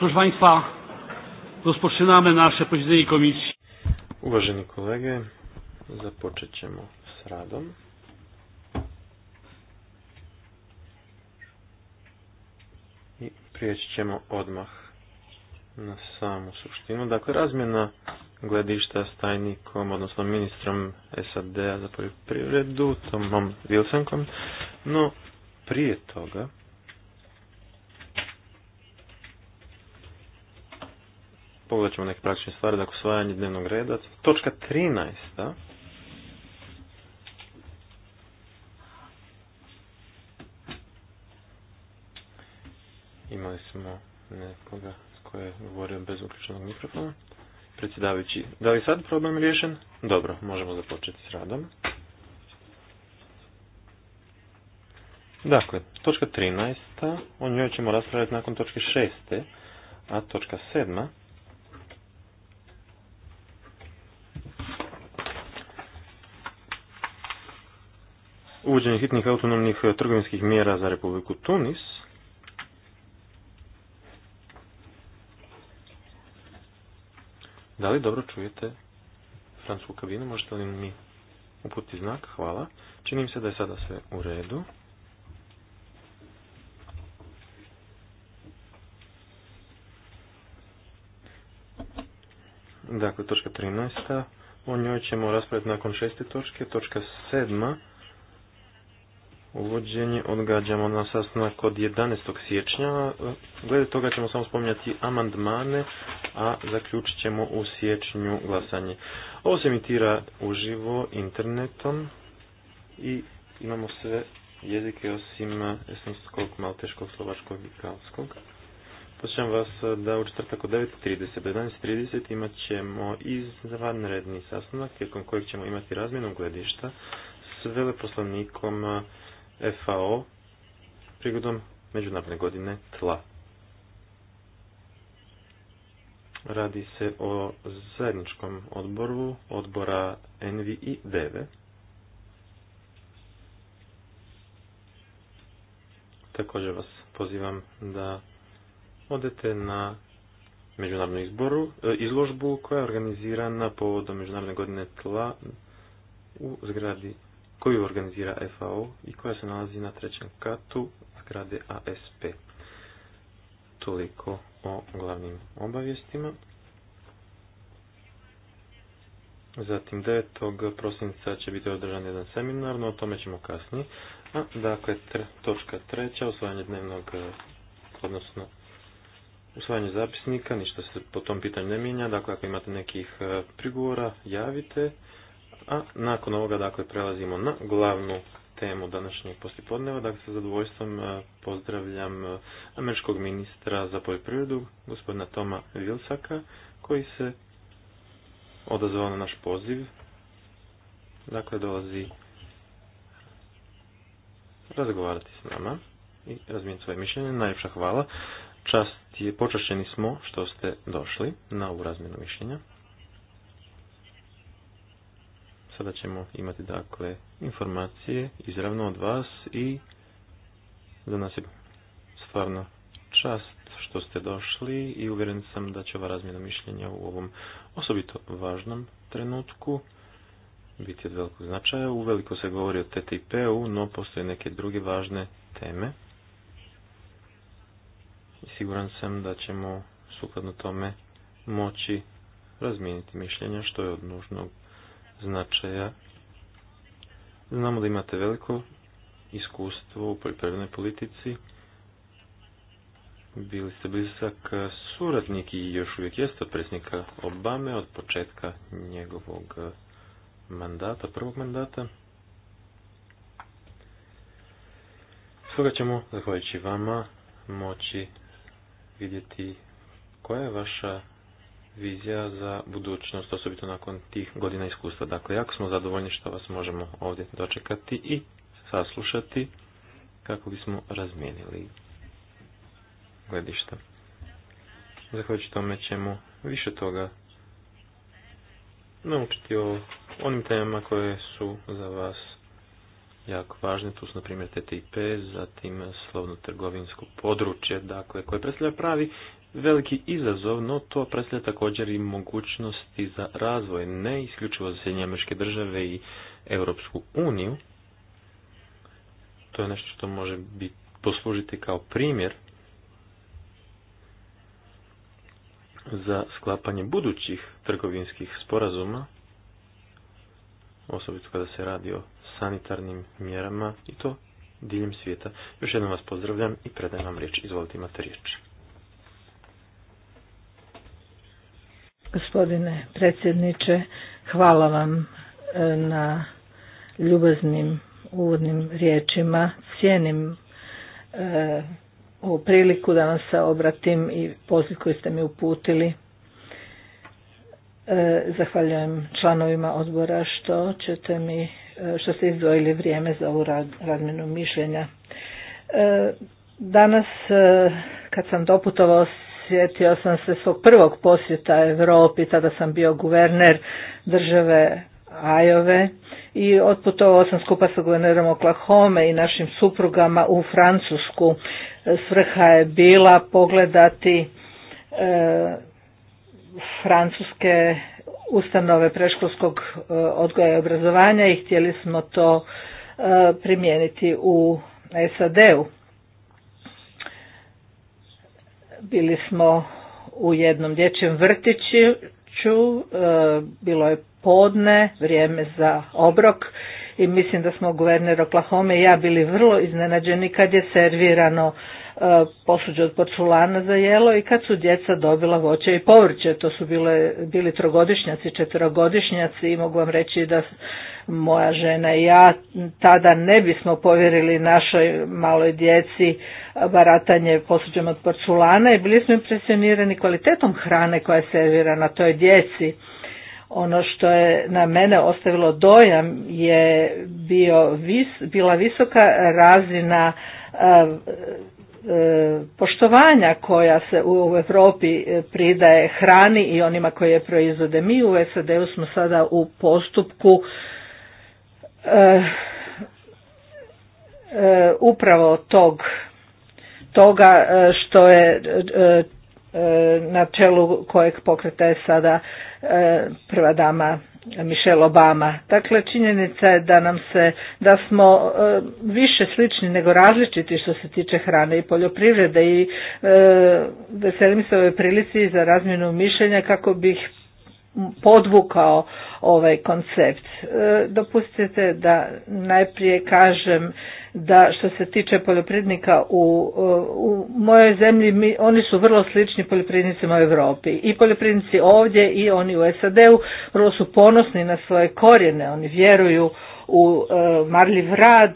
Proszę Państwa, rozpoczynamy nasze posiedzenie komisji. kolege, započet ćemo s radom. I prijeći ćemo odmah na samu suštinu. Dakle, razmjena gledišta s tajnikom, odnosno ministrom SAD-a za poljoprivredu, Tomom Wilsonkom. No, prije toga, pogledat ćemo neke praktične stvari, dakle usvajanje dnevnog reda. Točka 13. Imali smo nekoga koji je govorio bez uključenog mikrofona. Predsjedavajući, da li sad problem riješen? Dobro, možemo započeti s radom. Dakle, točka 13. O njoj ćemo raspravljati nakon točke 6. A točka 7. uvođenje hitnih autonomnih eh, trgovinskih mjera za Republiku Tunis. Da li dobro čujete francusku kabinu? Možete li mi uputiti znak? Hvala. Činim se da je sada sve u redu. Dakle, točka 13. O njoj ćemo raspraviti nakon šeste točke. Točka sedma uvođenje odgađamo na sastanak od 11. siječnja. Glede toga ćemo samo spominjati amandmane, a zaključit ćemo u siječnju glasanje. Ovo se emitira uživo internetom i imamo sve jezike osim estonskog, malteškog, slovačkog i kalskog. Počnem vas da u četvrtak od 9.30 do 11.30 imat ćemo izvanredni sastanak tijekom kojeg ćemo imati razmjenu gledišta s veleposlanikom FAO prigodom međunarodne godine tla. Radi se o zajedničkom odboru odbora Envi i Deve. Također vas pozivam da odete na međunarodnu izboru, e, izložbu koja je organizirana povodom međunarodne godine tla u zgradi koju organizira FAO i koja se nalazi na trećem katu zgrade ASP. Toliko o glavnim obavijestima. Zatim 9. prosinca će biti održan jedan seminar, no o tome ćemo kasnije. A, dakle, točka treća, osvajanje dnevnog, odnosno usvajanje zapisnika, ništa se po tom pitanju ne mijenja. Dakle, ako imate nekih e, prigovora, javite a nakon ovoga dakle prelazimo na glavnu temu današnjeg poslipodneva. Dakle, sa zadovoljstvom e, pozdravljam e, američkog ministra za poljoprivredu, gospodina Toma Vilsaka, koji se odazvao na naš poziv. Dakle, dolazi razgovarati s nama i razmijeniti svoje mišljenje. Najljepša hvala. Čast je, počašćeni smo što ste došli na ovu razmjenu mišljenja. Sada ćemo imati dakle informacije izravno od vas i za nas je stvarno čast što ste došli i uvjeren sam da će ova razmjena mišljenja u ovom osobito važnom trenutku biti od velikog značaja. Uveliko se govori o TTIP-u, no postoje neke druge važne teme. I siguran sam da ćemo sukladno tome moći razmijeniti mišljenja što je od nužnog značaja. Znamo da imate veliko iskustvo u poljoprivrednoj politici. Bili ste blizak suradnik i još uvijek jeste od predsjednika Obame od početka njegovog mandata, prvog mandata. Svoga ćemo, zahvaljujući vama, moći vidjeti koja je vaša vizija za budućnost, osobito nakon tih godina iskustva. Dakle, jako smo zadovoljni što vas možemo ovdje dočekati i saslušati kako bismo razmijenili gledišta. Zahvaljujući tome ćemo više toga naučiti o onim temama koje su za vas jako važne. Tu su, na primjer, TTIP, zatim slovno trgovinsko područje, dakle, koje predstavlja pravi veliki izazov, no to predstavlja također i mogućnosti za razvoj, ne isključivo za Sjedinje države i Europsku uniju. To je nešto što može biti poslužiti kao primjer za sklapanje budućih trgovinskih sporazuma, osobito kada se radi o sanitarnim mjerama i to diljem svijeta. Još jednom vas pozdravljam i predajem vam riječ. Izvolite, imate riječ. Gospodine predsjedniče, hvala vam e, na ljubaznim uvodnim riječima. Cijenim e, ovu priliku da vam se obratim i poziv koji ste mi uputili. E, zahvaljujem članovima odbora što ćete mi, što ste izdvojili vrijeme za ovu rad, razmjenu mišljenja. danas kad sam doputovao sjetio sam se svog prvog posjeta Europi, tada sam bio guverner države Ajove i otputovao sam skupa sa guvernerom Oklahoma i našim suprugama u Francusku. Svrha je bila pogledati e, francuske ustanove preškolskog e, odgoja i obrazovanja i htjeli smo to e, primijeniti u SAD-u. Bili smo u jednom dječjem vrtiću, e, bilo je podne, vrijeme za obrok i mislim da smo guverner Oklahoma i ja bili vrlo iznenađeni kad je servirano E, posuđe od porculana za jelo i kad su djeca dobila voće i povrće. To su bile, bili trogodišnjaci, četverogodišnjaci i mogu vam reći da moja žena i ja tada ne bismo povjerili našoj maloj djeci baratanje posuđem od porculana i bili smo impresionirani kvalitetom hrane koja je na toj djeci. Ono što je na mene ostavilo dojam je bio vis, bila visoka razina e, E, poštovanja koja se u Europi e, pridaje hrani i onima koje je proizvode. Mi u SAD-u smo sada u postupku e, upravo tog toga što je na čelu kojeg pokreta je sada prva dama Michelle Obama. Dakle, činjenica je da nam se, da smo e, više slični nego različiti što se tiče hrane i poljoprivrede i e, veselim se ovoj prilici za razmjenu mišljenja kako bih podvukao ovaj koncept. E, dopustite da najprije kažem da što se tiče poljoprivrednika u, u mojoj zemlji mi, oni su vrlo slični poljoprivrednicima u Europi i poljoprivrednici ovdje i oni u SAD-u vrlo su ponosni na svoje korijene oni vjeruju u e, marljiv rad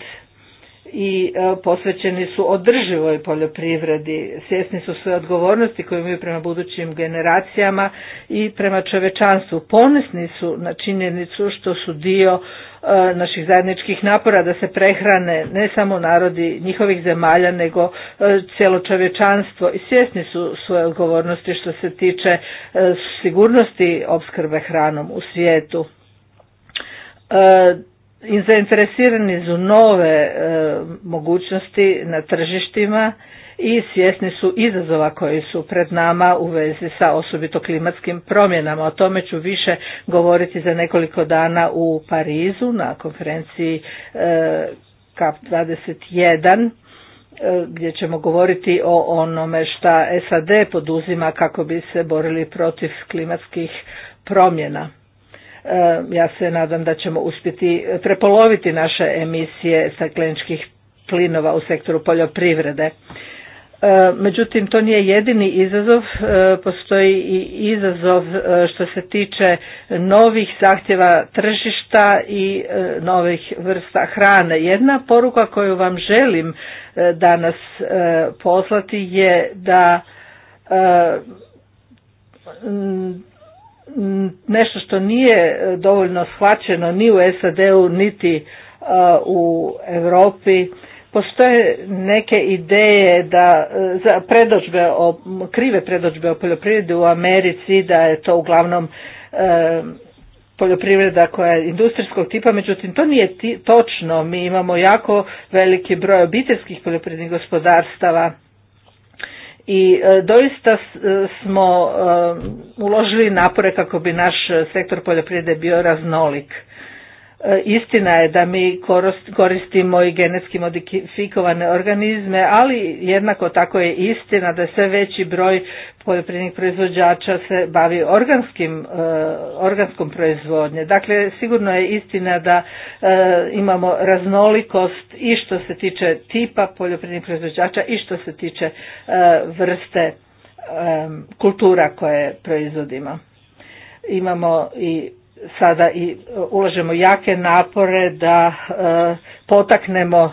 i e, posvećeni su održivoj poljoprivredi. Svjesni su svoje odgovornosti koje imaju prema budućim generacijama i prema čovečanstvu. Ponesni su na činjenicu što su dio e, naših zajedničkih napora da se prehrane ne samo narodi njihovih zemalja nego e, cijelo čovječanstvo i svjesni su svoje odgovornosti što se tiče sigurnosti opskrbe hranom u svijetu i zainteresirani su nove e, mogućnosti na tržištima i svjesni su izazova koji su pred nama u vezi sa osobito klimatskim promjenama. O tome ću više govoriti za nekoliko dana u Parizu na konferenciji e, CAP21 e, gdje ćemo govoriti o onome šta SAD poduzima kako bi se borili protiv klimatskih promjena. Eh, ja se nadam da ćemo uspjeti prepoloviti naše emisije stakleničkih plinova u sektoru poljoprivrede. Eh, međutim, to nije jedini izazov, eh, postoji i izazov što se tiče novih zahtjeva tržišta i novih vrsta hrane. Jedna poruka koju vam želim danas poslati je da nešto što nije e, dovoljno shvaćeno ni u SAD-u niti e, u Europi. Postoje neke ideje da e, za predođbe o, krive predođbe o poljoprivredi u Americi, da je to uglavnom poljoprivreda koja je industrijskog tipa, međutim to nije ti, točno. Mi imamo jako veliki broj obiteljskih poljoprivrednih gospodarstava i e, doista e, smo e, uložili napore kako bi naš sektor poljoprivrede bio raznolik E, istina je da mi koristimo i genetski modifikovane organizme, ali jednako tako je istina da sve veći broj poljoprivrednih proizvođača se bavi organskim, e, organskom proizvodnje. Dakle, sigurno je istina da e, imamo raznolikost i što se tiče tipa poljoprivrednih proizvođača i što se tiče vrste kultura koje proizvodimo. Imamo i sada i e, ulažemo jake napore da e, potaknemo e,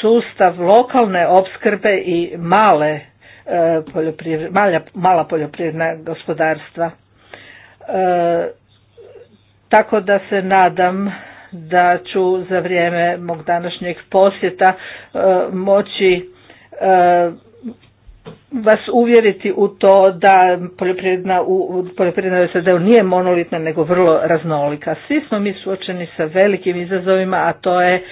sustav lokalne opskrbe i male mala poljoprivredna gospodarstva. Tako da se nadam da ću za vrijeme mog današnjeg posjeta moći vas uvjeriti u to da poljoprivredna u nije monolitna nego vrlo raznolika. Svi smo mi suočeni sa velikim izazovima, a to je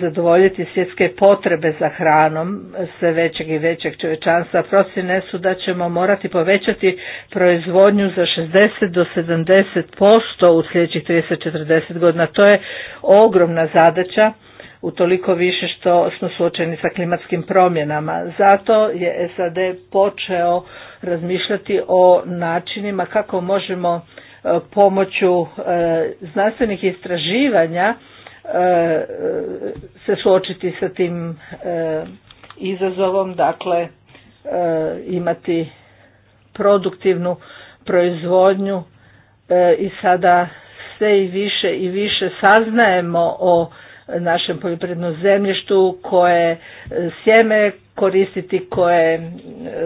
zadovoljiti svjetske potrebe za hranom sve većeg i većeg čovečanstva. Procjene su da ćemo morati povećati proizvodnju za 60 do 70% u sljedećih 30-40 godina. To je ogromna zadaća utoliko više što smo suočeni sa klimatskim promjenama. Zato je SAD počeo razmišljati o načinima kako možemo e, pomoću e, znanstvenih istraživanja e, se suočiti sa tim izazovom, dakle imati produktivnu proizvodnju i sada sve i više i više saznajemo o našem poljoprivrednom zemljištu, koje e, sjeme koristiti, koje,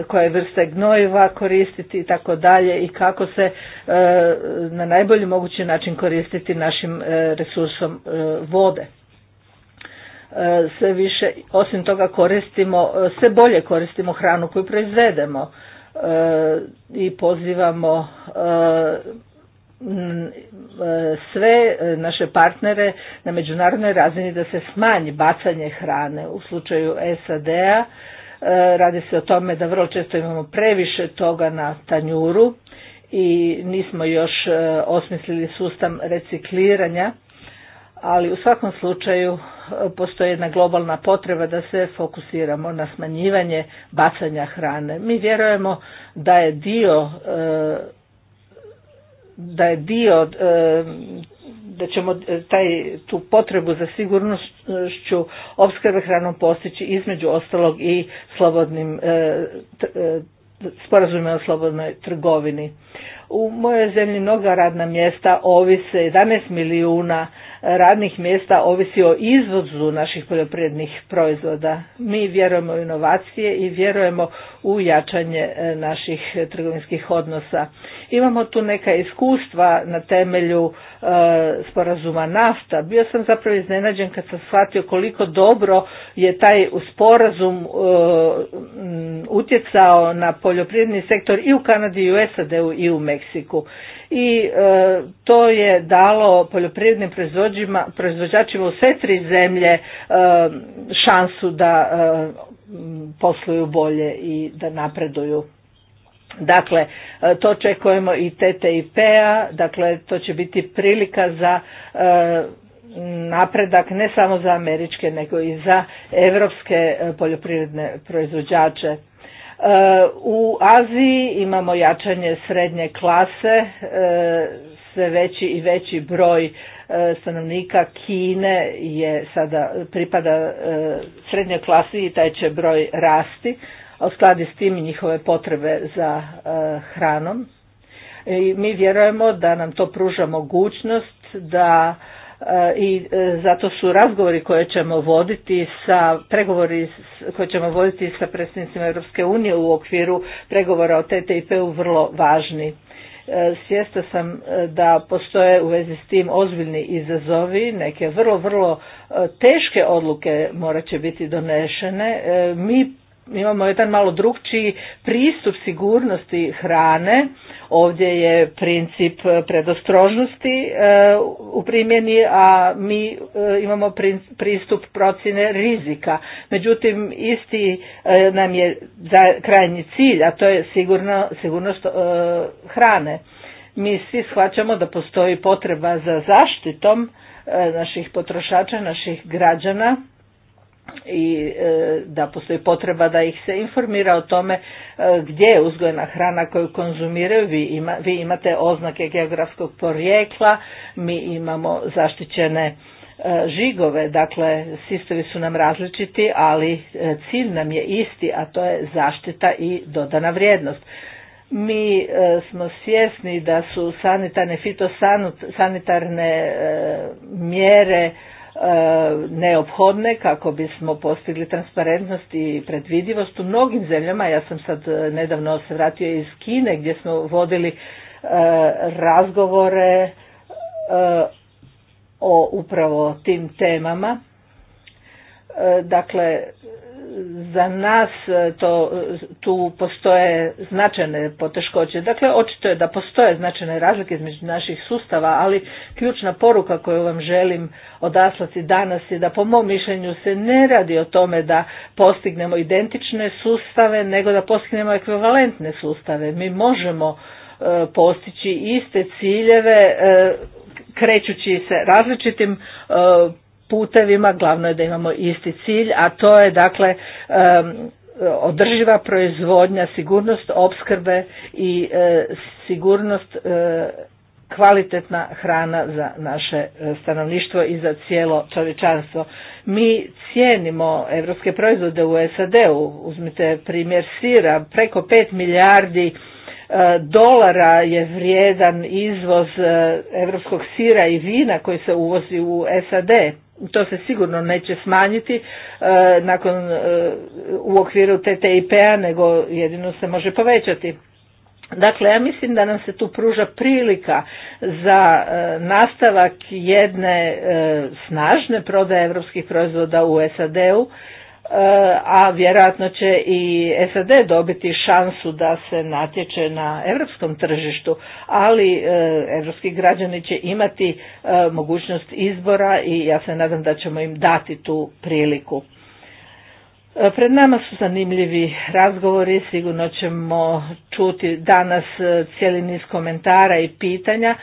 koje vrste gnojiva koristiti i tako dalje i kako se e, na najbolji mogući način koristiti našim e, resursom vode sve više, osim toga koristimo, sve bolje koristimo hranu koju proizvedemo i pozivamo Mm, e, sve e, naše partnere na međunarodnoj razini da se smanji bacanje hrane. U slučaju SAD-a e, radi se o tome da vrlo često imamo previše toga na tanjuru i nismo još osmislili sustav recikliranja, ali u svakom slučaju postoji jedna globalna potreba da se fokusiramo na smanjivanje bacanja hrane. Mi vjerujemo da je dio da je dio e, da ćemo e, taj, tu potrebu za sigurnošću opskrbe hranom postići između ostalog i slobodnim e, sporazumima o slobodnoj trgovini. U mojoj zemlji mnoga radna mjesta ovise, 11 milijuna radnih mjesta ovisi o izvozu naših poljoprivrednih proizvoda. Mi vjerujemo u inovacije i vjerujemo u jačanje e, naših trgovinskih odnosa. Imamo tu neka iskustva na temelju e, sporazuma NAFTA. Bio sam zapravo iznenađen kad sam shvatio koliko dobro je taj sporazum e, utjecao na poljoprivredni sektor i u Kanadi i u SAD-u i u Meksiku. Meksiku. I e, to je dalo poljoprivrednim proizvođačima u sve tri zemlje e, šansu da e, posluju bolje i da napreduju. Dakle, to očekujemo i TTIP-a, dakle to će biti prilika za napredak ne samo za američke nego i za europske poljoprivredne proizvođače. Uh, u Aziji imamo jačanje srednje klase, uh, sve veći i veći broj uh, stanovnika Kine je sada pripada srednjoj klasi i taj će broj rasti, a u skladi s tim i njihove potrebe za hranom. I mi vjerujemo da nam to pruža mogućnost da E, i e, zato su razgovori koje ćemo voditi sa pregovori koje ćemo voditi sa predsjednicima Europske unije u okviru pregovora o TTIP-u vrlo važni. E, Svjesta sam da postoje u vezi s tim ozbiljni izazovi, neke vrlo, vrlo teške odluke morat će biti donešene. Mi imamo jedan malo drugčiji pristup sigurnosti hrane. Ovdje je princip eh, predostrožnosti eh, u primjeni, a mi eh, imamo pristup procjene rizika. Međutim, isti nam je za krajnji cilj, a to je sigurno, sigurnost hrane. Mi svi shvaćamo da postoji potreba za zaštitom naših potrošača, naših građana, i e, da postoji potreba da ih se informira o tome e, gdje je uzgojena hrana koju konzumiraju. Vi, imate oznake geografskog porijekla, mi imamo zaštićene e, žigove, dakle sistovi su nam različiti, ali cilj nam je isti, a to je zaštita i dodana vrijednost. Mi smo svjesni da su sanitarne, fitosanitarne mjere E, neophodne kako bismo postigli transparentnost i predvidivost u mnogim zemljama. Ja sam sad e, nedavno se vratio iz Kine gdje smo vodili e, razgovore o upravo tim temama. Dakle, za nas e, to, e, tu postoje značajne poteškoće. Dakle, očito je da postoje značajne razlike između naših sustava, ali ključna poruka koju vam želim odaslati danas je da po mom mišljenju se ne radi o tome da postignemo identične sustave, nego da postignemo ekvivalentne sustave. Mi možemo e, postići iste ciljeve krećući se različitim putevima, glavno je da imamo isti cilj, a to je dakle održiva proizvodnja, sigurnost opskrbe i e, sigurnost e, kvalitetna hrana za naše e, stanovništvo i za cijelo čovječanstvo. Mi cijenimo evropske proizvode u SAD-u, uzmite primjer sira, preko 5 milijardi dolara je vrijedan izvoz evropskog sira i vina koji se uvozi u SAD to se sigurno neće smanjiti e, nakon e, u okviru TTIP-a nego jedino se može povećati. Dakle, ja mislim da nam se tu pruža prilika za e, nastavak jedne snažne prodaje evropskih proizvoda u SAD-u E, a vjerojatno će i SAD dobiti šansu da se natječe na europskom tržištu, ali europski građani će imati e, mogućnost izbora i ja se nadam da ćemo im dati tu priliku. E, pred nama su zanimljivi razgovori, sigurno ćemo čuti danas cijeli niz komentara i pitanja.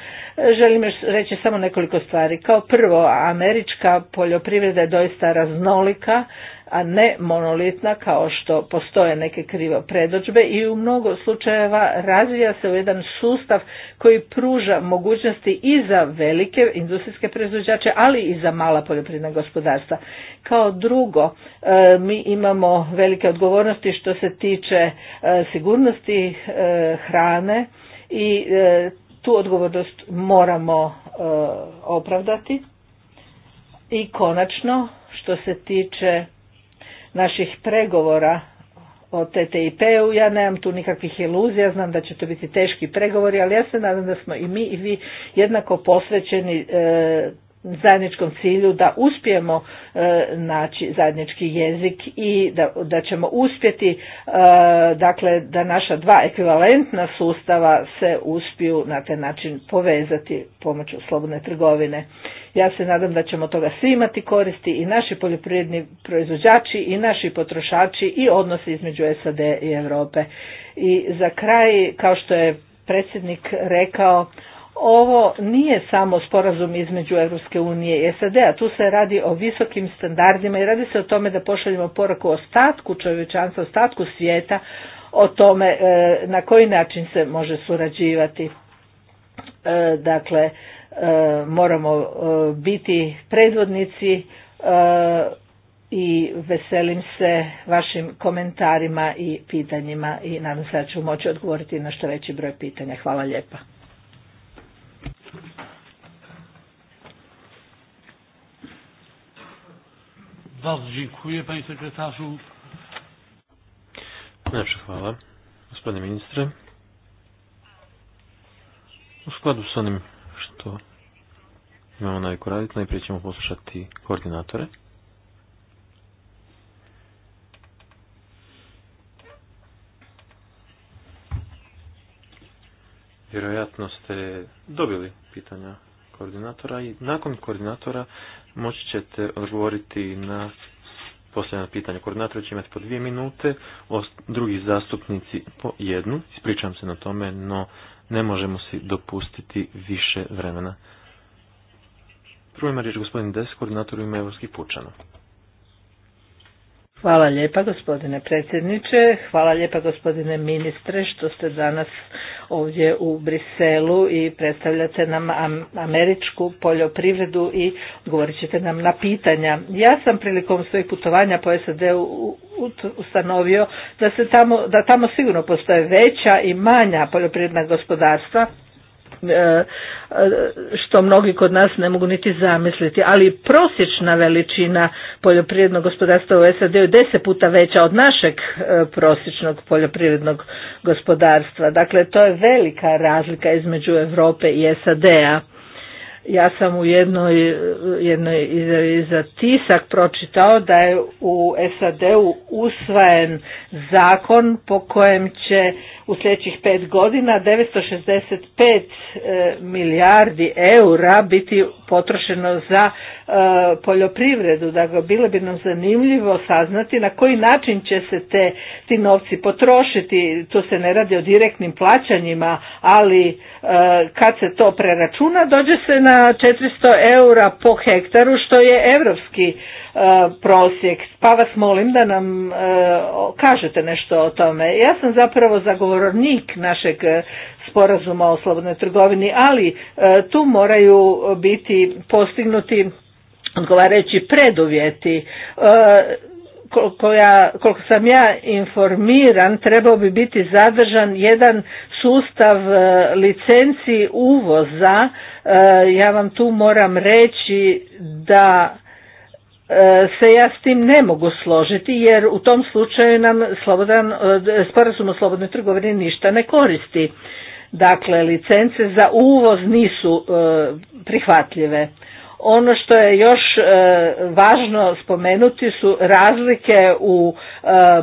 Želim još reći samo nekoliko stvari. Kao prvo, američka poljoprivreda je doista raznolika a ne monolitna kao što postoje neke krivo predođbe i u mnogo slučajeva razvija se u jedan sustav koji pruža mogućnosti i za velike industrijske proizvođače, ali i za mala poljoprivredna gospodarstva. Kao drugo, e, mi imamo velike odgovornosti što se tiče e, sigurnosti e, hrane i tu odgovornost moramo opravdati. I konačno, što se tiče naših pregovora o TTIP-u. Ja nemam tu nikakvih iluzija, znam da će to biti teški pregovori, ali ja se nadam da smo i mi i vi jednako posvećeni e, zajedničkom cilju da uspijemo e, naći zajednički jezik i da, da ćemo uspjeti e, dakle da naša dva ekvivalentna sustava se uspiju na taj način povezati pomoću slobodne trgovine. Ja se nadam da ćemo toga svi imati koristi i naši poljoprivredni proizvođači i naši potrošači i odnosi između SAD i Europe. I za kraj, kao što je predsjednik rekao, ovo nije samo sporazum između Europske unije i SAD-a, tu se radi o visokim standardima i radi se o tome da pošaljemo poruku ostatku čovječanstva, ostatku svijeta o tome e, na koji način se može surađivati. E, dakle, e, moramo biti predvodnici i veselim se vašim komentarima i pitanjima i nadam se da ću moći odgovoriti na što veći broj pitanja. Hvala lijepa. Bardzo dziękuję, panie sekretarzu. Najlepsze chwała, gospodine ministrze. U skladu s onim što imamo naviku raditi, najprije ćemo poslušati koordinatore. Vjerojatno ste dobili pitanja koordinatora i nakon koordinatora moći ćete odgovoriti na postavljena pitanja. Koordinator će imati po dvije minute, drugi zastupnici po jednu. Ispričavam se na tome, no ne možemo si dopustiti više vremena. Prvo riječ gospodin Des, koordinator u Evropskih pučana. Hvala lijepa gospodine predsjedniče, hvala lijepa gospodine ministre što ste danas ovdje u Briselu i predstavljate nam američku poljoprivredu i govorit ćete nam na pitanja. Ja sam prilikom svojih putovanja po sad ustanovio da, se tamo, da tamo sigurno postoje veća i manja poljoprivredna gospodarstva E, e, što mnogi kod nas ne mogu niti zamisliti. Ali prosječna veličina poljoprivrednog gospodarstva u SAD je deset puta veća od našeg e, prosječnog poljoprivrednog gospodarstva. Dakle, to je velika razlika između Europe i SAD-a ja sam u jednoj, jednoj za tisak pročitao da je u SAD-u usvajen zakon po kojem će u sljedećih pet godina 965 e, milijardi eura biti potrošeno za e, poljoprivredu. Dakle, bilo bi nam zanimljivo saznati na koji način će se te, ti novci potrošiti. To se ne radi o direktnim plaćanjima, ali e, kad se to preračuna dođe se na na 400 eura po hektaru što je europski e, prosjek. Pa vas molim da nam e, kažete nešto o tome. Ja sam zapravo zagovornik našeg e, sporazuma o slobodnoj trgovini, ali tu moraju biti postignuti odgovarajući preduvjeti koliko sam ja informiran, trebao bi biti zadržan jedan sustav e, licenci uvoza, e, ja vam tu moram reći da e, se ja s tim ne mogu složiti jer u tom slučaju nam slobodan, sporazum o slobodnoj trgovini ništa ne koristi. Dakle, licence za uvoz nisu prihvatljive. Ono što je još e, važno spomenuti su razlike u e,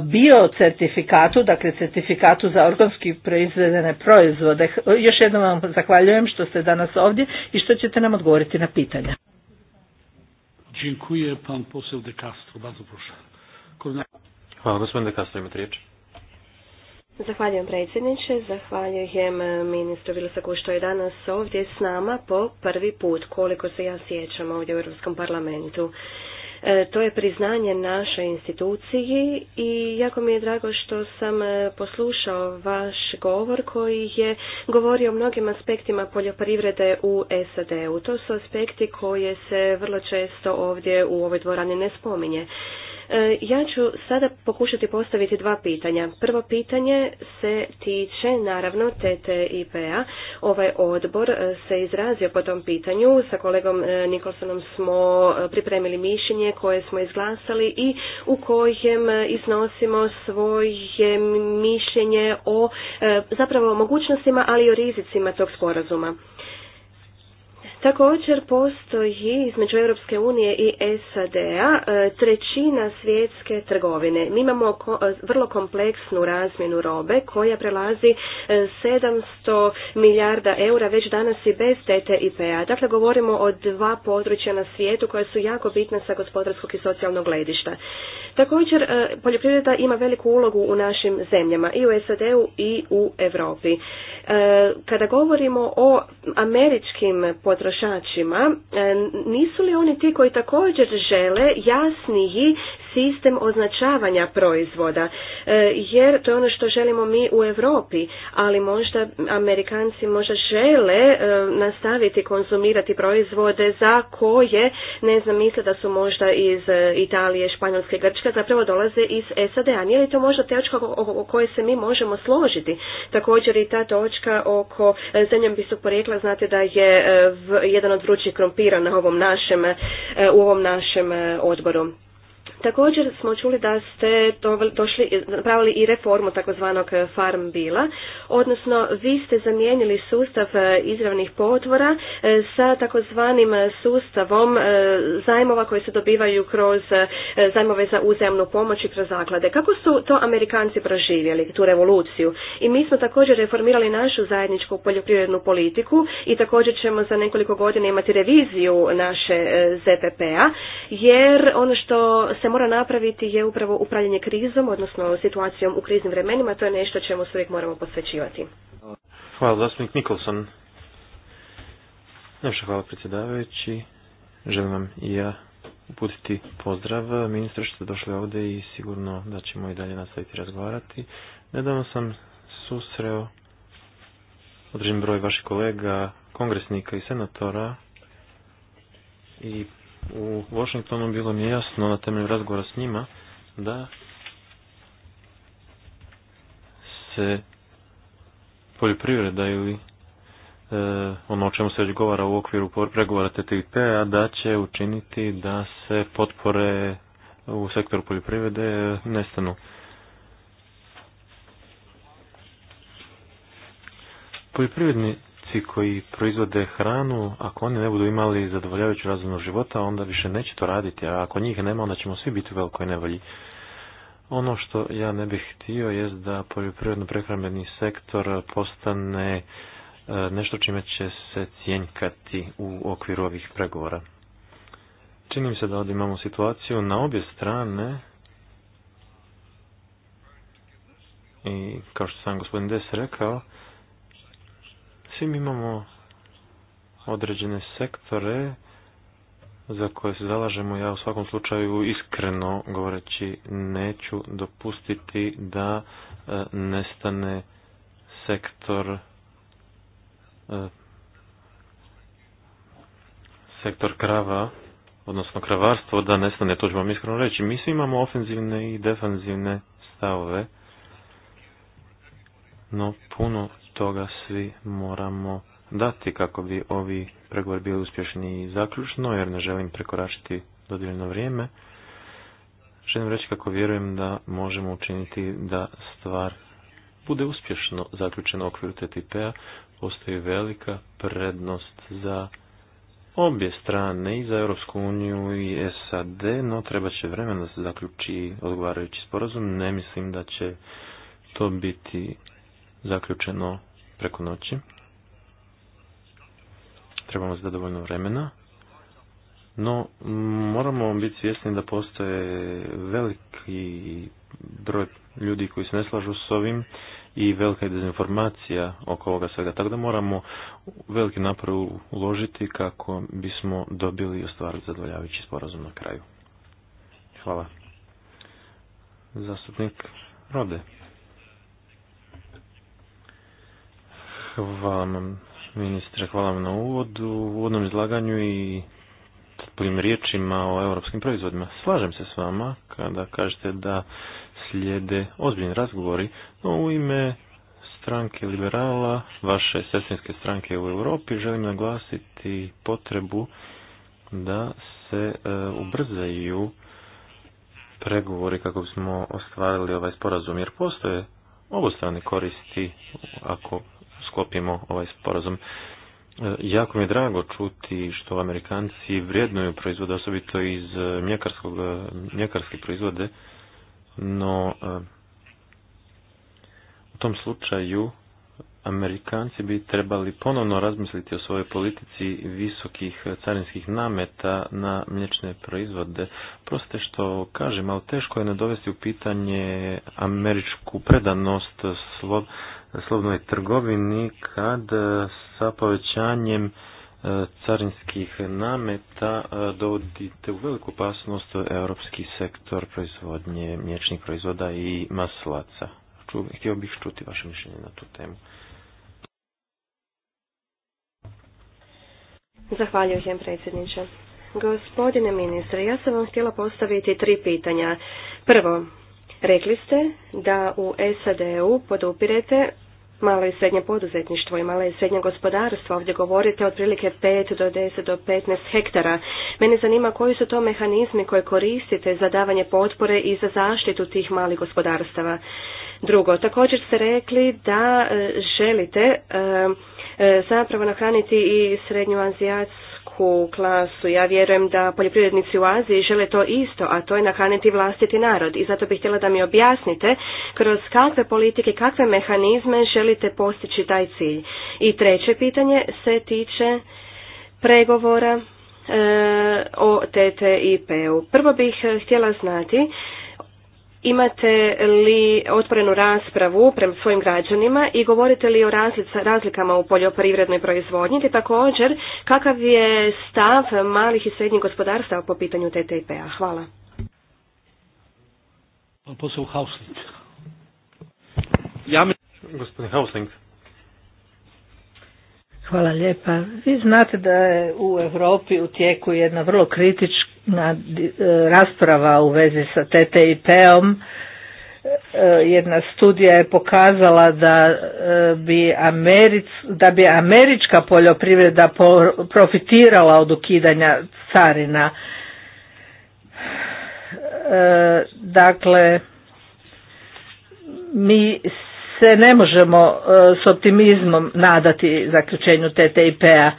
biocertifikatu, dakle certifikatu za organski proizvedene proizvode. Još jednom vam zahvaljujem što ste danas ovdje i što ćete nam odgovoriti na pitanja. Dziękuję pan poseł De Castro, bardzo proszę. Hvala gospodin De Castro, imate riječ. Zahvaljujem predsjedniče, zahvaljujem eh, ministru Vilsaku što je danas ovdje s nama po prvi put, koliko se ja sjećam ovdje u Europskom parlamentu. Eh, to je priznanje našoj instituciji i jako mi je drago što sam eh, poslušao vaš govor koji je govorio o mnogim aspektima poljoprivrede u SAD-u. To su aspekti koje se vrlo često ovdje u ovoj dvorani ne spominje. E, ja ću sada pokušati postaviti dva pitanja. Prvo pitanje se tiče naravno TTIP-a. Ovaj odbor e, se izrazio po tom pitanju. Sa kolegom e, Nikolsonom smo pripremili mišljenje koje smo izglasali i u kojem iznosimo svoje mišljenje o zapravo mogućnostima, ali i o rizicima tog sporazuma. Također postoji između Europske unije i SAD-a e, trećina svjetske trgovine. Mi imamo e, vrlo kompleksnu razmjenu robe koja prelazi 700 e, milijarda eura već danas i bez TTIP-a. Dakle, govorimo o dva područja na svijetu koja su jako bitna sa gospodarskog i socijalnog gledišta. Također, e, poljoprivreda ima veliku ulogu u našim zemljama, i u SAD-u i u Europi. E, kada govorimo o američkim potrošačima, e, nisu li oni ti koji također žele jasniji sistem označavanja proizvoda, e, jer to je ono što želimo mi u Europi, ali možda Amerikanci možda žele e, nastaviti konzumirati proizvode za koje, ne znam, misle da su možda iz e, Italije, Španjolske, Grčke, zapravo dolaze iz SAD-a. Nije li to možda točka o kojoj se mi možemo složiti? Također i ta točka oko bi su porijekla, znate da je jedan od vrućih krompira na ovom našem, u ovom našem odboru. Također smo čuli da ste došli, napravili i reformu takozvanog e, farm bila, odnosno vi ste zamijenili sustav e, izravnih potvora e, sa takozvanim sustavom zajmova koji se dobivaju kroz zajmove za uzemnu pomoć i kroz zaklade. Kako su to Amerikanci proživjeli, tu revoluciju? I mi smo također reformirali našu zajedničku poljoprivrednu politiku i također ćemo za nekoliko godina imati reviziju naše ZPP-a, jer ono što se se mora napraviti je upravo upravljanje krizom, odnosno situacijom u kriznim vremenima. To je nešto čemu se uvijek moramo posvećivati. Hvala, zastupnik Nikolson. Najviše hvala predsjedavajući. Želim vam i ja uputiti pozdrav ministra što ste došli ovdje i sigurno da ćemo i dalje nastaviti razgovarati. Nedavno sam susreo određen broj vaših kolega, kongresnika i senatora i u Washingtonu bilo mi je jasno na temelju razgovora s njima da se poljoprivreda ili e, ono o čemu se već govara u okviru pregovora TTIP-a da će učiniti da se potpore u sektoru poljoprivrede nestanu. Poljoprivredni trgovci koji proizvode hranu, ako oni ne budu imali zadovoljavajuću razinu života, onda više neće to raditi, a ako njih nema, onda ćemo svi biti u velikoj nevolji. Ono što ja ne bih htio je da poljoprivredno-prehrambeni sektor postane e, nešto čime će se cjenjkati u okviru ovih pregovora. Čini mi se da ovdje imamo situaciju na obje strane i kao što sam gospodin Des rekao, mi imamo određene sektore za koje se zalažemo. Ja u svakom slučaju iskreno govoreći neću dopustiti da e, nestane sektor e, sektor krava odnosno kravarstvo da nestane, to ću vam iskreno reći. Mi svi imamo ofenzivne i defenzivne stavove, no puno toga svi moramo dati kako bi ovi pregovori bili uspješni i zaključno, jer ne želim prekoračiti dodijeljeno vrijeme. Želim reći kako vjerujem da možemo učiniti da stvar bude uspješno zaključena u okviru TTIP-a. Postoji velika prednost za obje strane i za Europsku uniju i SAD, no treba će vremena da se zaključi odgovarajući sporazum. Ne mislim da će to biti zaključeno preko noći. Trebamo za dovoljno vremena. No, moramo biti svjesni da postoje veliki broj ljudi koji se ne slažu s ovim i velika je dezinformacija oko ovoga svega. Tako da moramo veliki napor uložiti kako bismo dobili i ostvarili zadovoljavajući sporazum na kraju. Hvala. Zastupnik Rode. Hvala ministre, hvala vam na uvodu, uvodnom izlaganju i riječima o europskim proizvodima. Slažem se s vama kada kažete da slijede ozbiljni razgovori, no u ime stranke liberala, vaše sestinske stranke u Europi, želim naglasiti potrebu da se e, ubrzaju pregovori kako bismo ostvarili ovaj sporazum, jer postoje obostrane koristi ako sklopimo ovaj sporazum. E, jako mi je drago čuti što Amerikanci vrijednuju proizvode, osobito iz e, e, mljekarske proizvode, no u tom slučaju Amerikanci bi trebali ponovno razmisliti o svojoj politici visokih carinskih nameta na mliječne proizvode. Proste što kažem, ali teško je ne dovesti u pitanje američku predanost slobodnoj trgovini kad e, sa povećanjem e, carinskih nameta e, dovodite u veliku opasnost europski sektor proizvodnje mliječnih proizvoda i maslaca. Htio bih čuti vaše mišljenje na tu temu. Zahvaljujem predsjedniče. Gospodine ministre, ja sam vam htjela postaviti tri pitanja. Prvo, rekli ste da u SAD-u podupirete malo i srednje poduzetništvo i malo i srednje gospodarstvo. Ovdje govorite otprilike 5 do 10 do 15 hektara. Mene zanima koji su to mehanizmi koje koristite za davanje potpore i za zaštitu tih malih gospodarstava. Drugo, također ste rekli da e, želite e, e, zapravo nahraniti i srednju visoku klasu. Ja vjerujem da poljoprivrednici u Aziji žele to isto, a to je nahraniti vlastiti narod. I zato bih htjela da mi objasnite kroz kakve politike, kakve mehanizme želite postići taj cilj. I treće pitanje se tiče pregovora e, o TTIP-u. Prvo bih htjela znati Imate li otvorenu raspravu prema svojim građanima i govorite li o razlikama u poljoprivrednoj proizvodnji, te također kakav je stav malih i srednjih gospodarstva po pitanju TTIP-a? Hvala. Gospodin Hausling. Hvala lijepa. Vi znate da je u Europi u tijeku jedna vrlo kritična e, rasprava u vezi sa TTIP-om. E, jedna studija je pokazala da e, bi, da bi američka poljoprivreda profitirala od ukidanja carina. Dakle, mi se ne možemo e, s optimizmom nadati zaključenju TTIP-a.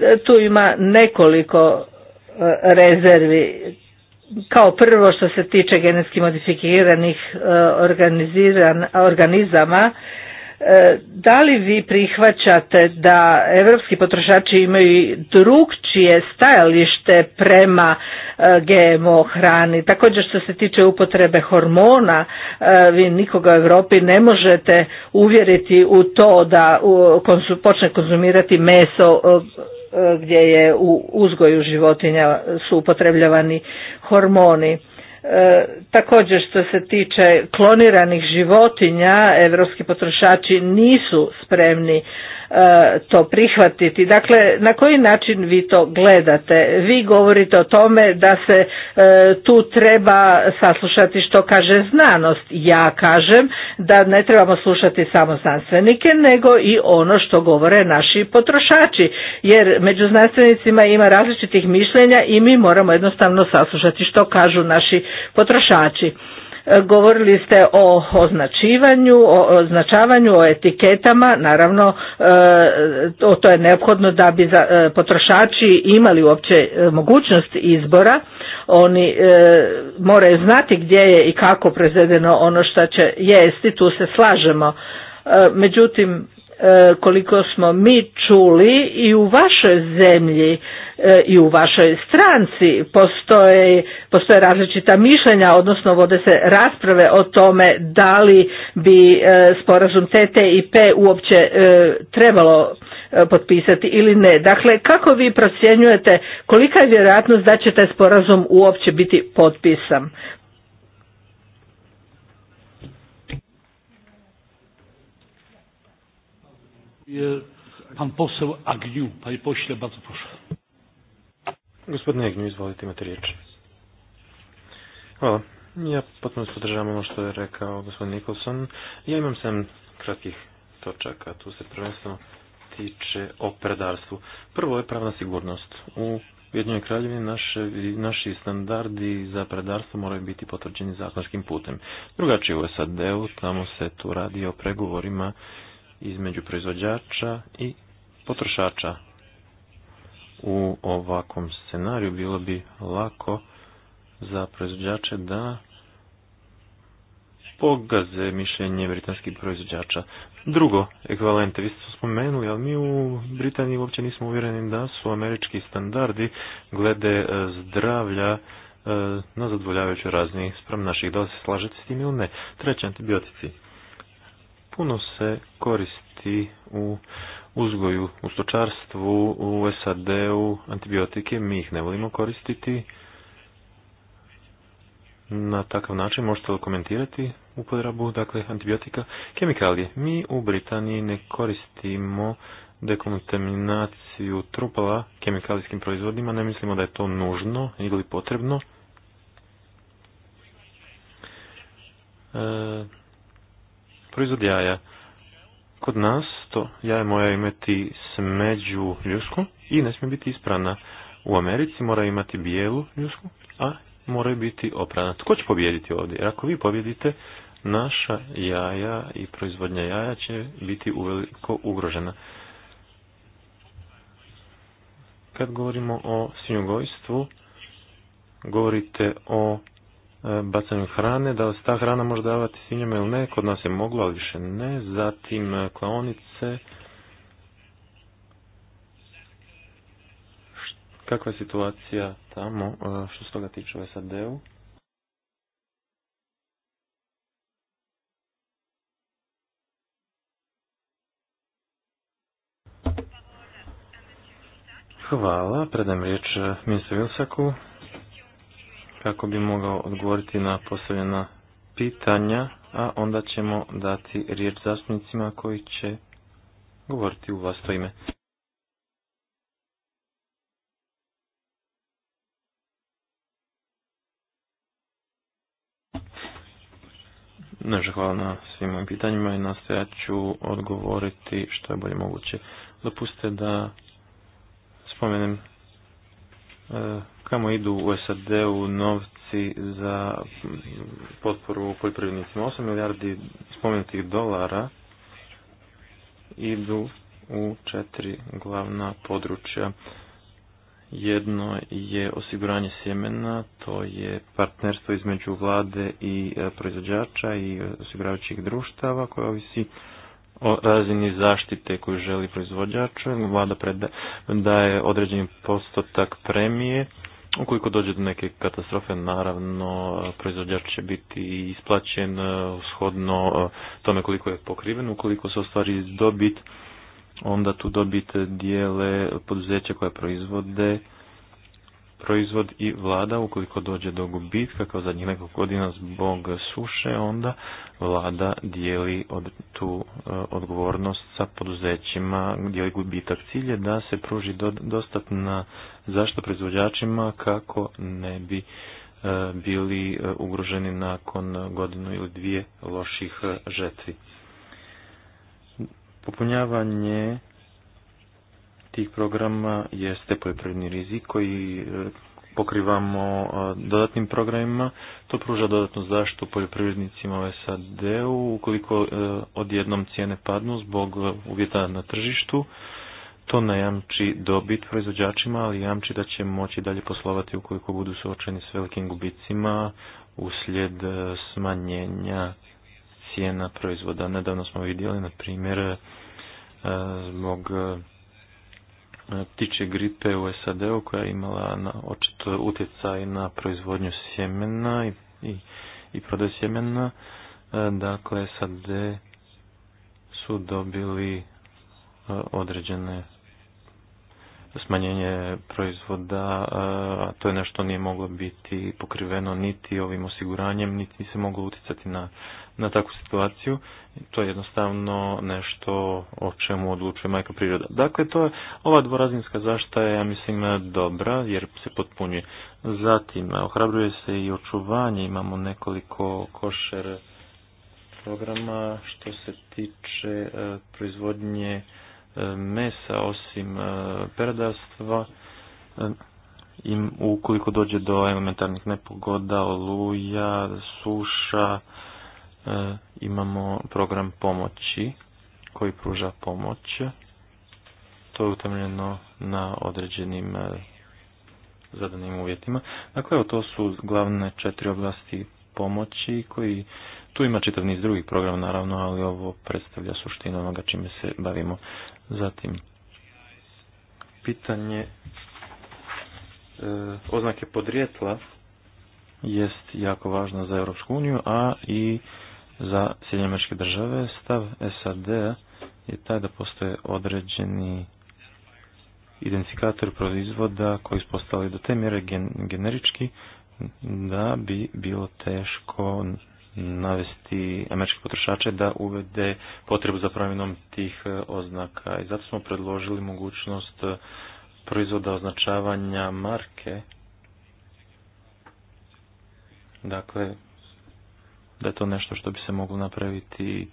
E, tu ima nekoliko e, rezervi. Kao prvo što se tiče genetski modifikiranih organizama, E, da li vi prihvaćate da evropski potrošači imaju drugčije stajalište prema e, GMO hrani? Također što se tiče upotrebe hormona, e, vi nikoga u Europi ne možete uvjeriti u to da počne konzumirati meso gdje je u uzgoju životinja su upotrebljavani hormoni. Također što se tiče kloniranih životinja, evropski potrošači nisu spremni E, to prihvatiti. Dakle, na koji način vi to gledate? Vi govorite o tome da se e, tu treba saslušati što kaže znanost. Ja kažem da ne trebamo slušati samo znanstvenike, nego i ono što govore naši potrošači. Jer među znanstvenicima ima različitih mišljenja i mi moramo jednostavno saslušati što kažu naši potrošači. Govorili ste o označivanju, o označavanju, o etiketama, naravno e, to je neophodno da bi e, potrošači imali uopće e, mogućnost izbora, oni moraju znati gdje je i kako proizvedeno ono što će jesti, tu se slažemo. Međutim, E, koliko smo mi čuli i u vašoj zemlji e, i u vašoj stranci postoje, postoje različita mišljenja, odnosno vode se rasprave o tome da li bi e, sporazum TTIP uopće trebalo potpisati ili ne. Dakle, kako vi procjenjujete kolika je vjerojatnost da će taj sporazum uopće biti potpisan? E, pan poseł Agniu. Panie pośle, bardzo proszę. Gospodine Agniu, izvolite, imate riječ. Hvala. Ja potpuno podržavam ono što je rekao gospodin Nikolson. Ja imam sam kratkih točaka. Tu se prvenstveno tiče o predarstvu. Prvo je pravna sigurnost. U Ujedinjenoj kraljevini naši standardi za predarstvo moraju biti potvrđeni zakonskim putem. Drugačije u SAD-u, tamo se tu radi o pregovorima između proizvođača i potrošača. U ovakvom scenariju bilo bi lako za proizvođače da pogaze mišljenje britanskih proizvođača. Drugo, ekvalente. vi ste spomenuli, ali mi u Britaniji uopće nismo uvjereni da su američki standardi glede e, zdravlja e, na zadovoljavajućoj razini sprem naših. Da li se slažete s tim ili ne? Treće, antibiotici puno se koristi u uzgoju, u stočarstvu, u SAD-u, antibiotike, mi ih ne volimo koristiti. Na takav način možete li komentirati podrabu. dakle, antibiotika, kemikalije. Mi u Britaniji ne koristimo dekontaminaciju trupala kemikalijskim proizvodima, ne mislimo da je to nužno ili potrebno. E, proizvod jaja. Kod nas to jaje mora imati smeđu ljusku i ne smije biti isprana. U Americi mora imati bijelu ljusku, a moraju biti oprana. Tko će pobijediti ovdje? Jer ako vi pobjedite, naša jaja i proizvodnja jaja će biti uveliko ugrožena. Kad govorimo o svinjogojstvu, govorite o bacanju hrane, da li se ta hrana može davati svinjama ili ne, kod nas je moglo, ali više ne. Zatim e, klaonice. Kakva je situacija tamo, e, što se toga tiče u SAD-u? Hvala, Predajem riječ e, ministru Vilsaku kako bi mogao odgovoriti na postavljena pitanja, a onda ćemo dati riječ zastupnicima koji će govoriti u to ime. Neže hvala na svim mojim pitanjima i nastojat ću odgovoriti što je bolje moguće. Dopustite da spomenem e, kamo idu u SAD-u novci za potporu poljoprivrednicima. 8 milijardi spomenutih dolara idu u četiri glavna područja. Jedno je osiguranje sjemena, to je partnerstvo između vlade i e, proizvođača i osiguravajućih društava koje ovisi o razini zaštite koju želi proizvođač. Vlada daje određeni postotak premije Ukoliko dođe do neke katastrofe, naravno, proizvođač će biti isplaćen ushodno e, e, tome koliko je pokriven. Ukoliko se ostvari dobit, onda tu dobit dijele poduzeća koja proizvode proizvod i vlada ukoliko dođe do gubitka kao zadnjih nekog godina zbog suše onda vlada dijeli od, tu e, odgovornost sa poduzećima dijeli gubitak cilje da se pruži dostatna zašto proizvođačima kako ne bi e, bili e, ugroženi nakon godinu ili dvije loših žetvi. Popunjavanje tih programa jeste poljoprivredni rizik koji e, pokrivamo e, dodatnim programima. To pruža dodatnu zaštitu poljoprivrednicima u SAD-u ukoliko e, odjednom cijene padnu zbog uvjeta na tržištu. To najamči dobit proizvođačima, ali jamči da će moći dalje poslovati ukoliko budu suočeni s velikim gubicima uslijed smanjenja cijena proizvoda. Nedavno smo vidjeli, na primjer, zbog ptiče e, gripe u SAD-u koja je imala na, očito utjecaj na proizvodnju sjemena i, i, i prodaj sjemena. E, dakle, SAD su dobili e, određene smanjenje proizvoda, a to je nešto nije moglo biti pokriveno niti ovim osiguranjem, niti se moglo utjecati na na takvu situaciju. To je jednostavno nešto o čemu odlučuje majka priroda. Dakle, to je, ova dvorazinska zaštita je, ja mislim, dobra jer se potpunjuje. Zatim, ohrabruje se i očuvanje. Imamo nekoliko košer programa što se tiče e, proizvodnje e, mesa osim e, peradarstva i ukoliko dođe do elementarnih nepogoda, oluja, suša, E, imamo program pomoći koji pruža pomoć. To je utemljeno na određenim e, zadanim uvjetima. Dakle, evo, to su glavne četiri oblasti pomoći koji tu ima čitav niz drugih programa naravno, ali ovo predstavlja suštinu onoga čime se bavimo. Zatim, pitanje e, oznake podrijetla jest jako važno za Europsku uniju, a i za Sjedinjamečke države, stav SAD je taj da postoje određeni identifikator proizvoda koji su postali do te mjere generički da bi bilo teško navesti američke potrošače da uvede potrebu za promjenom tih e, oznaka. I zato smo predložili mogućnost e, proizvoda označavanja marke. Dakle, da je to nešto što bi se moglo napraviti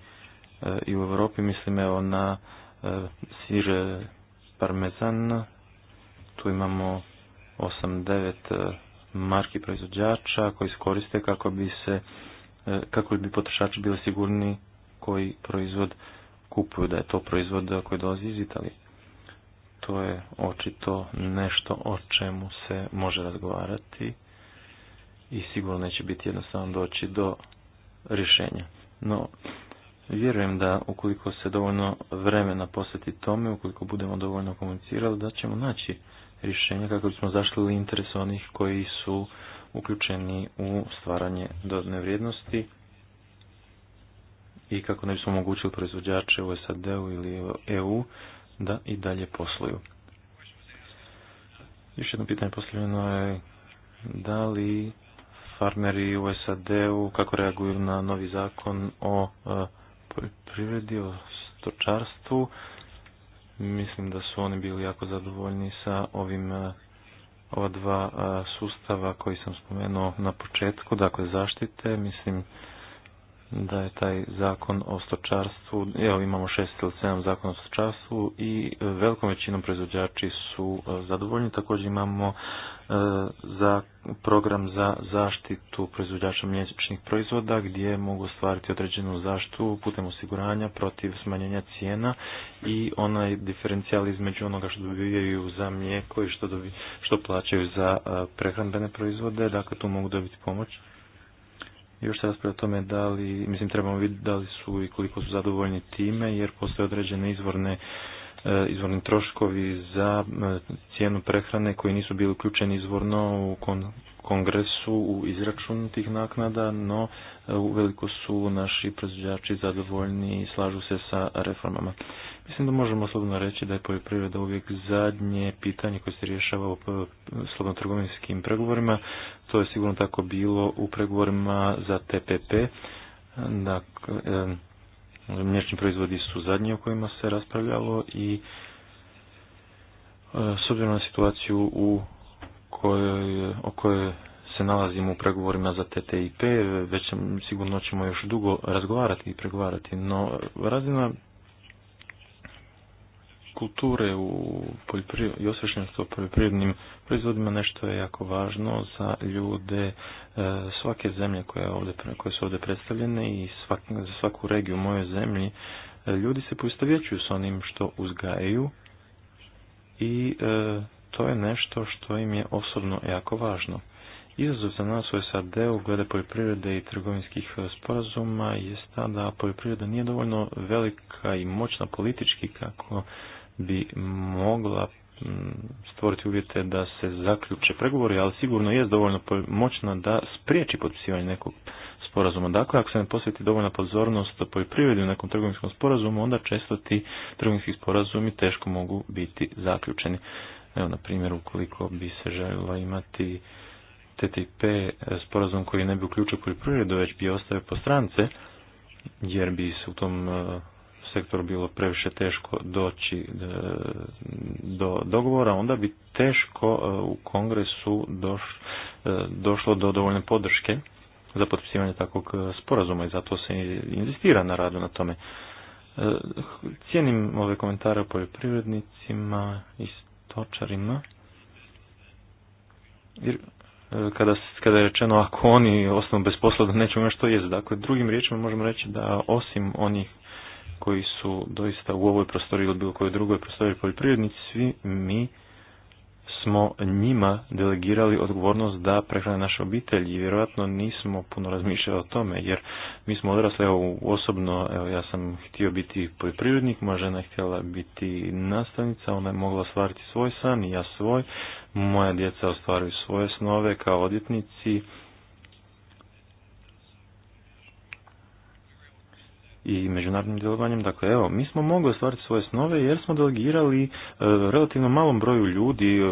e, i u Europi. Mislim evo na e, siže parmezan. Tu imamo 8-9 e, marki proizvođača koji se koriste kako bi se kako bi potrošači bili sigurni koji proizvod kupuju, da je to proizvod koji dolazi iz Italije. To je očito nešto o čemu se može razgovarati i sigurno neće biti jednostavno doći do rješenja. No, vjerujem da ukoliko se dovoljno vremena posjeti tome, ukoliko budemo dovoljno komunicirali, da ćemo naći rješenja kako bismo zašli interes onih koji su uključeni u stvaranje dodne vrijednosti i kako ne bismo omogućili proizvođače u SAD-u ili EU da i dalje posluju. Još jedno pitanje postavljeno je da li farmeri u SAD-u, kako reaguju na novi zakon o e, poljoprivredi, o stočarstvu. Mislim da su oni bili jako zadovoljni sa ovim e, ova dva e, sustava koji sam spomenuo na početku, dakle zaštite, mislim da je taj zakon o stočarstvu, evo imamo šest ili sedam Zakon o stočarstvu i e, velikom većinom proizvođači su e, zadovoljni. Također imamo e, za program za zaštitu proizvođača mliječnih proizvoda gdje mogu stvariti određenu zaštitu putem osiguranja protiv smanjenja cijena i onaj diferencijal između onoga što dobijaju za mlijeko i što, dobi, što plaćaju za prehrambene proizvode, dakle tu mogu dobiti pomoć još se raspravlja o tome da li, mislim trebamo vidjeti da li su i koliko su zadovoljni time jer postoje određene izvorne e, izvorni troškovi za e, cijenu prehrane koji nisu bili uključeni izvorno u kongresu u izračunu tih naknada, no e, veliko su naši proizvođači zadovoljni i slažu se sa reformama. Mislim da možemo slobodno reći da je poljoprivreda uvijek zadnje pitanje koje se rješava u e, slobodno-trgovinskim pregovorima. To je sigurno tako bilo u pregovorima za TPP. Dakle, e, mliječni proizvodi su zadnji o kojima se raspravljalo i s obzirom na situaciju u kojoj, o kojoj se nalazimo u pregovorima za TTIP, već sigurno ćemo još dugo razgovarati i pregovarati, no razina kulture u i osvješenosti o poljoprivrednim proizvodima nešto je jako važno za ljude e, svake zemlje koje, ovdje, koje su ovdje predstavljene i svak, za svaku regiju u mojoj zemlji e, ljudi se poistovjećuju s onim što uzgajaju i e, to je nešto što im je osobno jako važno. Izazov za nas u SAD-u glede poljoprivrede i trgovinskih e, sporazuma je ta da poljoprivreda nije dovoljno velika i moćna politički kako bi mogla stvoriti uvjete da se zaključe pregovori, ali sigurno je dovoljno moćna da spriječi potpisivanje nekog sporazuma. Dakle, ako se ne posjeti dovoljna pozornost poljoprivredi u nekom trgovinskom sporazumu, onda često ti trgovinski sporazumi teško mogu biti zaključeni. Evo, na primjer, ukoliko bi se željela imati TTIP sporazum koji ne bi uključio poljoprivredu, već bi ostavio po strance, jer bi se u tom e, sektoru bilo previše teško doći e, do dogovora, onda bi teško e, u kongresu došlo do dovoljne podrške za potpisivanje takvog sporazuma i zato se investira na radu na tome. Cijenim ove komentare o poljoprivrednicima i stočarima. Jer e, kada, kada je rečeno ako oni ostanu bez posla da nećemo imati što jest. Dakle, drugim riječima možemo reći da osim onih koji su doista u ovoj prostoriji ili bilo kojoj drugoj prostoriji poljoprivrednici, svi mi smo njima delegirali odgovornost da prehrane naše obitelji i vjerojatno nismo puno razmišljali o tome jer mi smo odrasli evo, osobno, evo, ja sam htio biti poljoprivrednik, moja žena je htjela biti nastavnica, ona je mogla ostvariti svoj san i ja svoj, moja djeca ostvaruju svoje snove kao odjetnici i međunarodnim djelovanjem. Dakle, evo, mi smo mogli ostvariti svoje snove jer smo delegirali e, relativno malom broju ljudi e,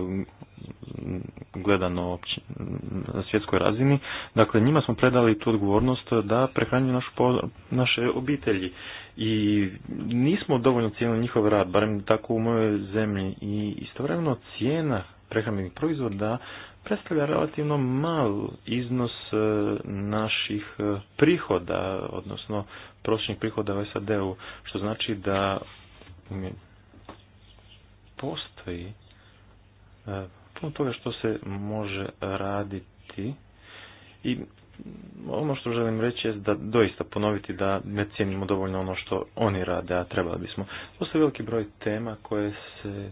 gledano na svjetskoj razini. Dakle, njima smo predali tu odgovornost da prehranjuju naše obitelji i nismo dovoljno cijenili njihov rad, barem tako u mojoj zemlji i istovremeno cijena prehrambenih proizvoda predstavlja relativno mal iznos e, naših e, prihoda, odnosno prosječnih prihoda u SAD-u, što znači da postoji e, puno toga što se može raditi i ono što želim reći je da doista ponoviti da ne cijenimo dovoljno ono što oni rade, a trebali bismo. Postoji veliki broj tema koje se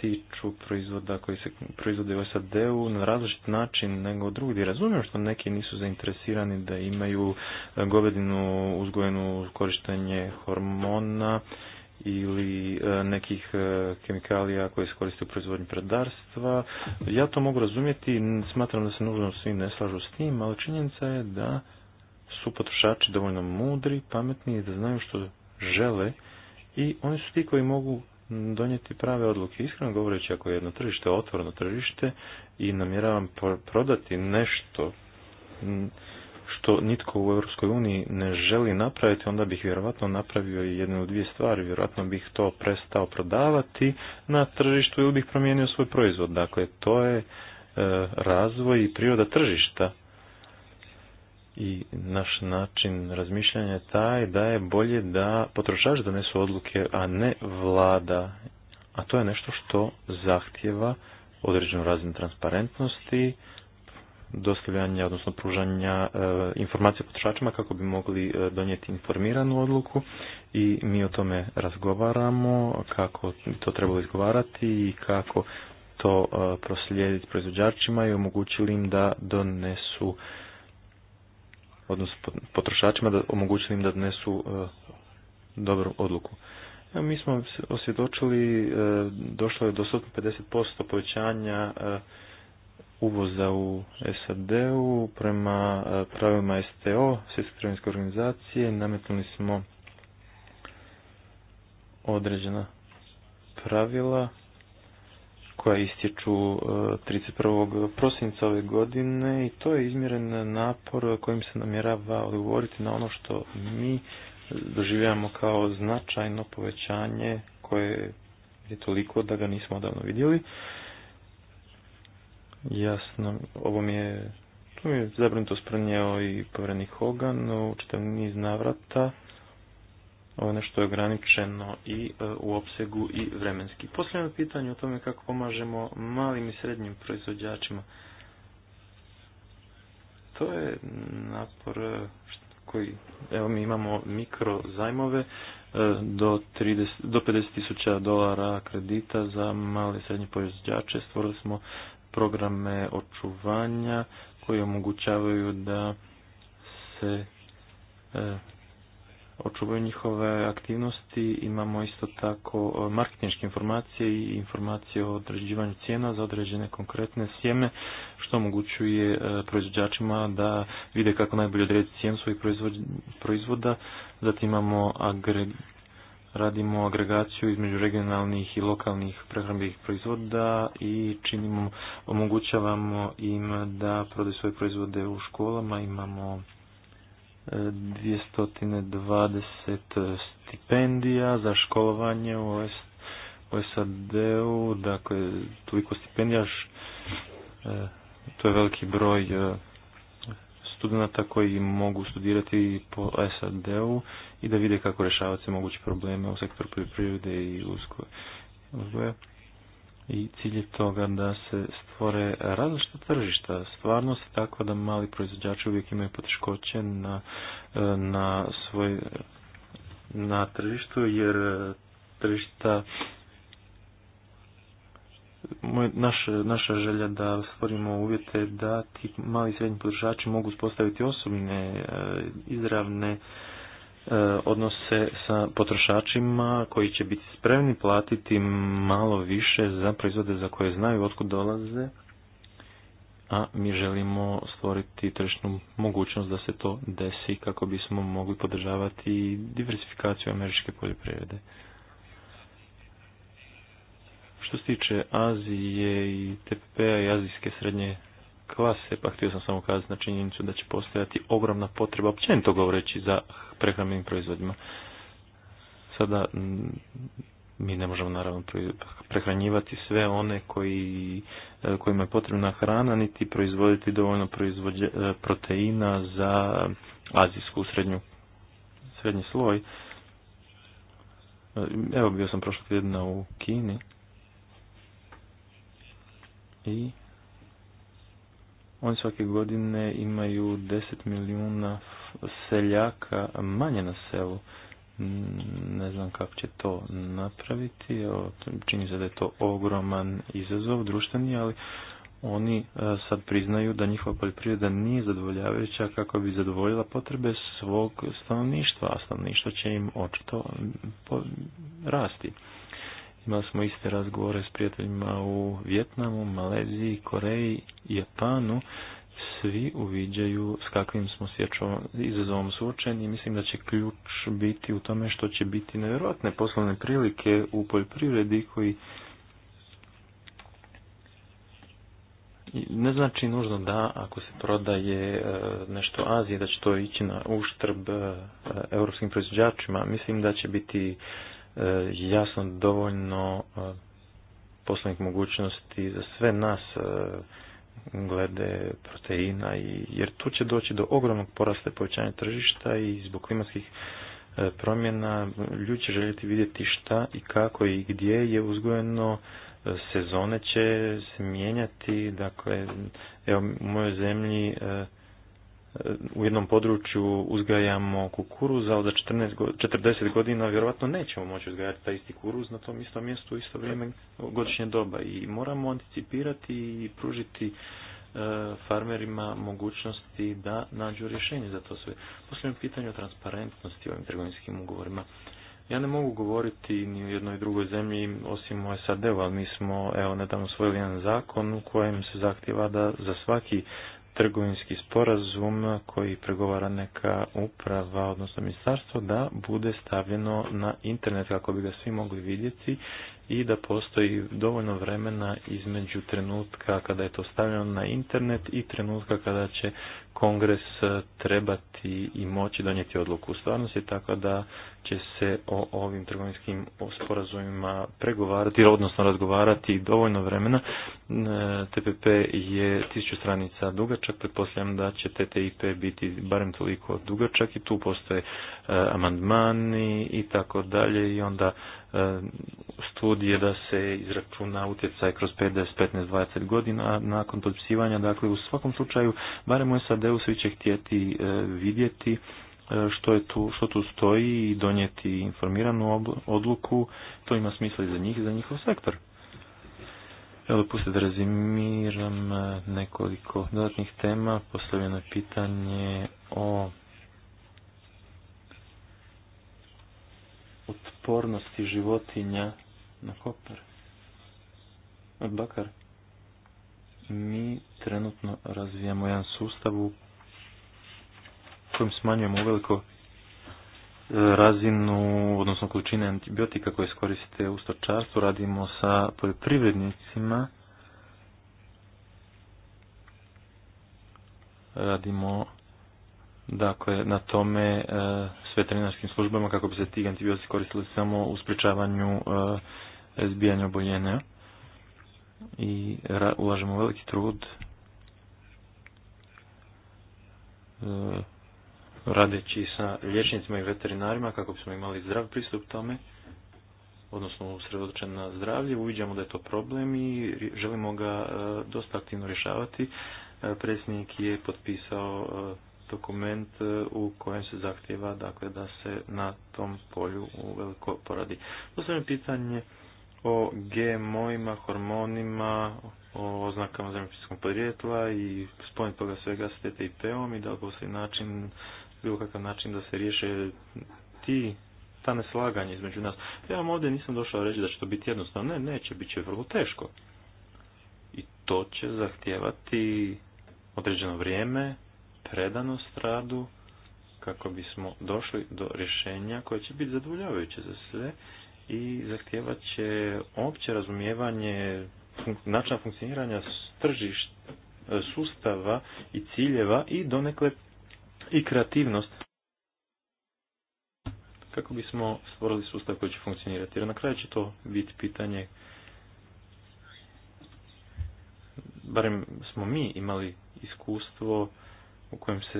tiču proizvoda koji se proizvode u SAD-u na različit način nego drugi. Razumijem što neki nisu zainteresirani da imaju e, govedinu uzgojenu korištenje hormona ili e, nekih e, kemikalija koje se koriste u proizvodnji predarstva. Ja to mogu razumjeti, smatram da se nužno svi ne slažu s tim, ali činjenica je da su potrošači dovoljno mudri, pametni i da znaju što žele i oni su ti koji mogu donijeti prave odluke. Iskreno govoreći, ako je jedno tržište otvoreno tržište i namjeravam prodati nešto što nitko u EU ne želi napraviti, onda bih vjerojatno napravio jednu od dvije stvari. Vjerojatno bih to prestao prodavati na tržištu ili bih promijenio svoj proizvod. Dakle, to je e, razvoj i priroda tržišta i naš način razmišljanja je taj da je bolje da potrošač donesu odluke, a ne vlada. A to je nešto što zahtjeva određenu razinu transparentnosti, dostavljanja, odnosno pružanja e, informacija potrošačima kako bi mogli e, donijeti informiranu odluku i mi o tome razgovaramo, kako to trebalo izgovarati i kako to e, proslijediti proizvođačima i omogućili im da donesu odnosno potrošačima da omogućili im da donesu e, dobru odluku. mi smo osvjedočili, e, došlo je do 150% povećanja e, uvoza u SAD-u prema pravilima STO, Svjetske trgovinske organizacije, nametnuli smo određena pravila koja istječu 31. E, prosinca ove godine i to je izmjeren napor kojim se namjerava odgovoriti na ono što mi doživljamo kao značajno povećanje koje je toliko da ga nismo odavno vidjeli. Jasno, ovo mi je, tu mi je zabrinuto sprnjeo i povrednik Hogan u čitav niz navrata ovo nešto je ograničeno i e, u opsegu i vremenski. Posljedno pitanje o tome kako pomažemo malim i srednjim proizvođačima. To je napor e, koji, evo mi imamo mikro zajmove e, do, 30, do 50 tisuća dolara kredita za male i srednje proizvođače. Stvorili smo programe očuvanja koji omogućavaju da se očuvaju njihove aktivnosti. Imamo isto tako e, marketinške informacije i informacije o određivanju cijena za određene konkretne sjeme, što omogućuje e, proizvođačima da vide kako najbolje odrediti cijenu svojih proizvoda. Zatim imamo radimo agregaciju između regionalnih i lokalnih prehrambenih proizvoda i činimo, omogućavamo im da prodaju svoje proizvode u školama. Imamo 220 stipendija za školovanje u SAD-u, dakle toliko stipendija, e, to je veliki broj e, studenta koji mogu studirati po SAD-u i da vide kako rješavati se moguće probleme u sektoru prirode i uzgoja i cilj je toga da se stvore različita tržišta. Stvarnost je tako da mali proizvođači uvijek imaju poteškoće na, na, svoj, na tržištu jer tržišta moj, naša želja da stvorimo uvjete da ti mali i srednji potrošači mogu uspostaviti osobne e, izravne E, odnose sa potrošačima koji će biti spremni platiti malo više za proizvode za koje znaju otkud dolaze, a mi želimo stvoriti tržišnu mogućnost da se to desi kako bismo mogli podržavati diversifikaciju američke poljoprivrede. Što se tiče Azije i TPP-a i azijske srednje klase, pa htio sam samo kazati na činjenicu da će postojati ogromna potreba općenito govoreći za prehrambenim proizvodima. Sada mi ne možemo naravno prehranjivati sve one koji, e, kojima je potrebna hrana, niti proizvoditi dovoljno proizvođe, e, proteina za azijsku srednju, srednji sloj. E, evo bio sam prošlog tjedna u Kini i oni svake godine imaju 10 milijuna seljaka manje na selu. Ne znam kako će to napraviti. Čini se da je to ogroman izazov društveni, ali oni e, sad priznaju da njihova poljoprivreda nije zadovoljavajuća kako bi zadovoljila potrebe svog stanovništva, a stanovništvo će im očito rasti. Imali smo iste razgovore s prijateljima u Vjetnamu, Maleziji, Koreji, Japanu svi uviđaju s kakvim smo sjećom izazovom suočeni i mislim da će ključ biti u tome što će biti nevjerojatne poslovne prilike u poljoprivredi koji ne znači nužno da ako se prodaje e, nešto Azije da će to ići na uštrb e, europskim proizvođačima. Mislim da će biti e, jasno dovoljno poslovnih mogućnosti za sve nas glede proteina i jer tu će doći do ogromnog porasta povećanja tržišta i zbog klimatskih e, promjena ljudi će željeti vidjeti šta i kako i gdje je uzgojeno e, sezone će se mijenjati dakle evo u mojoj zemlji e, u jednom području uzgajamo kukuruz, a za 14 40 godina vjerojatno nećemo moći uzgajati taj isti kuruz na tom istom mjestu u isto vrijeme godišnje doba i moramo anticipirati i pružiti e, farmerima mogućnosti da nađu rješenje za to sve. Posljedno pitanje o transparentnosti ovim trgovinskim ugovorima. Ja ne mogu govoriti ni u jednoj drugoj zemlji osim o SAD-u, ali mi smo evo, nedavno svojili jedan zakon u kojem se zahtjeva da za svaki trgovinski sporazum koji pregovara neka uprava, odnosno ministarstvo, da bude stavljeno na internet kako bi ga svi mogli vidjeti i da postoji dovoljno vremena između trenutka kada je to stavljeno na internet i trenutka kada će kongres e, trebati i moći donijeti odluku. U stvarnosti je tako da će se o ovim trgovinskim sporazumima pregovarati, odnosno razgovarati dovoljno vremena. E, TPP je tisuću stranica dugačak, pretpostavljam da će TTIP biti barem toliko dugačak i tu postoje e, amandmani i tako dalje i onda studije da se izračuna utjecaj kroz 50, 15, 20 godina nakon potpisivanja. Dakle, u svakom slučaju, barem u SAD-u svi će htjeti e, vidjeti e, što, je tu, što tu stoji i donijeti informiranu odluku. To ima smisla i za njih i za njihov sektor. Evo, dopustite da rezimiram e, nekoliko dodatnih tema. Postavljeno je pitanje o otpornosti životinja na kopar. Bakar, mi trenutno razvijamo jedan sustav u kojem smanjujemo veliko e, razinu, odnosno količine antibiotika koje koriste u stočarstvu. Radimo sa poljoprivrednicima, radimo dakle, na tome e, s veterinarskim službama kako bi se ti antibiotici koristili samo u sprečavanju e, zbijanja oboljenja i ulažemo veliki trud e, radeći sa liječnicima i veterinarima kako bismo imali zdrav pristup tome odnosno usredotočen na zdravlje, uviđamo da je to problem i želimo ga dosta aktivno rješavati. Predsjednik je potpisao dokument e, u kojem se zahtjeva dakle, da se na tom polju u veliko poradi. Postavljam pitanje o GMO-ima, hormonima, o oznakama zemljopisnog podrijetla i sponit toga svega s TTIP-om i da li postoji način, bilo kakav način da se riješe ti ta neslaganja između nas. Ja vam ovdje nisam došao reći da će to biti jednostavno. Ne, neće, bit će vrlo teško. I to će zahtijevati određeno vrijeme, predanost radu kako bismo došli do rješenja koje će biti zadovoljavajuće za sve i zahtijevat će opće razumijevanje načina funkcioniranja tržišta sustava i ciljeva i donekle i kreativnost kako bismo stvorili sustav koji će funkcionirati. Jer na kraju će to biti pitanje barem smo mi imali iskustvo u kojem se,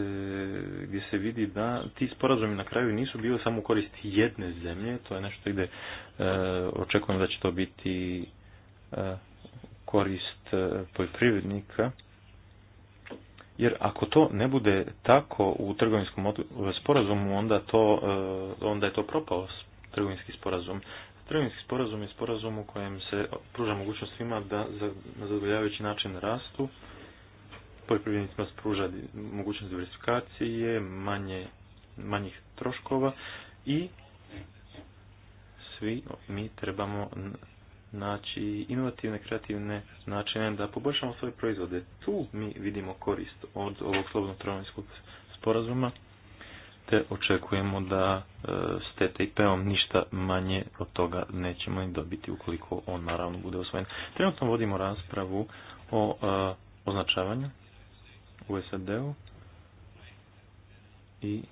gdje se vidi da ti sporazumi na kraju nisu bili samo u korist jedne zemlje, to je nešto gdje e, očekujem da će to biti e, korist e, poljoprivrednika. Jer ako to ne bude tako u trgovinskom sporazumu, onda, to, e, onda je to propao trgovinski sporazum. Trgovinski sporazum je sporazum u kojem se pruža mogućnost svima da na zadovoljavajući način rastu poljoprivrednicima spruža mogućnost diversifikacije, manje, manjih troškova i svi mi trebamo naći inovativne, kreativne načine da poboljšamo svoje proizvode. Tu mi vidimo korist od ovog slobodnog trgovinskog sporazuma te očekujemo da e, s TTIP-om ništa manje od toga nećemo i dobiti ukoliko on naravno bude osvojen. Trenutno vodimo raspravu o e, označavanju u SAD-u i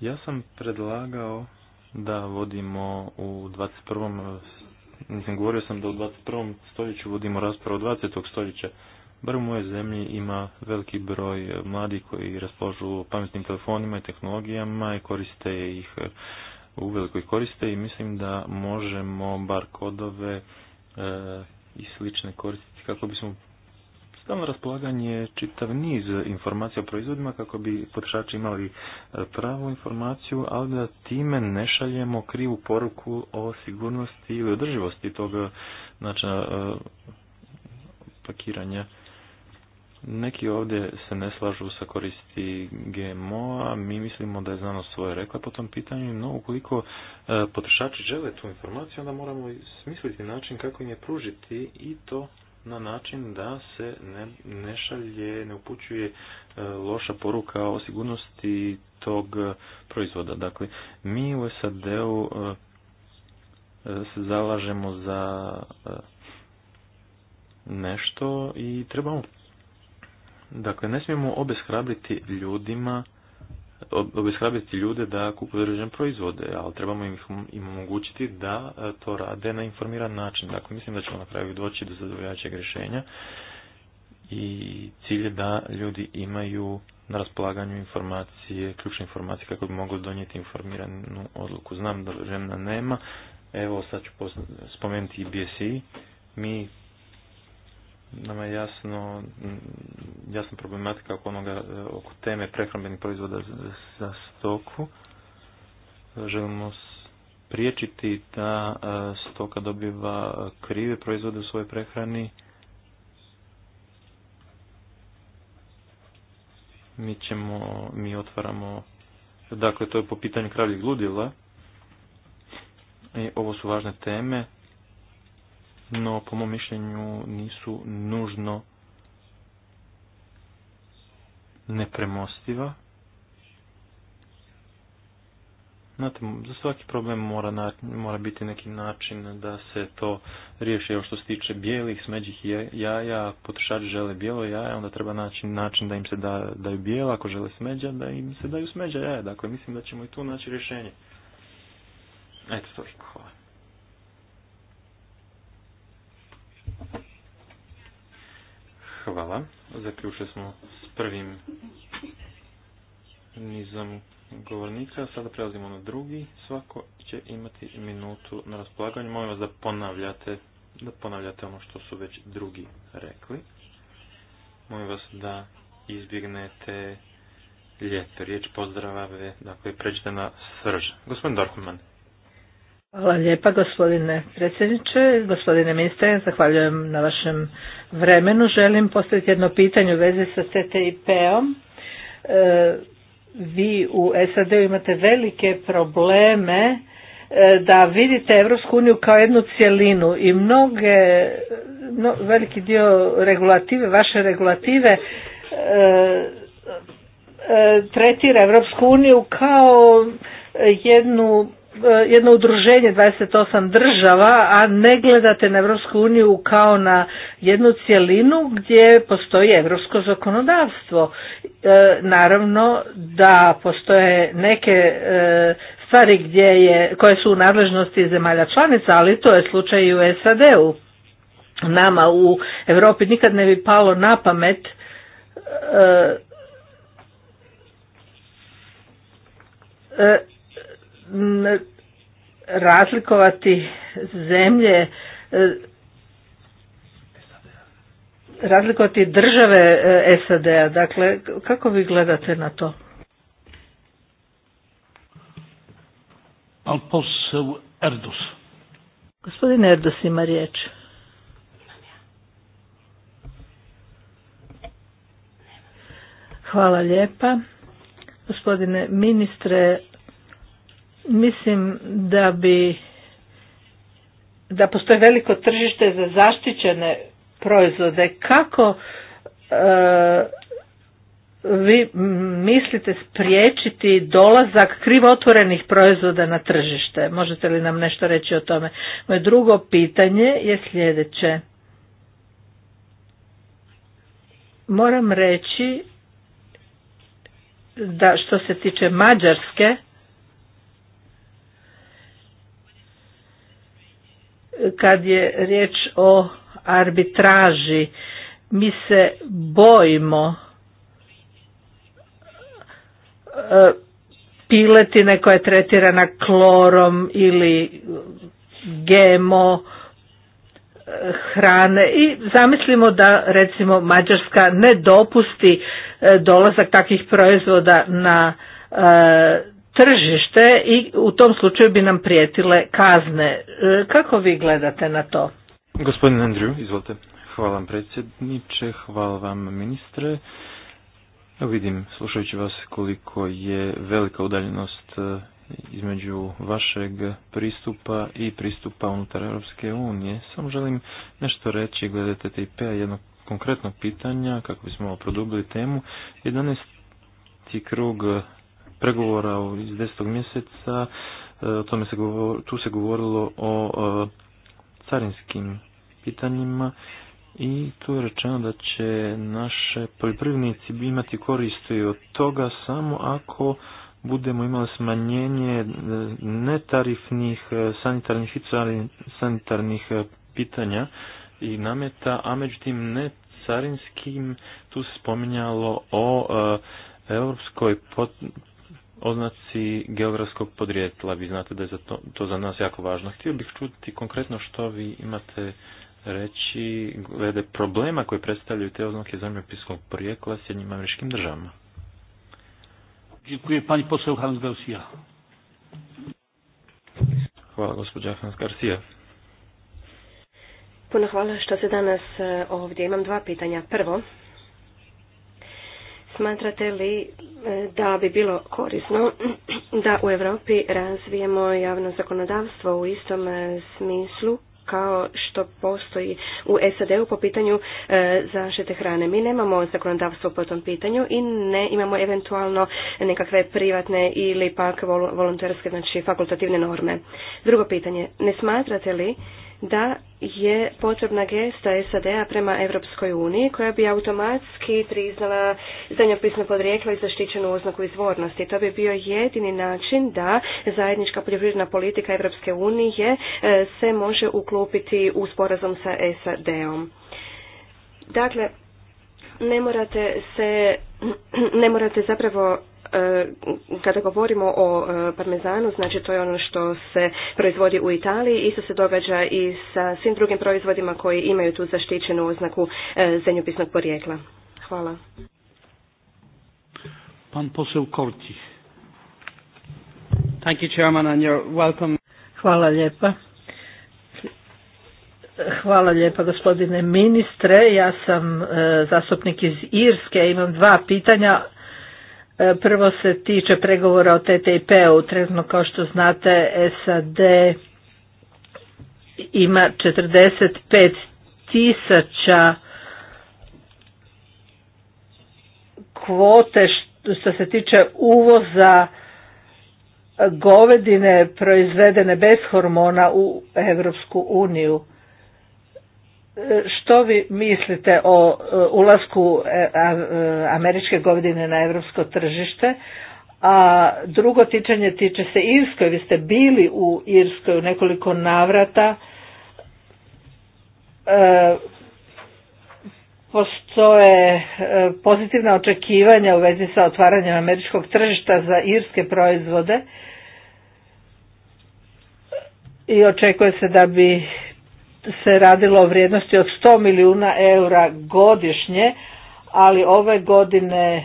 ja sam predlagao da vodimo u 21. Mislim, govorio sam da u 21. stoljeću vodimo raspravu 20. stoljeća. Bar u moje zemlji ima veliki broj mladih koji raspolažu pametnim telefonima i tehnologijama i koriste ih, u velikoj koriste i mislim da možemo bar kodove e, i slične koristiti kako bismo stalno raspolaganje čitav niz informacija o proizvodima kako bi potrošači imali e, pravu informaciju, ali da time ne šaljemo krivu poruku o sigurnosti ili održivosti tog znači e, pakiranja. Neki ovdje se ne slažu sa koristi GMO-a, mi mislimo da je znanost svoje rekla po tom pitanju, no ukoliko e, potrošači žele tu informaciju, onda moramo smisliti način kako im je pružiti i to na način da se ne, ne šalje, ne upućuje e, loša poruka o sigurnosti tog e, proizvoda. Dakle, mi u SAD-u e, se zalažemo za nešto i trebamo, dakle, ne smijemo obeshrabriti ljudima obeshrabiti ljude da kupuju određene proizvode, ali trebamo im, omogućiti da e, to rade na informiran način. Dakle, mislim da ćemo na kraju doći do zadovoljavajućeg rješenja i cilj je da ljudi imaju na raspolaganju informacije, ključne informacije kako bi mogli donijeti informiranu odluku. Znam da žena nema, evo sad ću spomenuti i BSI, mi nama je jasno, mm, jasna problematika oko, onoga, e, oko teme prehrambenih proizvoda za stoku. Želimo priječiti da e, stoka dobiva e, krive proizvode u svojoj prehrani. Mi ćemo, mi otvaramo, dakle to je po pitanju kravljeg ludila. I ovo su važne teme no po mom mišljenju nisu nužno nepremostiva. Znate, za svaki problem mora, na, mora biti neki način da se to riješi. Evo što se tiče bijelih, smeđih jaja, potrošači žele bijelo jaja, onda treba naći način da im se da, daju bijela, ako žele smeđa, da im se daju smeđa jaja. Dakle, mislim da ćemo i tu naći rješenje. Eto, toliko. Hvala. Zaključili smo s prvim nizom govornika. Sada prelazimo na drugi. Svako će imati minutu na raspolaganju. Molim vas da ponavljate, da ponavljate ono što su već drugi rekli. Molim vas da izbjegnete lijepe riječ pozdravave, dakle pređite na srž. Gospodin Dorfman. Hvala lijepa gospodine predsjedniče, gospodine ministre, zahvaljujem na vašem vremenu. Želim postaviti jedno pitanje u vezi sa CTIP-om. E, vi u sad imate velike probleme e, da vidite Europsku uniju kao jednu cjelinu i mnoge, veliki dio regulative, vaše regulative e, tretira Evropsku uniju kao jednu Eh, jedno udruženje 28 država, a ne gledate na Europsku uniju kao na jednu cjelinu gdje postoji europsko zakonodavstvo. Eh, naravno da postoje neke eh, stvari gdje je, koje su u nadležnosti zemalja članica, ali to je slučaj i u SAD-u. Nama u Europi nikad ne bi palo na pamet e, razlikovati zemlje e, razlikovati države e, SAD-a. Dakle, kako vi gledate na to? Alposeu Erdos. Gospodin Erdos ima riječ. Hvala lijepa. Gospodine ministre, Mislim da bi da postoji veliko tržište za zaštićene proizvode. Kako e, vi mislite spriječiti dolazak krivotvorenih proizvoda na tržište? Možete li nam nešto reći o tome? Moje drugo pitanje je sljedeće. Moram reći da što se tiče Mađarske, kad je riječ o arbitraži mi se bojimo e, piletine koja je tretirana klorom ili GMO e, hrane i zamislimo da recimo Mađarska ne dopusti e, dolazak takvih proizvoda na tržište i u tom slučaju bi nam prijetile kazne. E, kako vi gledate na to? Gospodin Andriju, izvolite. Hvala vam predsjedniče, hvala vam ministre. vidim, slušajući vas, koliko je velika udaljenost e, između vašeg pristupa i pristupa unutar Europske unije. Samo želim nešto reći glede TTIP-a, jedno konkretno pitanja, kako bismo produbili temu. 11. krug pregovora iz 10. mjeseca, e, o tome se tu se govorilo o, e, carinskim pitanjima i tu je rečeno da će naše poljoprivrednici imati koristi od toga samo ako budemo imali smanjenje e, netarifnih sanitarnih i sanitarnih pitanja i nameta, a međutim ne carinskim tu se spominjalo o europskoj oznaci geografskog podrijetla. Vi znate da je za to, to za nas jako važno. Htio bih čuti konkretno što vi imate reći glede problema koje predstavljaju te oznake zemljopisnog porijekla s jednim američkim državama. Dziękuję pani poseł Hans Garcia. Hvala gospođa Hans Garcia. Puno hvala što se danas eh, ovdje imam dva pitanja. Prvo, Smatrate li e, da bi bilo korisno da u Europi razvijemo javno zakonodavstvo u istom e, smislu kao što postoji u SAD-u po pitanju e, zaštite hrane. Mi nemamo zakonodavstvo po tom pitanju i ne imamo eventualno nekakve privatne ili pak volonterske, znači fakultativne norme. Drugo pitanje, ne smatrate li da je potrebna gesta SAD-a prema Europskoj uniji koja bi automatski priznala zemljopisno podrijeklo i zaštićenu oznaku izvornosti. To bi bio jedini način da zajednička poljoprivredna politika Europske unije e, se može uklopiti u sporazum sa SAD-om. Dakle, ne morate se ne morate zapravo E, kada govorimo o e, parmezanu, znači to je ono što se proizvodi u Italiji, isto se događa i sa svim drugim proizvodima koji imaju tu zaštićenu oznaku e, zemljopisnog porijekla. Hvala. Pan posel Korti. Thank you, Chairman, and you're welcome. Hvala lijepa. Hvala lijepa gospodine ministre. Ja sam zastupnik iz Irske. Imam dva pitanja E, prvo se tiče pregovora o TTIP-u. Trenutno kao što znate SAD ima 45 tisuća kvote što se tiče uvoza govedine proizvedene bez hormona u eu uniju što vi mislite o e, ulasku e, e, američke govedine na europsko tržište? A drugo tičanje tiče se Irskoj. Vi ste bili u Irskoj u nekoliko navrata. Postoje pozitivna očekivanja u vezi sa otvaranjem američkog tržišta za irske proizvode i očekuje se da bi se radilo o vrijednosti od 100 milijuna eura godišnje, ali ove godine e,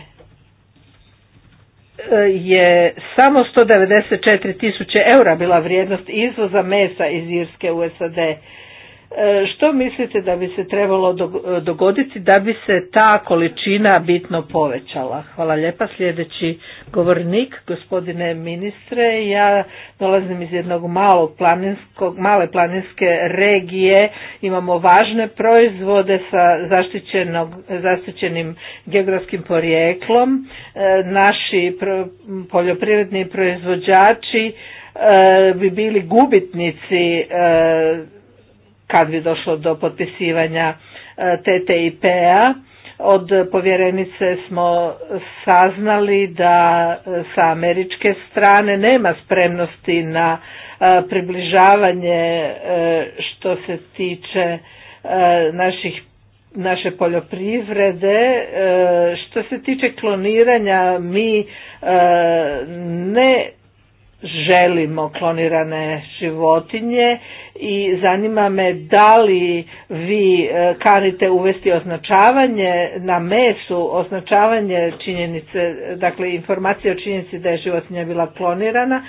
je samo 194 tisuće eura bila vrijednost izvoza mesa iz Irske u SAD E, što mislite da bi se trebalo dogoditi da bi se ta količina bitno povećala? Hvala lijepa. Sljedeći govornik, gospodine ministre, ja dolazim iz jednog malog planinskog, male planinske regije. Imamo važne proizvode sa zaštićenim geografskim porijeklom. E, naši poljoprivredni proizvođači e, bi bili gubitnici kad bi došlo do potpisivanja e, TTIP-a. Od povjerenice smo saznali da e, sa američke strane nema spremnosti na e, približavanje što se tiče naših naše poljoprivrede. Što se tiče kloniranja, mi ne želimo klonirane životinje i zanima me da li vi e, kanite uvesti označavanje na mesu, označavanje činjenice, dakle informacije o činjenici da je životinja bila klonirana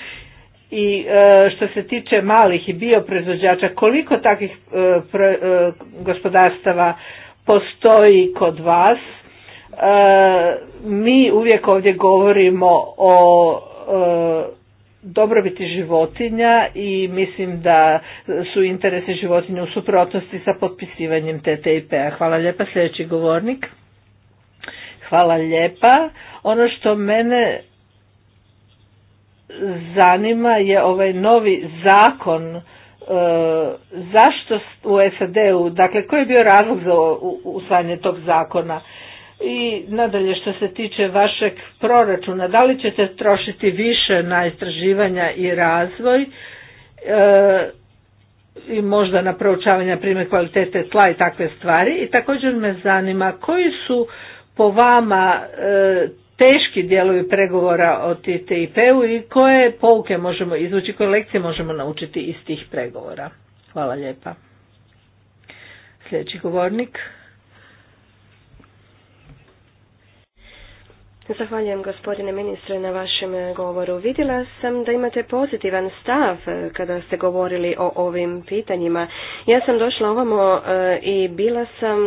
i e, što se tiče malih i bioprezvođača koliko takvih e, gospodarstava postoji kod vas? Mi uvijek ovdje govorimo o dobrobiti životinja i mislim da su interesi životinja u suprotnosti sa potpisivanjem TTIP-a. Hvala lijepa, sljedeći govornik. Hvala lijepa. Ono što mene zanima je ovaj novi zakon e, zašto u SAD-u, dakle koji je bio razlog za usvajanje tog zakona? I nadalje što se tiče vašeg proračuna, da li ćete trošiti više na istraživanja i razvoj e, i možda na proučavanje prime kvalitete tla i takve stvari? I također me zanima koji su po vama e, teški dijelovi pregovora o TTIP-u i koje pouke možemo izvući, koje lekcije možemo naučiti iz tih pregovora? Hvala lijepa. Sljedeći govornik. Zahvaljujem gospodine ministre na vašem eh, govoru. Vidjela sam da imate pozitivan stav eh, kada ste govorili o ovim pitanjima. Ja sam došla ovamo eh, i bila sam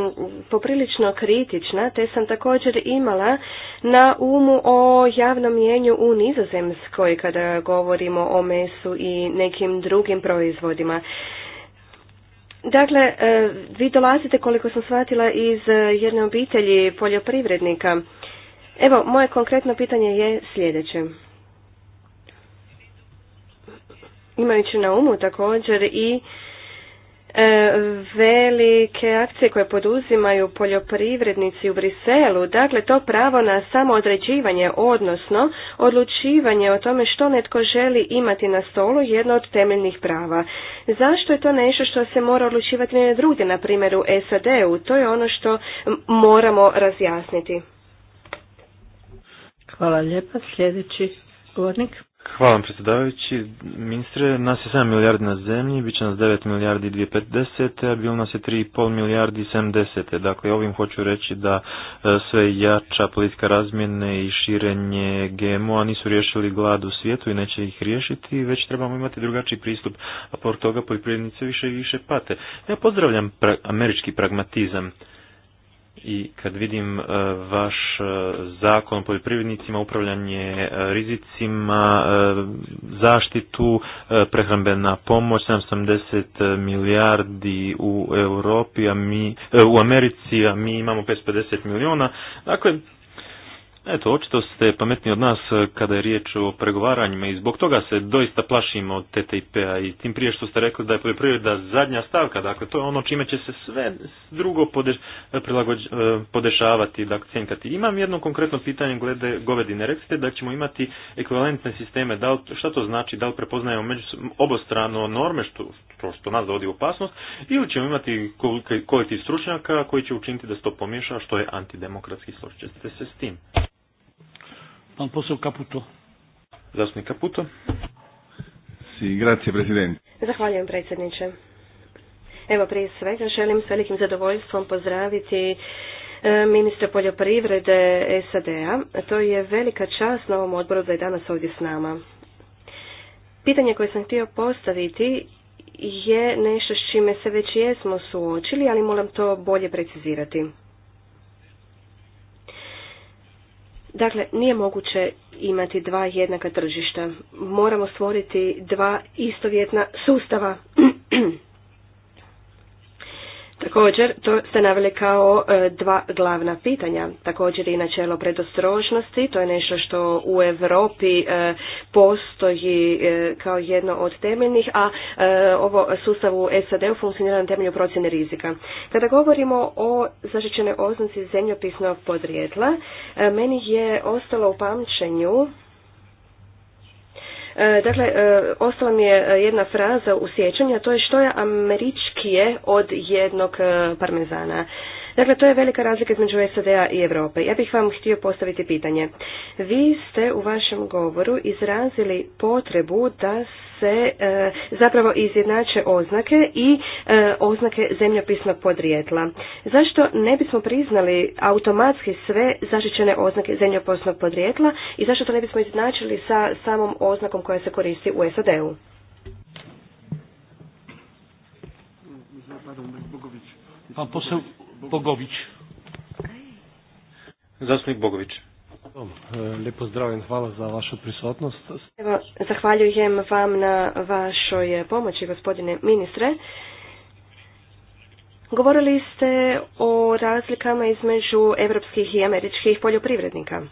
poprilično kritična, te sam također imala na umu o javnom mjenju u Nizozemskoj kada govorimo o mesu i nekim drugim proizvodima. Dakle, vi dolazite koliko sam shvatila iz jedne obitelji poljoprivrednika. Evo, moje konkretno pitanje je sljedeće. Imajući na umu također i e, velike akcije koje poduzimaju poljoprivrednici u Briselu, dakle to pravo na samoodređivanje, odnosno odlučivanje o tome što netko želi imati na stolu, jedno od temeljnih prava. Zašto je to nešto što se mora odlučivati na drugdje, na primjer u SAD-u? To je ono što moramo razjasniti. Hvala lijepa. Sljedeći govornik. Hvala vam predsjedavajući. Ministre, nas je 7 milijardi na zemlji, bit će nas 9 milijardi 2050, a bilo nas je 3,5 milijardi 70. Dakle, ovim hoću reći da e, sve jača politika razmjene i širenje GMO-a nisu riješili glad u svijetu i neće ih riješiti, već trebamo imati drugačiji pristup, a por toga poljoprivrednice više i više pate. Ja pozdravljam američki pragmatizam i kad vidim e, vaš e, zakon o poljoprivrednicima, upravljanje e, rizicima, zaštitu, prehrambena pomoć, 70 milijardi u Europi, a mi, u Americi, a mi imamo 550 milijuna. Dakle, Eto, očito ste pametni od nas eh, kada je riječ o pregovaranjima i zbog toga se doista plašimo od TTIP-a i tim prije što ste rekli da je poljoprivreda zadnja stavka, dakle to je ono čime će se sve drugo eh, eh, podešavati, dakle cjenkati. Imam jedno konkretno pitanje glede govedine. Recite da ćemo imati ekvivalentne sisteme, da šta to znači, da li prepoznajemo obostrano norme, što, što nas dovodi u opasnost, ili ćemo imati kolektiv stručnjaka koji će učiniti da se to pomiješa, što je antidemokratski, složit ćete se s tim. Pan posao Kaputo. Si, grazie, presidente. Zahvaljujem, predsjedniče. Evo, prije svega želim s velikim zadovoljstvom pozdraviti e, ministra poljoprivrede SAD-a. To je velika čast na ovom odboru da je danas ovdje s nama. Pitanje koje sam htio postaviti je nešto s čime se već jesmo suočili, ali moram to bolje precizirati. Dakle, nije moguće imati dva jednaka tržišta. Moramo stvoriti dva istovjetna sustava. Također, to ste naveli kao e, dva glavna pitanja. Također i načelo predostrožnosti, to je nešto što u Europi e, postoji e, kao jedno od temeljnih, a ovo sustav u SAD-u funkcionira na temelju procjene rizika. Kada govorimo o zaštićenoj oznaci zemljopisnog podrijetla, meni je ostalo u pamćenju E, dakle, e, ostala mi je e, jedna fraza u sjećanju, a to je što je američkije od jednog parmezana. Dakle, to je velika razlika između SAD-a i Europe. Ja bih vam htio postaviti pitanje. Vi ste u vašem govoru izrazili potrebu da se e, zapravo izjednače oznake i e, oznake zemljopisnog podrijetla. Zašto ne bismo priznali automatski sve zaštićene oznake zemljopisnog podrijetla i zašto to ne bismo izjednačili sa samom oznakom koja se koristi u SAD-u? Pa, Bogović. Zastupnik Bogović. Lijep zdravim, hvala za vašu prisutnost. Evo, zahvaljujem vam na vašoj pomoći, gospodine ministre. Govorili ste o razlikama između evropskih i američkih poljoprivrednika.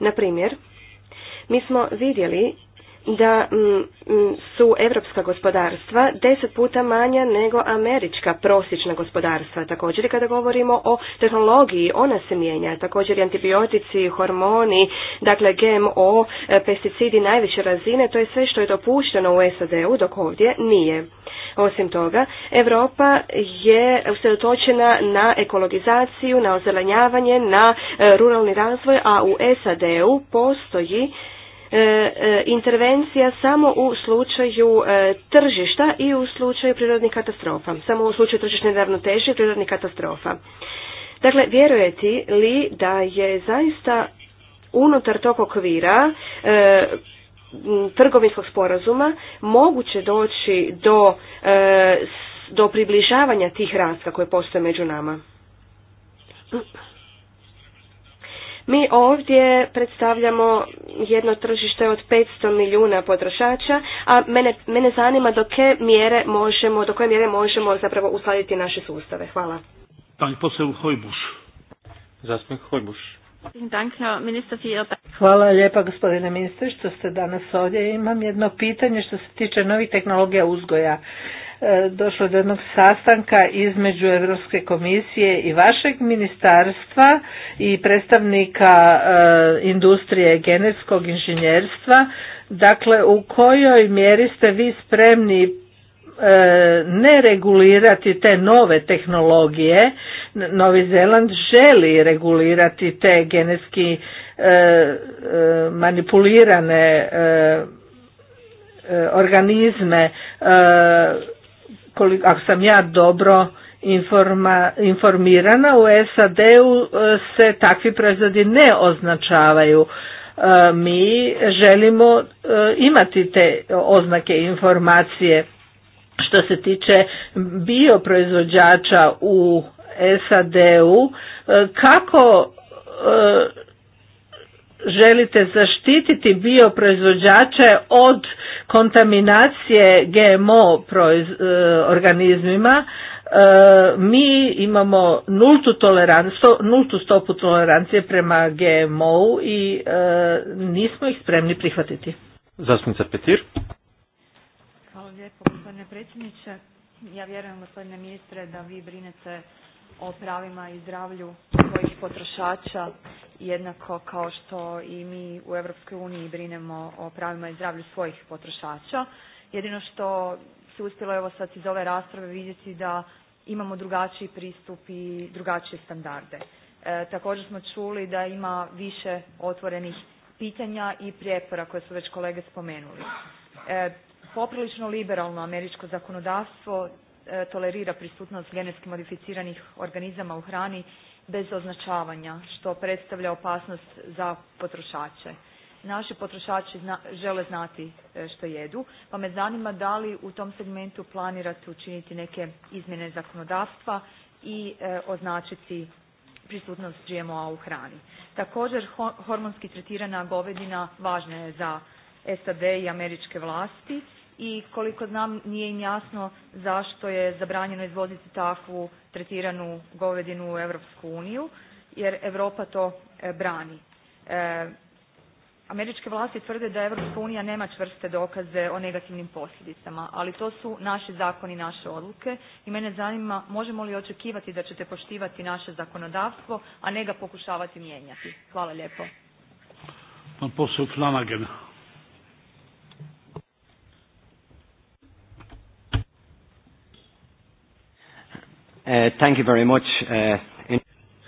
Na primjer, mi smo vidjeli da mm, mm, su europska gospodarstva deset puta manja nego američka prosječna gospodarstva. Također kada govorimo o tehnologiji, ona se mijenja. Također i antibiotici, hormoni, dakle GMO, e, pesticidi najviše razine, to je sve što je dopušteno u SAD-u dok ovdje nije. Osim toga, Europa je usredotočena na ekologizaciju, na ozelenjavanje, na e, ruralni razvoj, a u SAD-u postoji E, e, intervencija samo u slučaju e, tržišta i u slučaju prirodnih katastrofa. Samo u slučaju tržišne ravnoteže i prirodnih katastrofa. Dakle, vjerujete li da je zaista unutar tog okvira trgovinskog sporazuma moguće doći do, do približavanja tih raska koje postoje među nama? Mi ovdje predstavljamo jedno tržište od 500 milijuna potrošača, a mene, mene zanima do koje mjere možemo, do koje mjere možemo zapravo uskladiti naše sustave. Hvala. Hvala lijepa gospodine ministre što ste danas ovdje. Imam jedno pitanje što se tiče novih tehnologija uzgoja. E, došlo do jednog sastanka između Europske komisije i vašeg ministarstva i predstavnika e, industrije genetskog inženjerstva. Dakle, u kojoj mjeri ste vi spremni e, ne regulirati te nove tehnologije. Novi Zeland želi regulirati te genetski manipulirane organizme koliko, ako sam ja dobro informirana, u SAD-u e, se takvi proizvodi ne označavaju. E, mi želimo e, imati te oznake informacije što se tiče bioproizvođača u SAD-u, kako želite zaštititi bioproizvođače od kontaminacije GMO e, organizmima, e, mi imamo nultu tolerancu, nultu stopu tolerancije prema gmo i e, nismo ih spremni prihvatiti. Zastupnica Petir. Hvala lijepo gospodine predsjedniče. Ja vjerujem gospodine ministre da vi brinete o pravima i zdravlju svojih potrošača jednako kao što i mi u Europskoj uniji brinemo o pravima i zdravlju svojih potrošača. Jedino što se uspjelo evo sad iz ove rasprave vidjeti da imamo drugačiji pristup i drugačije standarde. E, također smo čuli da ima više otvorenih pitanja i prijepora koje su već kolege spomenuli. E, poprilično liberalno američko zakonodavstvo e, tolerira prisutnost genetski modificiranih organizama u hrani bez označavanja što predstavlja opasnost za potrošače. Naši potrošači žele znati e, što jedu, pa me zanima da li u tom segmentu planirate učiniti neke izmjene zakonodavstva i e, označiti prisutnost GMO-a u hrani. Također hormonski tretirana govedina važna je za SAD i američke vlasti i koliko znam nije im jasno zašto je zabranjeno izvoziti takvu tretiranu govedinu u Europsku uniju jer Europa to e, brani. E, američke vlasti tvrde da Europska unija nema čvrste dokaze o negativnim posljedicama, ali to su naši zakoni, naše odluke i mene zanima možemo li očekivati da ćete poštivati naše zakonodavstvo, a ne ga pokušavati mijenjati. Hvala lijepo. Eh, eh,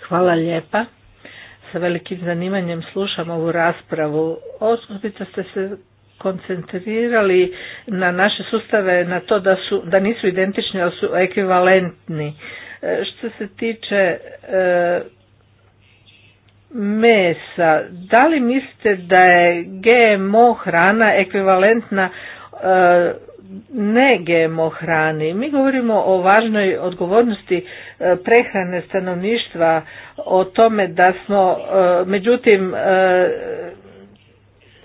Hvala lijepa. Sa velikim zanimanjem slušam ovu raspravu. Osobito ste se koncentrirali na naše sustave na to da, su, da nisu identični, ali su ekvivalentni. Eh, što se tiče mesa, da li mislite da je GMO hrana ekvivalentna ne GMO hrani. Mi govorimo o važnoj odgovornosti e, prehrane stanovništva, o tome da smo, e, međutim, e,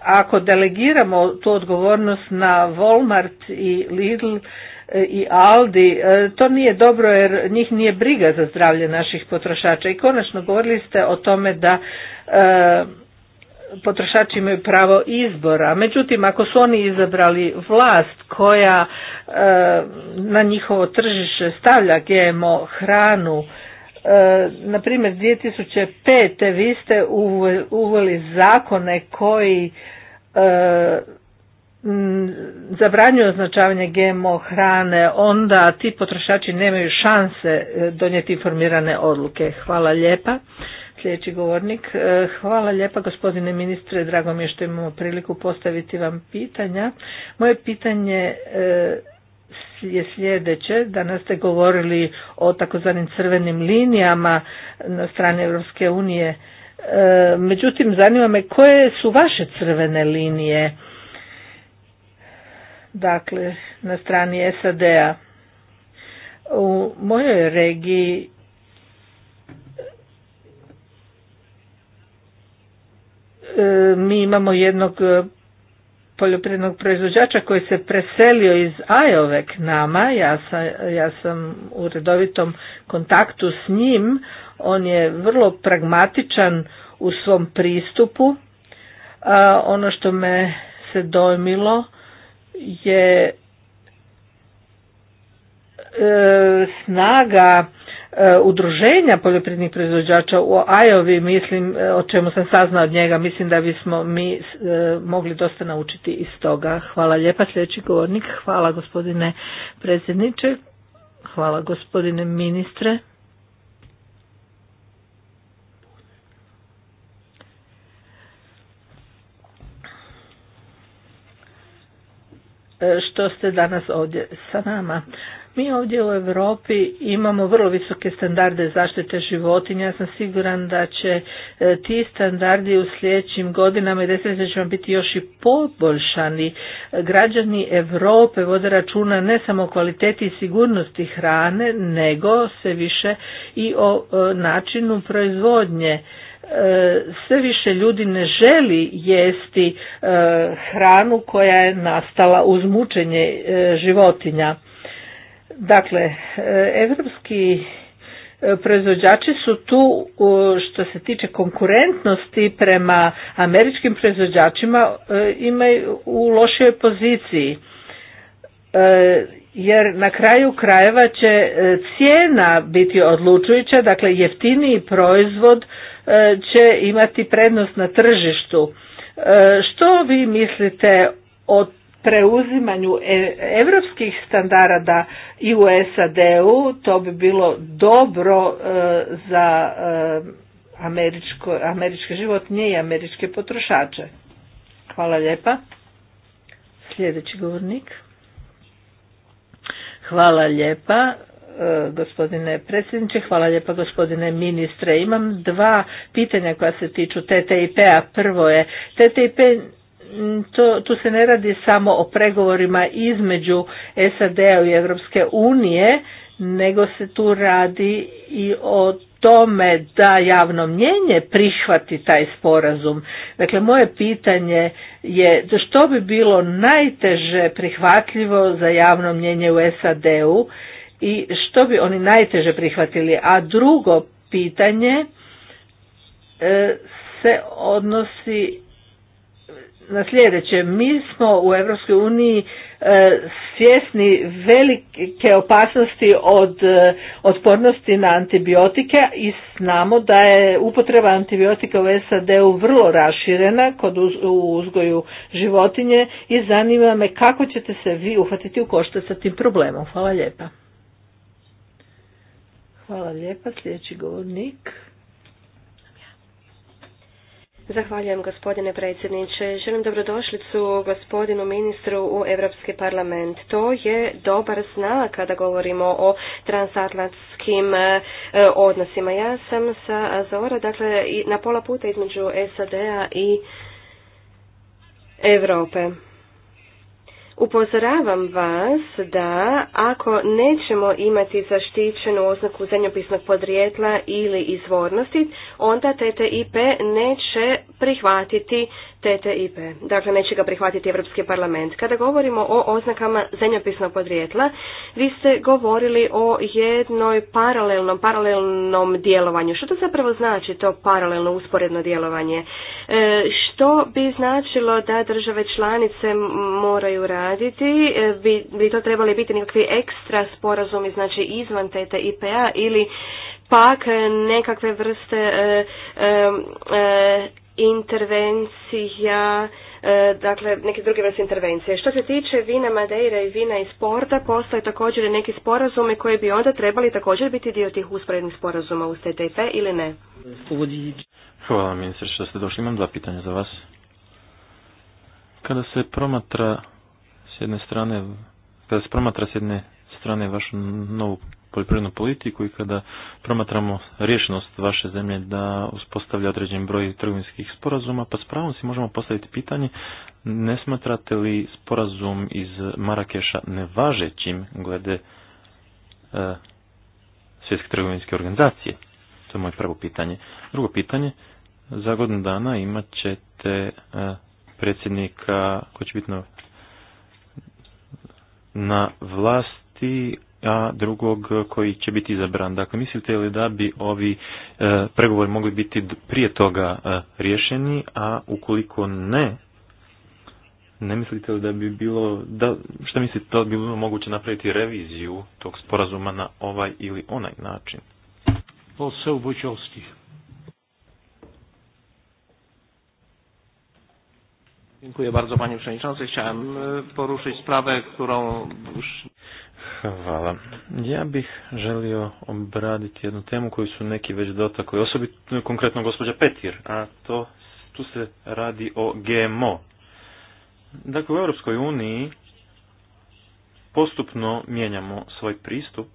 ako delegiramo tu odgovornost na Walmart i Lidl i Aldi, to nije dobro jer njih nije briga za zdravlje naših potrošača. I konačno govorili ste o tome da potrošači imaju pravo izbora. Međutim, ako su oni izabrali vlast koja e, na njihovo tržište stavlja GMO hranu, e, na primjer 2005. vi ste uveli zakone koji e, zabranjuju označavanje GMO hrane, onda ti potrošači nemaju šanse donijeti informirane odluke. Hvala lijepa. Sljedeći govornik. E, hvala lijepa gospodine ministre, drago mi je što imamo priliku postaviti vam pitanja. Moje pitanje e, je sljedeće. Danas ste govorili o takozvanim crvenim linijama na strani Europske unije. E, međutim, zanima me koje su vaše crvene linije dakle na strani SAD-a. U mojoj regiji E, mi imamo jednog e, poljoprivrednog proizvođača koji se preselio iz Ajove k nama, ja sam, ja sam u redovitom kontaktu s njim, on je vrlo pragmatičan u svom pristupu. A e, ono što me se dojmilo je snaga E, udruženja poljoprivrednih proizvođača u Ajovi, mislim, e, o čemu sam saznao od njega, mislim da bismo mi e, mogli dosta naučiti iz toga. Hvala lijepa, sljedeći govornik. Hvala gospodine predsjedniče. Hvala gospodine ministre. Što ste danas ovdje sa nama? Mi ovdje u Europi imamo vrlo visoke standarde zaštite životinja. Ja sam siguran da će e, ti standardi u sljedećim godinama i desetljećima biti još i poboljšani. Građani Europe vode računa ne samo o kvaliteti i sigurnosti hrane, nego se više i o e, načinu proizvodnje e, sve više ljudi ne želi jesti hranu koja je nastala uz mučenje životinja. Dakle, e, evropski e, proizvođači su tu što se tiče konkurentnosti prema američkim proizvođačima e, imaju u lošoj poziciji jer na kraju krajeva će cijena biti odlučujuća, dakle jeftiniji proizvod će imati prednost na tržištu. Što vi mislite o preuzimanju europskih standarda i u SAD-u, to bi bilo dobro e, za e, američko, američke životinje i američke potrošače. Hvala lijepa. Sljedeći govornik. Hvala lijepa e, gospodine predsjedniče, hvala lijepa gospodine ministre. Imam dva pitanja koja se tiču TTIP-a. Prvo je, TTIP Mm, to, tu se ne radi samo o pregovorima između SAD-a i Europske unije, nego se tu radi i o tome da javno mnjenje prihvati taj sporazum. Dakle, moje pitanje je što bi bilo najteže prihvatljivo za javno mnjenje u SAD-u i što bi oni najteže prihvatili. A drugo pitanje e, se odnosi na sljedeće. Mi smo u Europskoj uniji e, svjesni velike opasnosti od e, otpornosti na antibiotike i znamo da je upotreba antibiotika u SAD-u vrlo raširena kod u uzgoju životinje i zanima me kako ćete se vi uhvatiti u koštac sa tim problemom. Hvala lijepa. Hvala lijepa, sljedeći govornik. Zahvaljujem gospodine predsjedniče. Želim dobrodošlicu gospodinu ministru u Europski parlament. To je dobar znak kada govorimo o transatlantskim e, odnosima. Ja sam sa Azora, dakle na pola puta između SAD-a i Europe. Upozoravam vas da ako nećemo imati zaštićenu oznaku zemljopisnog podrijetla ili izvornosti, onda TTIP neće prihvatiti TTIP. Dakle, neće ga prihvatiti Europski parlament. Kada govorimo o oznakama zemljopisnog podrijetla, vi ste govorili o jednoj paralelnom, paralelnom djelovanju. Što to zapravo znači to paralelno usporedno djelovanje? E, što bi značilo da države članice moraju raditi? E, bi, to trebali biti nekakvi ekstra sporazumi, znači izvan TTIP-a ili pak nekakve vrste e, intervencija, e, dakle neke druge vrste intervencije. Što se tiče vina Madeira i vina iz Porta, postoje također neki sporazume koji bi onda trebali također biti dio tih usporednih sporazuma u TTP ili ne? Hvala ministar što ste došli. Imam dva pitanja za vas. Kada se promatra s jedne strane, kada se promatra s jedne strane vašu novu poljoprivrednu politiku i kada promatramo rješenost vaše zemlje da uspostavlja određen broj trgovinskih sporazuma, pa s pravom si možemo postaviti pitanje ne smatrate li sporazum iz Marakeša nevažećim glede e, svjetske trgovinske organizacije? To je moje prvo pitanje. Drugo pitanje, za godinu dana imat ćete e, predsjednika koji će biti na vlasti a drugog e, koji će biti izabran. Dakle, mislite li da bi ovi e, pregovori mogli biti prije toga e, rješeni, a ukoliko ne, ne mislite li da bi bilo, da, što mislite, da bi bilo moguće napraviti reviziju tog sporazuma na ovaj ili onaj način? Poseł Wojciechowski. Dziękuję bardzo Panie Przewodniczący. Chciałem poruszyć sprawę, którą już... Hvala. Ja bih želio obraditi jednu temu koju su neki već dotakli, osobito konkretno gospođa Petir, a to tu se radi o GMO. Dakle, u Europskoj uniji postupno mijenjamo svoj pristup,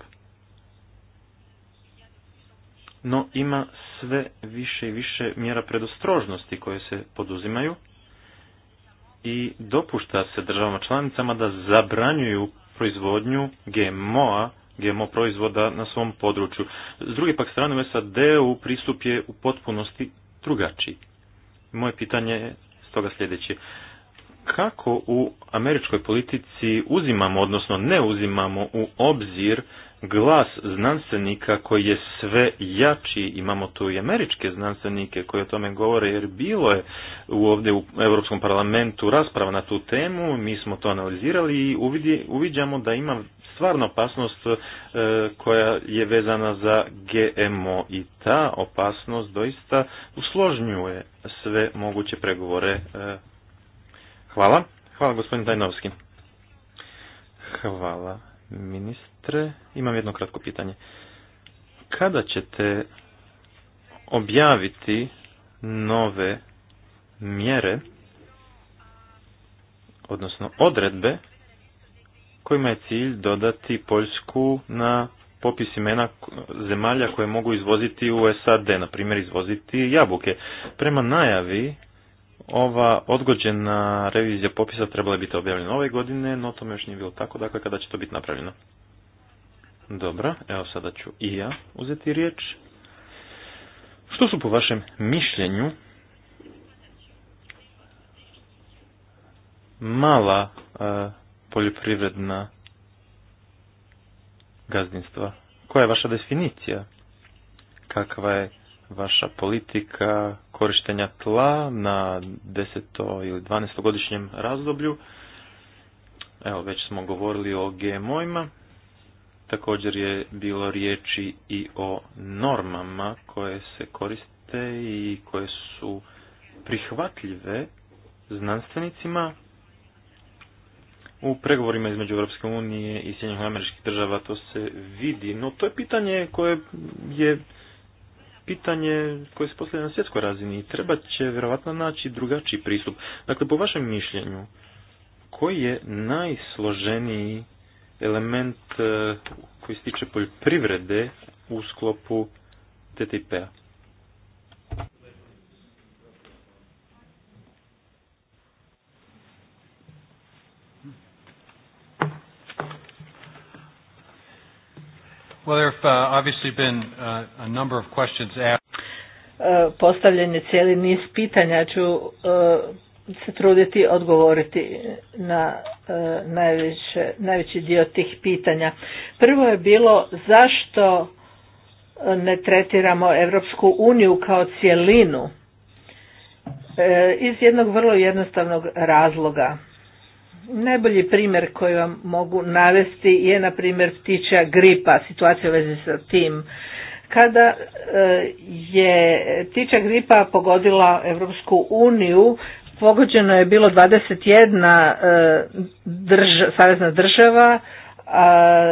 no ima sve više i više mjera predostrožnosti koje se poduzimaju i dopušta se državama članicama da zabranjuju proizvodnju GMO-a, GMO proizvoda na svom području. S druge pak strane u SAD-u pristup je u potpunosti drugačiji. Moje pitanje je stoga sljedeće. Kako u američkoj politici uzimamo, odnosno ne uzimamo u obzir glas znanstvenika koji je sve jači, imamo tu i američke znanstvenike koji o tome govore, jer bilo je u ovdje u Europskom parlamentu rasprava na tu temu, mi smo to analizirali i uviđamo da ima stvarno opasnost e, koja je vezana za GMO i ta opasnost doista usložnjuje sve moguće pregovore. E, hvala. Hvala gospodin Tajnovski. Hvala ministre. Imam jedno kratko pitanje. Kada ćete objaviti nove mjere, odnosno odredbe, kojima je cilj dodati Poljsku na popis imena zemalja koje mogu izvoziti u SAD, na primjer izvoziti jabuke. Prema najavi ova odgođena revizija popisa trebala biti objavljena ove godine, no tome još nije bilo tako, dakle kada će to biti napravljeno? Dobro, evo sada ću i ja uzeti riječ. Što su po vašem mišljenju mala e, poljoprivredna gazdinstva? Koja je vaša definicija? Kakva je vaša politika korištenja tla na 10. ili 12. razdoblju. Evo, već smo govorili o GMO-ima. Također je bilo riječi i o normama koje se koriste i koje su prihvatljive znanstvenicima u pregovorima između Europske unije i Sjedinjenih američkih država to se vidi, no to je pitanje koje je pitanje koje se postavlja na svjetskoj razini i treba će vjerojatno naći drugačiji pristup. Dakle, po vašem mišljenju, koji je najsloženiji element eh, koji se tiče poljoprivrede u sklopu TTIP-a? Well, there uh, obviously been uh, a number of questions asked. Uh, postavljen je cijeli niz pitanja, ću se truditi odgovoriti na najveće, najveći dio tih pitanja. Prvo je bilo zašto ne tretiramo Europsku uniju kao cjelinu iz jednog vrlo jednostavnog razloga. Najbolji primjer koji vam mogu navesti je na primjer ptičja gripa, situacija u vezi sa tim. Kada e, je ptičja gripa pogodila Europsku uniju, pogođeno je bilo 21 e, savezna država,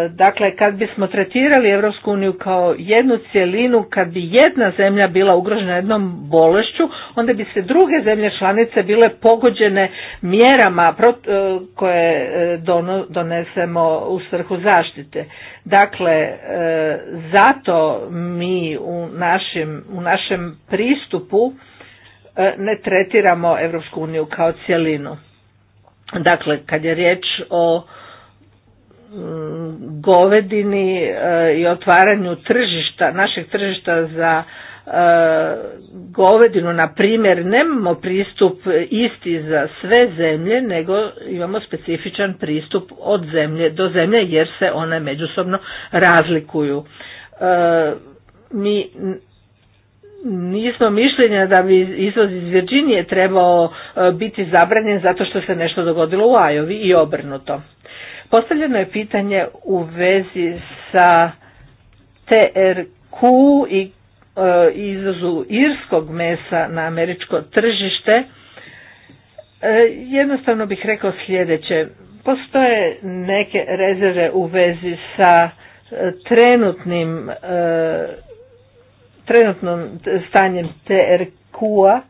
Dakle, kad bismo tretirali Europsku uniju kao jednu cjelinu, kad bi jedna zemlja bila ugrožena jednom bolešću, onda bi se druge zemlje članice bile pogođene mjerama e, koje e, donesemo u svrhu zaštite. Dakle, e, zato mi u našem, u našem pristupu ne tretiramo Europsku uniju kao cjelinu. Dakle, kad je riječ o govedini e, i otvaranju tržišta, našeg tržišta za e, govedinu, na primjer, nemamo pristup isti za sve zemlje, nego imamo specifičan pristup od zemlje do zemlje jer se one međusobno razlikuju. E, mi nismo mišljenja da bi izvoz iz Virginije trebao biti zabranjen zato što se nešto dogodilo u Ajovi i obrnuto. Postavljeno je pitanje u vezi sa TRQ i e, irskog mesa na američko tržište. E, jednostavno bih rekao sljedeće. Postoje neke rezerve u vezi sa e, trenutnim e, trenutnom stanjem TRQ-a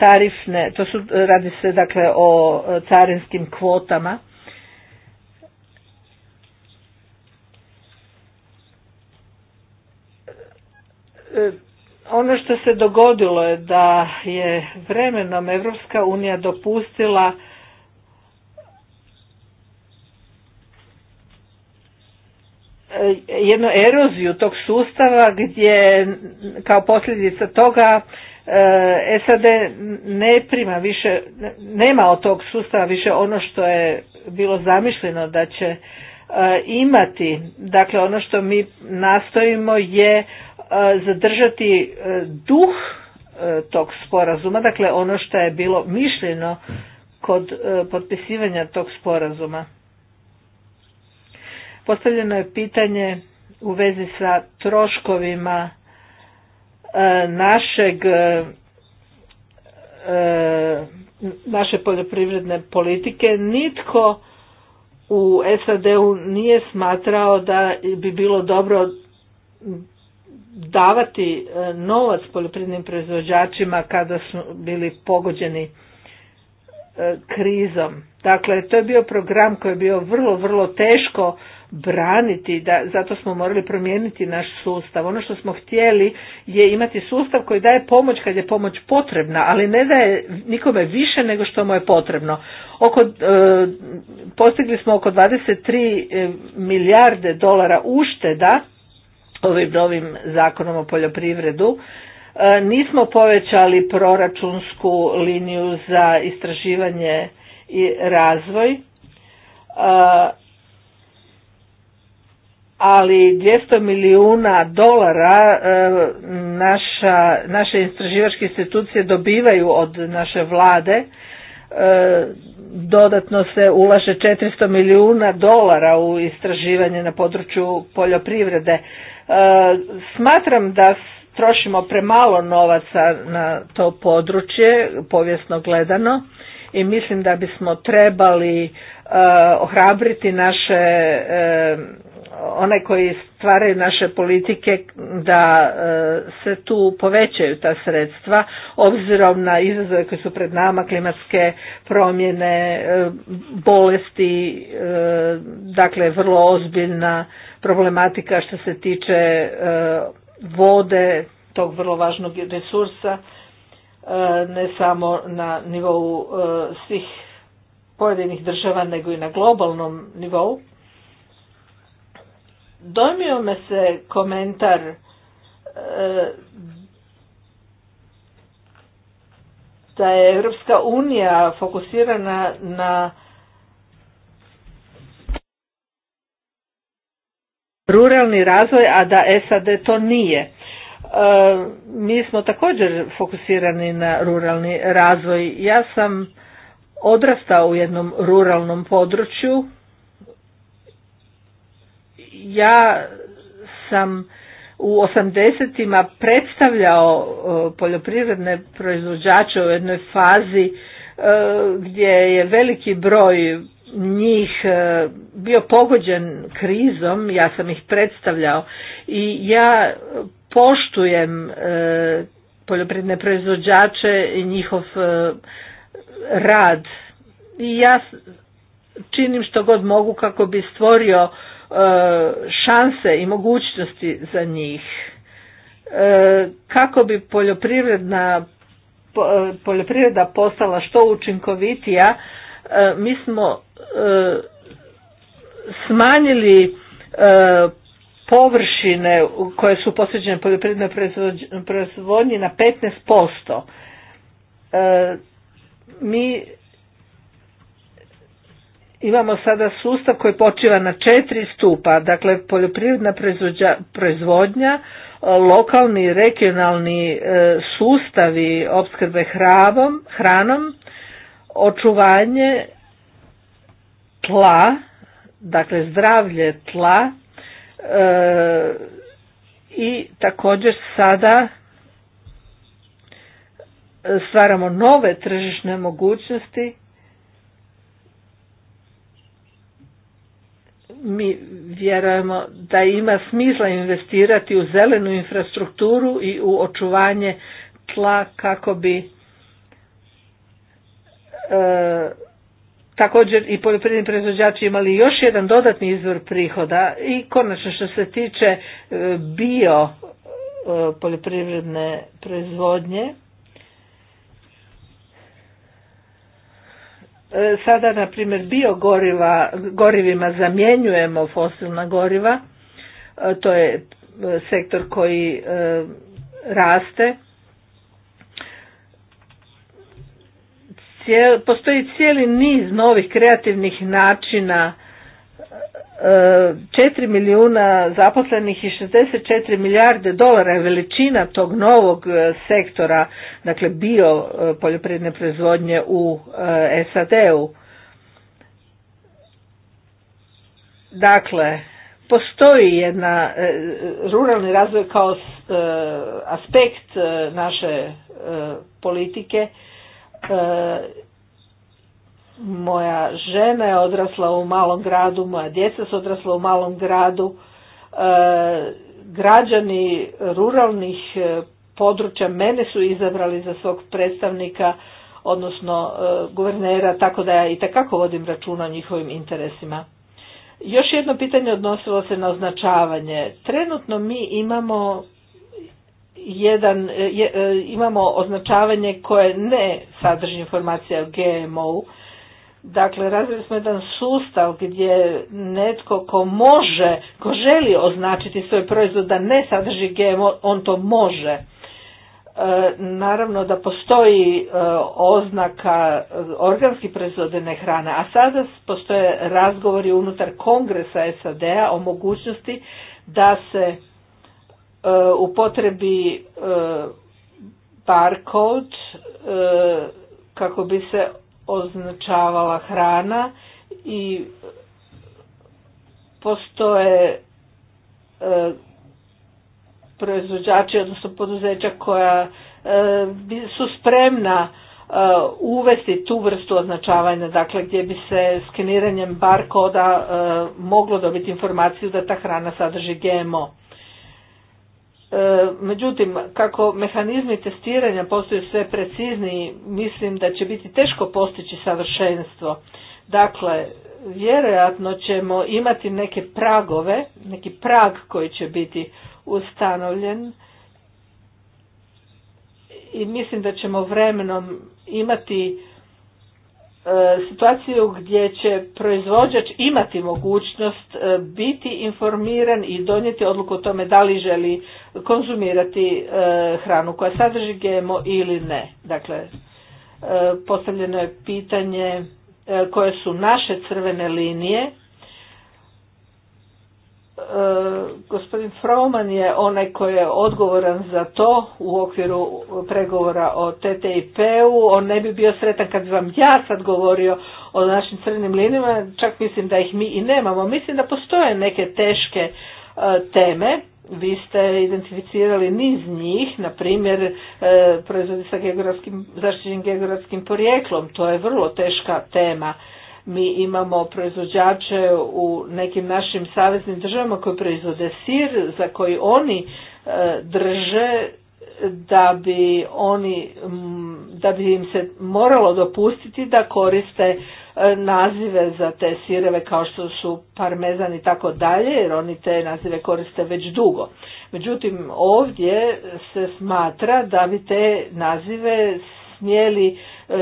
tarifne, to su, radi se dakle o e, carinskim kvotama. E, ono što se dogodilo je da je vremenom Evropska unija dopustila e, jednu eroziju tog sustava gdje kao posljedica toga E, SAD ne prima više, nema od tog sustava više ono što je bilo zamišljeno da će e, imati. Dakle, ono što mi nastojimo je e, zadržati duh tog sporazuma, dakle ono što je bilo mišljeno kod potpisivanja tog sporazuma. Postavljeno je pitanje u vezi sa troškovima E, našeg e, e, naše poljoprivredne politike nitko u SAD-u nije smatrao da bi bilo dobro davati novac poljoprivrednim proizvođačima kada su bili pogođeni krizom. Dakle, to je bio program koji je bio vrlo, vrlo teško braniti, da, zato smo morali promijeniti naš sustav. Ono što smo htjeli je imati sustav koji daje pomoć kad je pomoć potrebna, ali ne daje nikome više nego što mu je potrebno. Oko, e, postigli smo oko 23 e, milijarde dolara ušteda ovim novim zakonom o poljoprivredu, e, nismo povećali proračunsku liniju za istraživanje i razvoj, ali 200 milijuna dolara e, naša, naše istraživačke institucije dobivaju od naše vlade. E, dodatno se ulaže 400 milijuna dolara u istraživanje na području poljoprivrede. E, smatram da trošimo premalo novaca na to područje, povijesno gledano, i mislim da bismo trebali ohrabriti naše one koji stvaraju naše politike da e, se tu povećaju ta sredstva obzirom na izazove koji su pred nama, klimatske promjene, e, bolesti, e, dakle vrlo ozbiljna problematika što se tiče vode, tog vrlo važnog resursa, ne samo na nivou svih pojedinih država nego i na globalnom nivou dojmio me se komentar e, da je Europska unija fokusirana na ruralni razvoj, a da SAD to nije. E, mi smo također fokusirani na ruralni razvoj. Ja sam odrastao u jednom ruralnom području ja sam u 80 predstavljao e, poljoprivredne proizvođače u jednoj fazi e, gdje je veliki broj njih e, bio pogođen krizom, ja sam ih predstavljao i ja poštujem poljoprivredne proizvođače i njihov rad i ja činim što god mogu kako bi stvorio E, šanse i mogućnosti za njih e, kako bi poljoprivredna e, poljoprivreda postala što učinkovitija mi smo smanjili površine koje su posvećene poljoprivrednoj proizvodnji na 15%. Mi imamo sada sustav koji počiva na četiri stupa, dakle poljoprivredna proizvodnja, lokalni i regionalni e, sustavi opskrbe hravom, hranom, očuvanje tla, dakle zdravlje tla e, i također sada e, stvaramo nove tržišne mogućnosti mi vjerujemo da ima smisla investirati u zelenu infrastrukturu i u očuvanje tla kako bi e, također i poljoprivredni proizvođači imali još jedan dodatni izvor prihoda i konačno što se tiče e, bio e, poljoprivredne proizvodnje E, sada na primjer biogoriva gorivima zamjenjujemo fosilna goriva e, to je e, sektor koji raste postoji cijeli niz novih kreativnih načina 4 milijuna zaposlenih i 64 milijarde dolara je veličina tog novog e, sektora, dakle bio e, poljoprivredne proizvodnje u e, SAD-u. Dakle, postoji jedna ruralni razvoj kao aspekt naše politike moja žena je odrasla u malom gradu, moja djeca su odrasla u malom gradu, e, građani ruralnih e, područja mene su izabrali za svog predstavnika, odnosno e, guvernera, tako da ja i takako vodim računa o njihovim interesima. Još jedno pitanje odnosilo se na označavanje. Trenutno mi imamo jedan, imamo označavanje koje ne sadrži informacije o GMO-u, Dakle, razvili smo jedan sustav gdje netko ko može, ko želi označiti svoj proizvod da ne sadrži GMO, on to može. E, naravno da postoji e, oznaka e, organski proizvodene hrane, a sada postoje razgovori unutar kongresa SAD-a o mogućnosti da se upotrebi barcode kako bi se označavala hrana i postoje e, proizvođači, odnosno poduzeća koja e, su spremna e, uvesti tu vrstu označavanja, dakle gdje bi se skeniranjem bar koda moglo dobiti informaciju da ta hrana sadrži GMO. E, međutim, kako mehanizmi testiranja postaju sve precizniji, mislim da će biti teško postići savršenstvo. Dakle, vjerojatno ćemo imati neke pragove, neki prag koji će biti ustanovljen i mislim da ćemo vremenom imati E, situaciju gdje će proizvođač imati mogućnost e, biti informiran i donijeti odluku o tome da li želi konzumirati e, hranu koja sadrži GMO ili ne. Dakle, postavljeno je pitanje koje su naše crvene linije gospodin Froman je onaj koji je odgovoran za to u okviru pregovora o TTIP-u. On ne bi bio sretan kad bi vam ja sad govorio o našim crnim linijama, čak mislim da ih mi i nemamo. Mislim da postoje neke teške e, teme. Vi ste identificirali niz njih, na primjer e, proizvodi sa geografskim, zaštićenim geografskim porijeklom. To je vrlo teška tema mi imamo proizvođače u nekim našim saveznim državama koji proizvode sir za koji oni e, drže da bi oni da bi im se moralo dopustiti da koriste e, nazive za te sireve kao što su parmezan i tako dalje jer oni te nazive koriste već dugo. Međutim ovdje se smatra da bi te nazive smjeli E,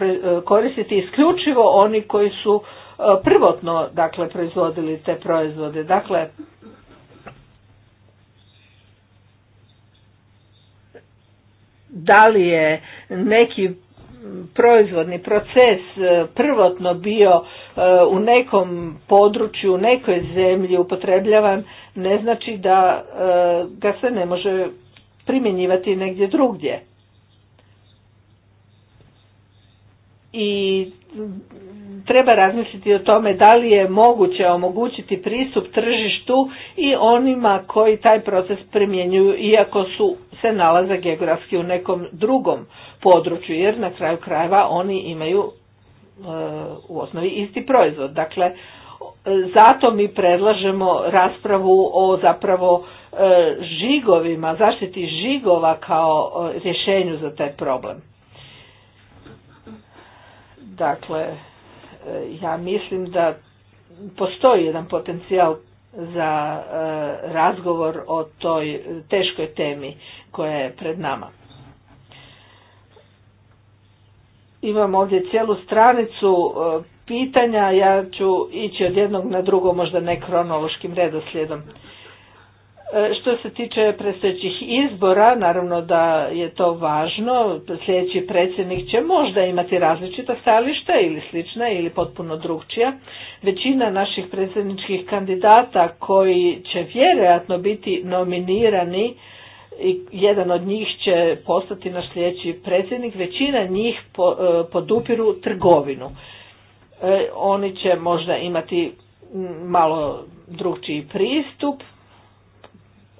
e, koristiti isključivo oni koji su e, prvotno dakle proizvodili te proizvode. Dakle, da li je neki proizvodni proces prvotno bio u nekom području, u nekoj zemlji upotrebljavan, ne znači da ga se ne može primjenjivati negdje drugdje. i treba razmisliti o tome da li je moguće omogućiti pristup tržištu i onima koji taj proces primjenjuju iako su se nalaze geografski u nekom drugom području jer na kraju krajeva oni imaju e, u osnovi isti proizvod. Dakle, zato mi predlažemo raspravu o zapravo e, žigovima, zaštiti žigova kao e, rješenju za taj problem. Dakle, e, ja mislim da postoji jedan potencijal za e, razgovor o toj teškoj temi koja je pred nama. Imam ovdje cijelu stranicu e, pitanja, ja ću ići od jednog na drugo, možda ne kronološkim redoslijedom. E, što se tiče predstojećih izbora, naravno da je to važno, sljedeći predsjednik će možda imati različita stajališta ili slična ili potpuno drugčija. Većina naših predsjedničkih kandidata koji će vjerojatno biti nominirani i jedan od njih će postati naš sljedeći predsjednik, većina njih e, podupiru trgovinu. E, oni će možda imati malo drugčiji pristup,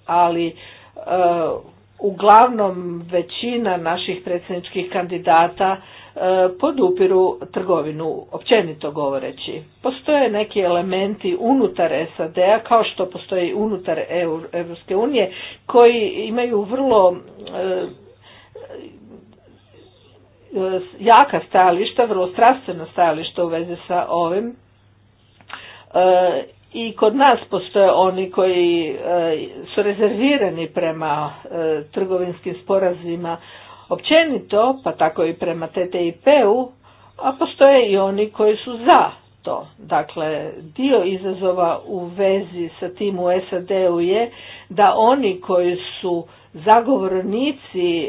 ali e, uglavnom većina naših predsjedničkih kandidata e, podupiru trgovinu, općenito govoreći. Postoje neki elementi unutar SAD-a, kao što postoji unutar Europske unije, koji imaju vrlo e, jaka stajališta, vrlo strastvena stajališta u vezi sa ovim i kod nas postoje oni koji e, su rezervirani prema e, trgovinskim sporazima općenito, pa tako i prema TTIP-u, a postoje i oni koji su za to. Dakle, dio izazova u vezi sa tim u SAD-u je da oni koji su zagovornici e,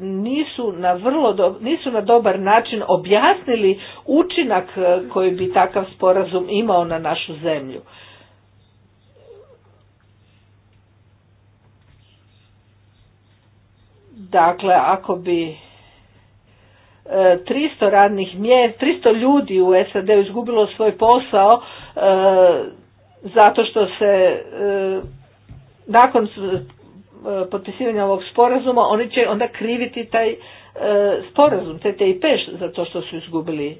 nisu na vrlo do, nisu na dobar način objasnili učinak e, koji bi takav sporazum imao na našu zemlju. Dakle, ako bi 300 e, radnih mjesta, tristo ljudi u SAD-u izgubilo svoj posao zato što se e, nakon E, potpisivanja ovog sporazuma, oni će onda kriviti taj e, sporazum, TTIP, za to što su izgubili e,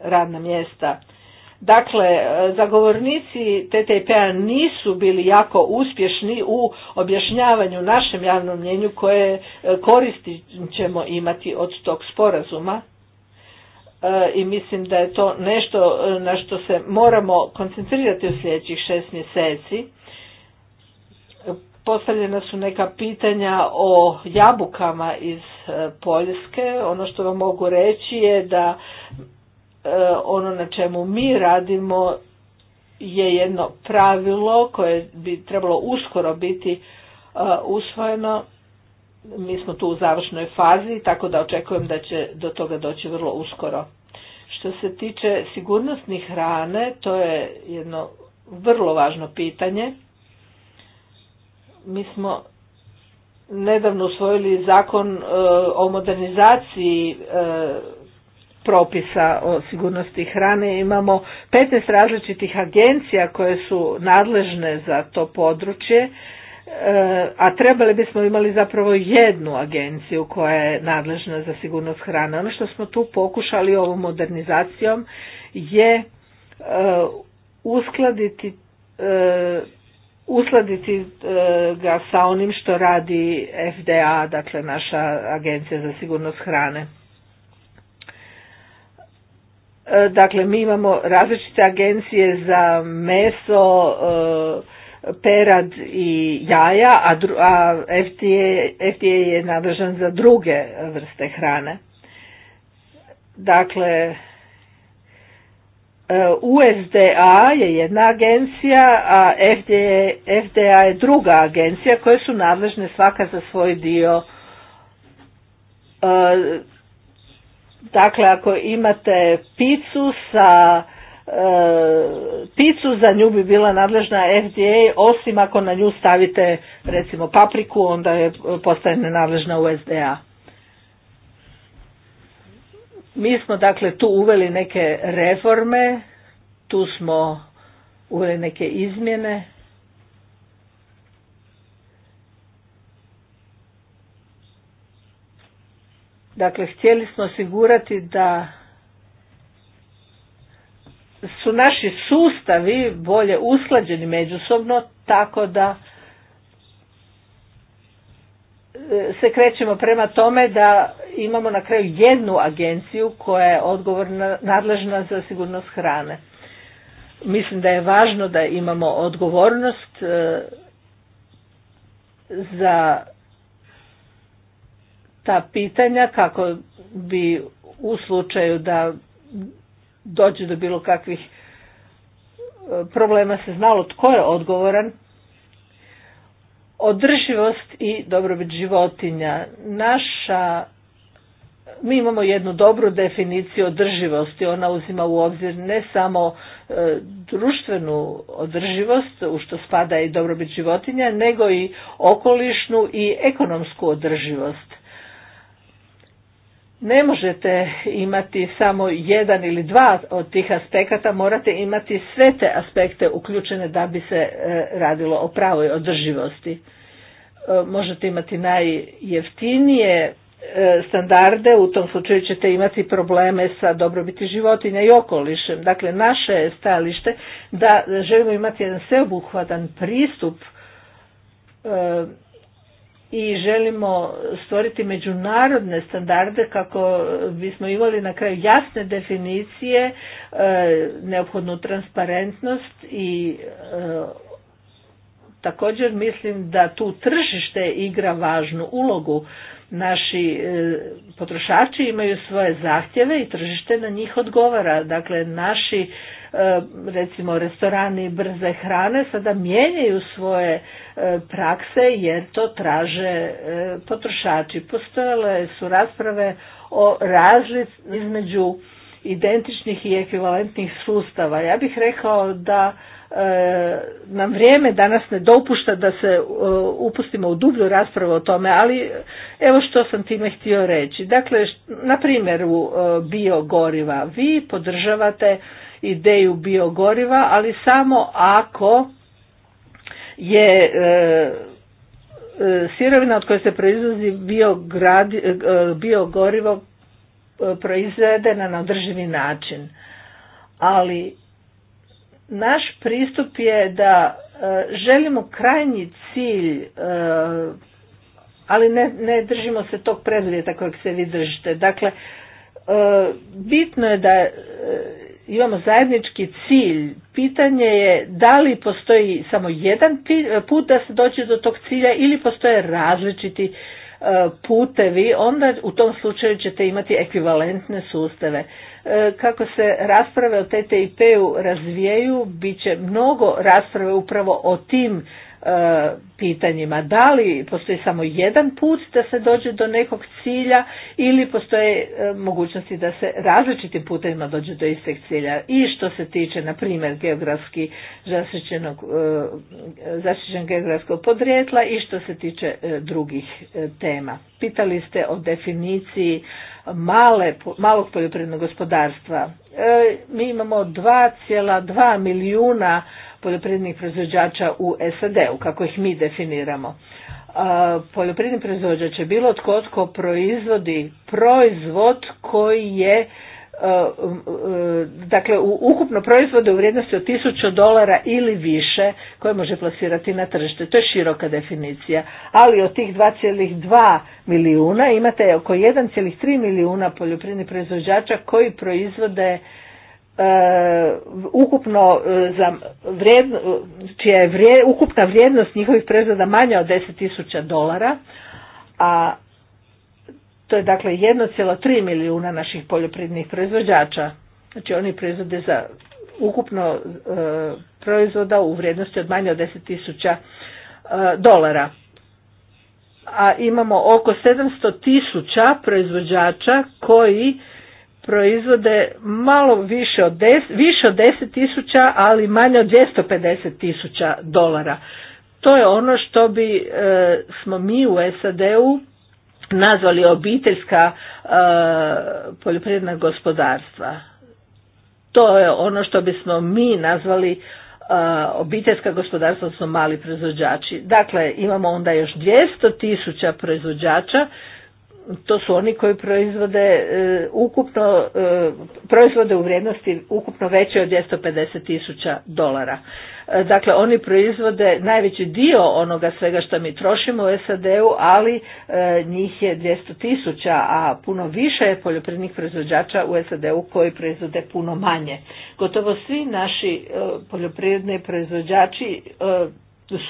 radna mjesta. Dakle, zagovornici TTIP-a nisu bili jako uspješni u objašnjavanju našem javnom mjenju koje koristi ćemo imati od tog sporazuma i mislim da je to nešto na što se moramo koncentrirati u sljedećih šest mjeseci postavljena su neka pitanja o jabukama iz e, Poljske. Ono što vam mogu reći je da e, ono na čemu mi radimo je jedno pravilo koje bi trebalo uskoro biti e, usvojeno. Mi smo tu u završnoj fazi, tako da očekujem da će do toga doći vrlo uskoro. Što se tiče sigurnosnih hrane, to je jedno vrlo važno pitanje. Mi smo nedavno usvojili zakon e, o modernizaciji e, propisa o sigurnosti hrane. Imamo 15 različitih agencija koje su nadležne za to područje, e, a trebali bismo imali zapravo jednu agenciju koja je nadležna za sigurnost hrane. Ono što smo tu pokušali ovom modernizacijom je uskladiti uskladiti e, ga sa onim što radi FDA, dakle naša agencija za sigurnost hrane. E, dakle, mi imamo različite agencije za meso, e, perad i jaja, a FDA, FDA je nadležan za druge vrste hrane. Dakle, E, USDA je jedna agencija, a FDA, e, FDA je druga agencija koje su nadležne svaka za svoj dio. E, dakle, ako imate picu sa picu za nju bi bila nadležna FDA, osim ako na nju stavite recimo papriku, onda je postaje nenadležna USDA. Mi smo dakle tu uveli neke reforme, tu smo uveli neke izmjene. Dakle, htjeli smo osigurati da su naši sustavi bolje usklađeni međusobno tako da e, se krećemo prema tome da imamo na kraju jednu agenciju koja je odgovorna, nadležna za sigurnost hrane. Mislim da je važno da imamo odgovornost e, za ta pitanja kako bi u slučaju da dođe do bilo kakvih e, problema se znalo tko je odgovoran. Održivost i dobrobit životinja. Naša mi imamo jednu dobru definiciju održivosti, ona uzima u obzir ne samo e, društvenu održivost, u što spada i dobrobit životinja, nego i okolišnu i ekonomsku održivost. Ne možete imati samo jedan ili dva od tih aspekata, morate imati sve te aspekte uključene da bi se e, radilo o pravoj održivosti. E, možete imati najjeftinije standarde, u tom slučaju ćete imati probleme sa dobrobiti životinja i okolišem. Dakle, naše je stajalište da želimo imati jedan sveobuhvatan pristup e, i želimo stvoriti međunarodne standarde kako bismo imali na kraju jasne definicije, e, neophodnu transparentnost i e, također mislim da tu tržište igra važnu ulogu naši e, potrošači imaju svoje zahtjeve i tržište na njih odgovara. Dakle, naši e, recimo restorani brze hrane sada mijenjaju svoje e, prakse jer to traže potrošači. Postojale su rasprave o razlici između identičnih i ekvivalentnih sustava. Ja bih rekao da nam vrijeme danas ne dopušta da se e, upustimo u dublju raspravu o tome, ali evo što sam time htio reći. Dakle, na primjeru e, biogoriva. Vi podržavate ideju biogoriva, ali samo ako je e, sirovina od koje se proizvodi biogorivo proizvedena na održivi način. Ali naš pristup je da e, želimo krajnji cilj e, ali ne, ne držimo se tog preduvjeta kojeg se vi držite dakle e, bitno je da imamo zajednički cilj pitanje je da li postoji samo jedan put da se dođe do tog cilja ili postoje različiti putevi onda u tom slučaju ćete imati ekvivalentne sustave E, kako se rasprave o TTIP-u razvijaju, bit će mnogo rasprave upravo o tim e, pitanjima. Da li postoji samo jedan put da se dođe do nekog cilja ili postoje e, mogućnosti da se različitim putevima dođe do istog cilja i što se tiče na primjer geografski zaštićenog zaštićenog geografskog podrijetla i što se tiče drugih tema. Pitali ste o definiciji male, malog poljoprivrednog gospodarstva. E, mi imamo 2,2 milijuna poljoprivrednih proizvođača u SAD-u, kako ih mi definiramo. E, poljoprivredni proizvođač je bilo tko tko proizvodi proizvod koji je E, e, dakle u ukupno proizvode u vrijednosti od 1000 dolara ili više koje može plasirati na tržište. To je široka definicija. Ali od tih 2,2 milijuna imate oko 1,3 milijuna poljoprivrednih proizvođača koji proizvode e, ukupno za vrijedno, čija je ukupna vrijednost njihovih proizvoda manja od 10.000 dolara, a to je dakle 1,3 milijuna naših poljoprivrednih proizvođača. Znači oni proizvode za ukupno e, proizvoda u vrijednosti od manje od 10.000 tisuća e, dolara. A imamo oko 700.000 tisuća proizvođača koji proizvode malo više od 10, više od tisuća, ali manje od 250 tisuća dolara. To je ono što bi e, smo mi u SAD-u nazvali obiteljska e, poljoprivredna gospodarstva. To je ono što bismo mi nazvali e, obiteljska gospodarstva, odnosno mali proizvođači. Dakle, imamo onda još 200 tisuća proizvođača, to su oni koji proizvode e, ukupno, proizvode u vrijednosti ukupno veće od 250 tisuća dolara. E, dakle, oni proizvode najveći dio onoga svega što mi trošimo u SAD-u, ali e, njih je 200 tisuća, a puno više je poljoprivrednih proizvođača u SAD-u koji proizvode puno manje. Gotovo svi naši e, poljoprivredni proizvođači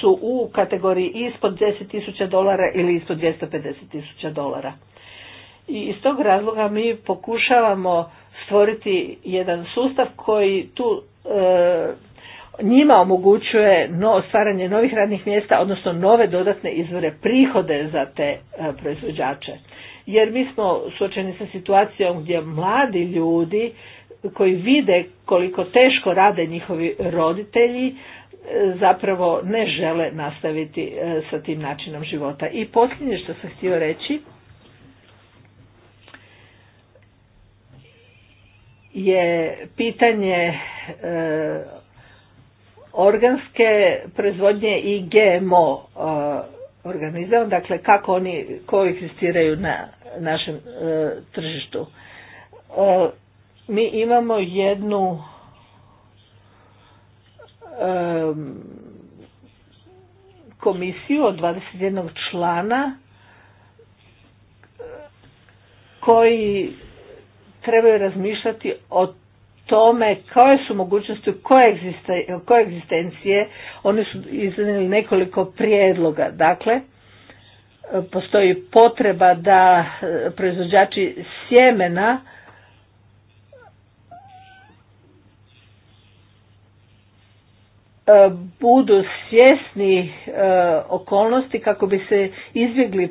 su u kategoriji ispod tisuća dolara ili ispod tisuća dolara. I iz tog razloga mi pokušavamo stvoriti jedan sustav koji tu njima omogućuje no, stvaranje novih radnih mjesta, odnosno nove dodatne izvore prihode za te e, proizvođače. Jer mi smo suočeni sa situacijom gdje mladi ljudi koji vide koliko teško rade njihovi roditelji, e, zapravo ne žele nastaviti e, sa tim načinom života. I posljednje što sam htio reći je pitanje organske proizvodnje i GMO e, organizam, dakle kako oni koegzistiraju na našem e, tržištu. E, mi imamo jednu komisiju od 21 člana koji trebaju razmišljati o tome koje su mogućnosti koegzistencije, oni su iznijeli nekoliko prijedloga. Dakle, postoji potreba da e, proizvođači sjemena E, budu svjesni e, okolnosti kako bi se izbjegli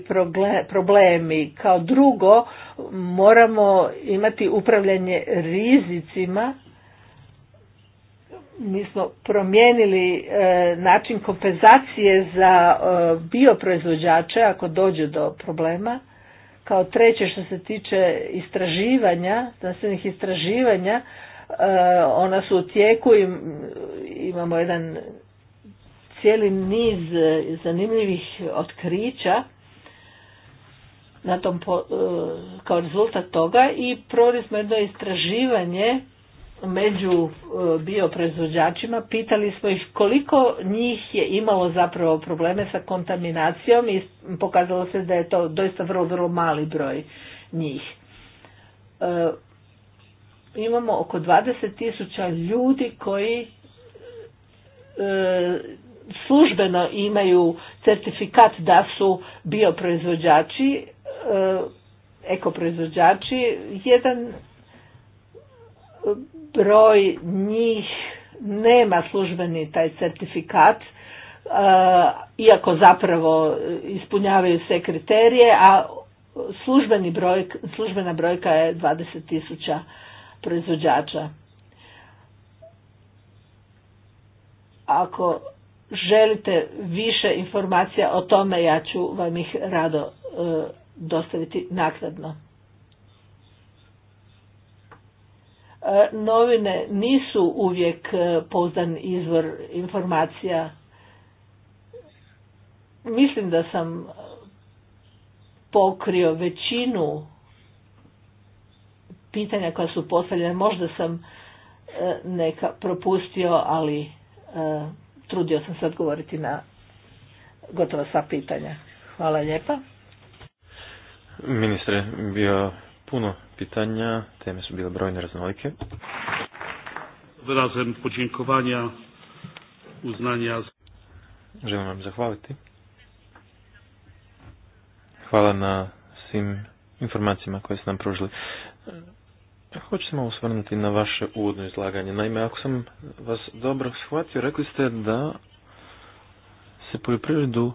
problemi. Kao drugo, moramo imati upravljanje rizicima. Mi smo promijenili e, način kompenzacije za bioproizvođače ako dođe do problema. Kao treće što se tiče istraživanja, znanstvenih istraživanja, E, ona su u tijeku i imamo jedan cijeli niz e, zanimljivih otkrića na tom e, kao rezultat toga i proveli smo jedno istraživanje među bioproizvođačima, pitali smo ih koliko njih je imalo zapravo probleme sa kontaminacijom i pokazalo se da je to doista vrlo, vrlo mali broj njih imamo oko 20 tisuća ljudi koji e, službeno imaju certifikat da su bioproizvođači, e, ekoproizvođači. Jedan broj njih nema službeni taj certifikat, e, iako zapravo ispunjavaju sve kriterije, a službeni broj, službena brojka je 20.000 proizvođača. Ako želite više informacija o tome, ja ću vam ih rado e, dostaviti nakladno. E, novine nisu uvijek e, pouzdan izvor informacija. Mislim da sam pokrio većinu pitanja koja su postavljena. Možda sam e, neka propustio, ali e, trudio sam se odgovoriti na gotovo sva pitanja. Hvala lijepa. Ministre, bio puno pitanja, teme su bile brojne raznolike. počinkovanja, uznanja. Želim vam zahvaliti. Hvala na svim informacijama koje ste nam pružili. Hoću se malo osvrnuti na vaše uvodno izlaganje. Naime, ako sam vas dobro shvatio, rekli ste da se poljoprivredu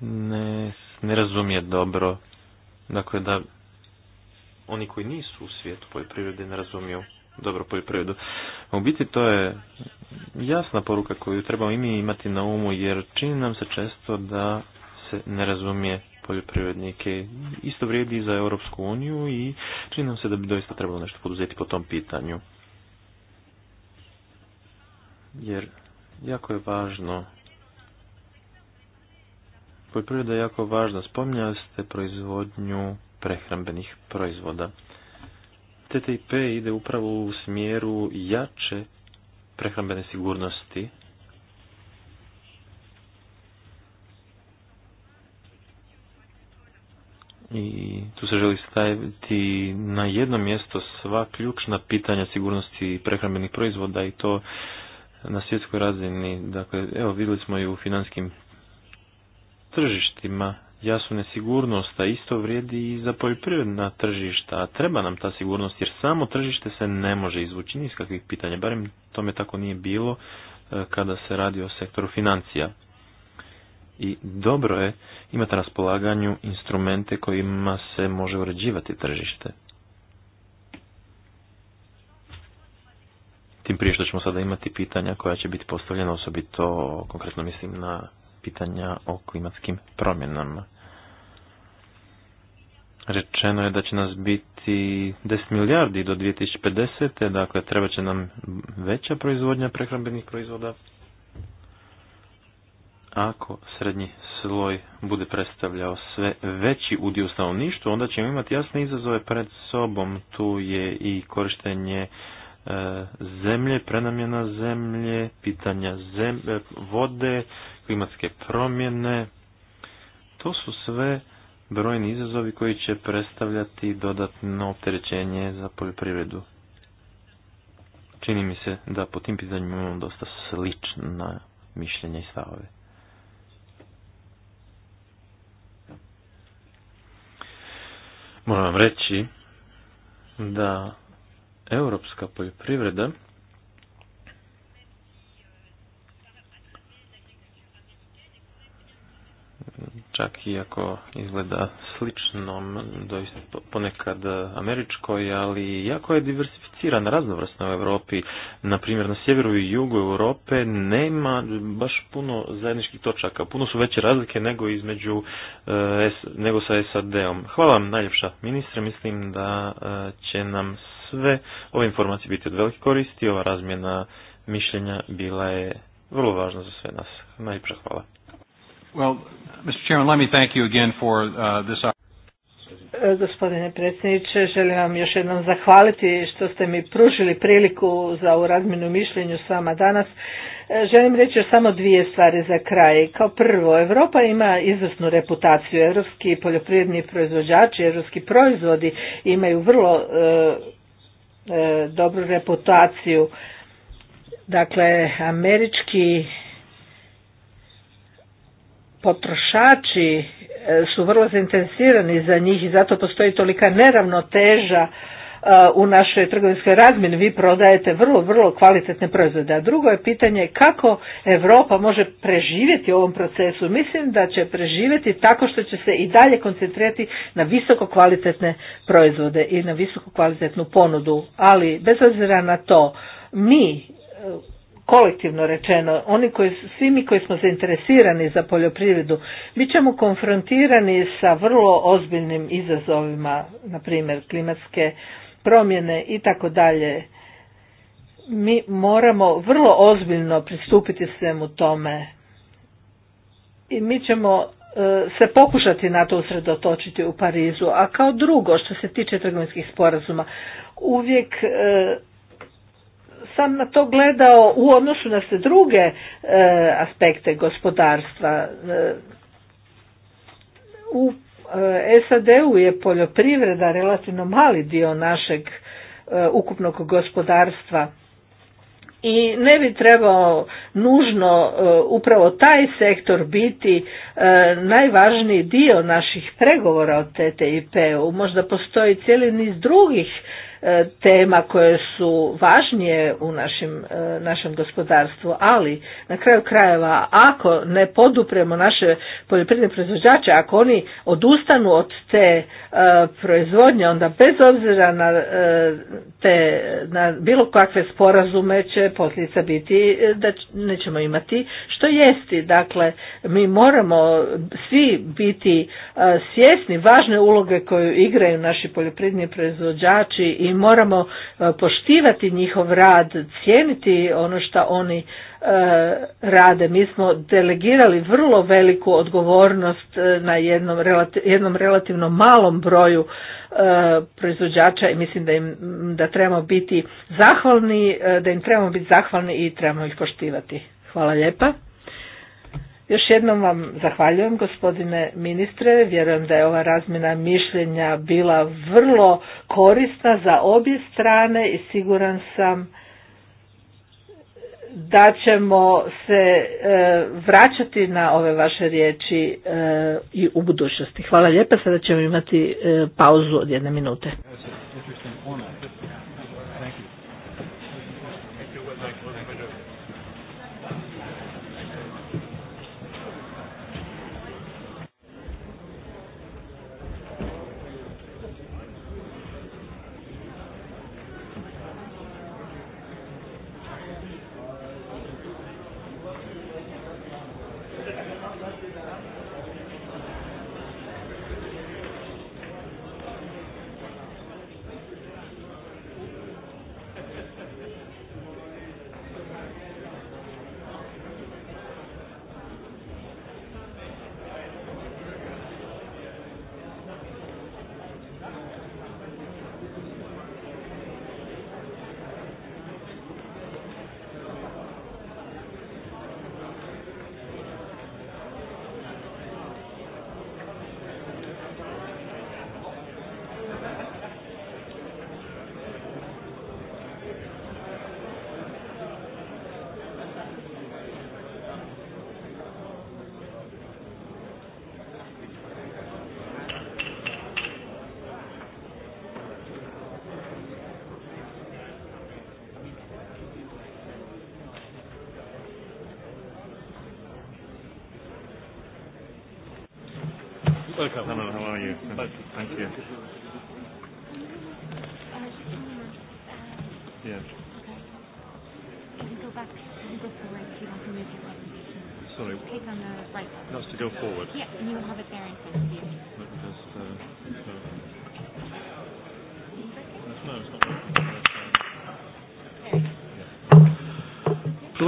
ne, razumije dobro. Dakle, da oni koji nisu u svijetu poljoprivrede ne razumiju dobro poljoprivredu. U biti to je jasna poruka koju trebamo i mi imati na umu, jer čini nam se često da se ne razumije poljoprivrednike. Isto vrijedi i za Europsku uniju i čini nam se da bi doista trebalo nešto poduzeti po tom pitanju. Jer jako je važno poljoprivreda je jako važna. Spominjali ste proizvodnju prehrambenih proizvoda. TTIP ide upravo u smjeru jače prehrambene sigurnosti i tu se želi staviti na jedno mjesto sva ključna pitanja sigurnosti prehrambenih proizvoda i to na svjetskoj razini. Dakle, evo vidjeli smo i u finanskim tržištima jasu nesigurnost, a isto vrijedi i za poljoprivredna tržišta. A treba nam ta sigurnost jer samo tržište se ne može izvući ni iz kakvih pitanja. Barem tome tako nije bilo e, kada se radi o sektoru financija i dobro je imati na raspolaganju instrumente kojima se može uređivati tržište. Tim prije što ćemo sada imati pitanja koja će biti postavljena osobito, konkretno mislim na pitanja o klimatskim promjenama. Rečeno je da će nas biti 10 milijardi do 2050. Dakle, treba će nam veća proizvodnja prehrambenih proizvoda, ako srednji sloj bude predstavljao sve veći udio stanovništva, onda ćemo imati jasne izazove pred sobom. Tu je i korištenje e, zemlje, prenamjena zemlje, pitanja zemlje, vode, klimatske promjene. To su sve brojni izazovi koji će predstavljati dodatno opterećenje za poljoprivredu. Čini mi se da po tim pitanjima imamo dosta slična mišljenja i stavove. Moram vam reći da europska poljoprivreda čak iako izgleda sličnom, doista ponekad e, američkoj, ali jako je diversificirana raznovrsna u Europi. Na primjer, na sjeveru i jugu Europe nema baš puno zajedničkih točaka, puno su veće razlike nego između e, nego sa SAD-om. Hvala vam najljepša ministre, mislim da e, će nam sve ove informacije biti od velike koristi, ova razmjena mišljenja bila je vrlo važna za sve nas. Najljepša hvala. Well, Mr. Chairman, let me thank you again for uh, this e, Gospodine predsjedniče, želim vam još jednom zahvaliti što ste mi pružili priliku za ovu razminu mišljenju s vama danas. E, želim reći još samo dvije stvari za kraj. Kao prvo, Europa ima izvrsnu reputaciju. Europski poljoprivredni proizvođači, europski proizvodi imaju vrlo e, dobru reputaciju. Dakle, američki potrošači e, su vrlo zainteresirani za njih i zato postoji tolika neravnoteža e, u našoj trgovinskoj razmjeni vi prodajete vrlo, vrlo kvalitetne proizvode. A drugo je pitanje kako Europa može preživjeti u ovom procesu. Mislim da će preživjeti tako što će se i dalje koncentrirati na visoko kvalitetne proizvode i na visoko kvalitetnu ponudu. Ali bez obzira na to, mi kolektivno rečeno, oni koji, svi mi koji smo zainteresirani za poljoprivredu, bit ćemo konfrontirani sa vrlo ozbiljnim izazovima, na primjer klimatske promjene i tako dalje. Mi moramo vrlo ozbiljno pristupiti svemu tome i mi ćemo e, se pokušati na to usredotočiti u Parizu. A kao drugo što se tiče trgovinskih sporazuma, uvijek e, sam na to gledao u odnosu na sve druge e, aspekte gospodarstva. E, u e, SAD-u je poljoprivreda relativno mali dio našeg ukupnog gospodarstva i ne bi trebao nužno upravo taj sektor biti najvažniji dio naših pregovora o TTIP-u. Možda postoji cijeli niz drugih E, tema koje su važnije u našim, e, našem gospodarstvu, ali na kraju krajeva ako ne podupremo naše poljoprivredne proizvođače, ako oni odustanu od te e, proizvodnje, onda bez obzira na, te, na bilo kakve sporazume će posljedica biti da nećemo imati što jesti. Dakle, mi moramo svi biti svjesni važne uloge koju igraju naši poljoprivredni proizvođači i i moramo e, poštivati njihov rad, cijeniti ono što oni e, rade. Mi smo delegirali vrlo veliku odgovornost e, na jednom, jednom relativno malom broju proizvođača i mislim da im da trebamo biti zahvalni, da im trebamo biti zahvalni i trebamo ih poštivati. Hvala lijepa. Još jednom vam zahvaljujem gospodine ministre, vjerujem da je ova razmjena mišljenja bila vrlo korisna za obje strane i siguran sam da ćemo se e, vraćati na ove vaše riječi e, i u budućnosti. Hvala lijepa, sada ćemo imati e, pauzu od jedne minute.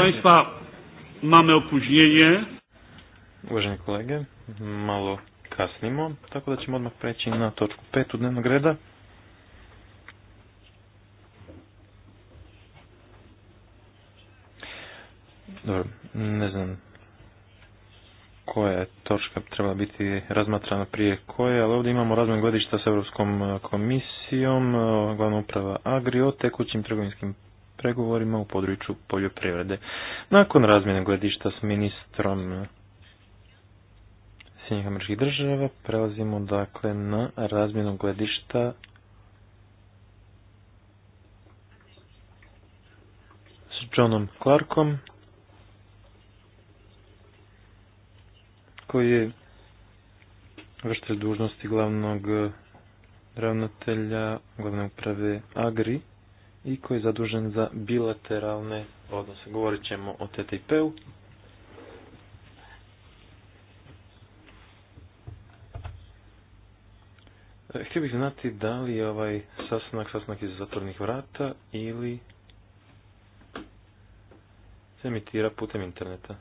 Państwa, mamy opóźnienie. kolege, malo kasnimo, tako da ćemo odmah preći na točku petu dnevnog reda. Dobro, ne znam koja je točka trebala biti razmatrana prije koje, ali ovdje imamo razmen gledišta s Europskom eh, komisijom, eh, glavna uprava Agrio, tekućim trgovinskim pregovorima u području poljoprivrede. Nakon razmjene gledišta s ministrom Sjednjih američkih država prelazimo dakle na razmjenu gledišta s Johnom Clarkom koji je vrštelj dužnosti glavnog ravnatelja glavne uprave Agri i koji je zadužen za bilateralne odnose. Govorit ćemo o TTIP-u. E, htio bih znati da li je ovaj sastanak sastanak iz zatvornih vrata ili se emitira putem interneta.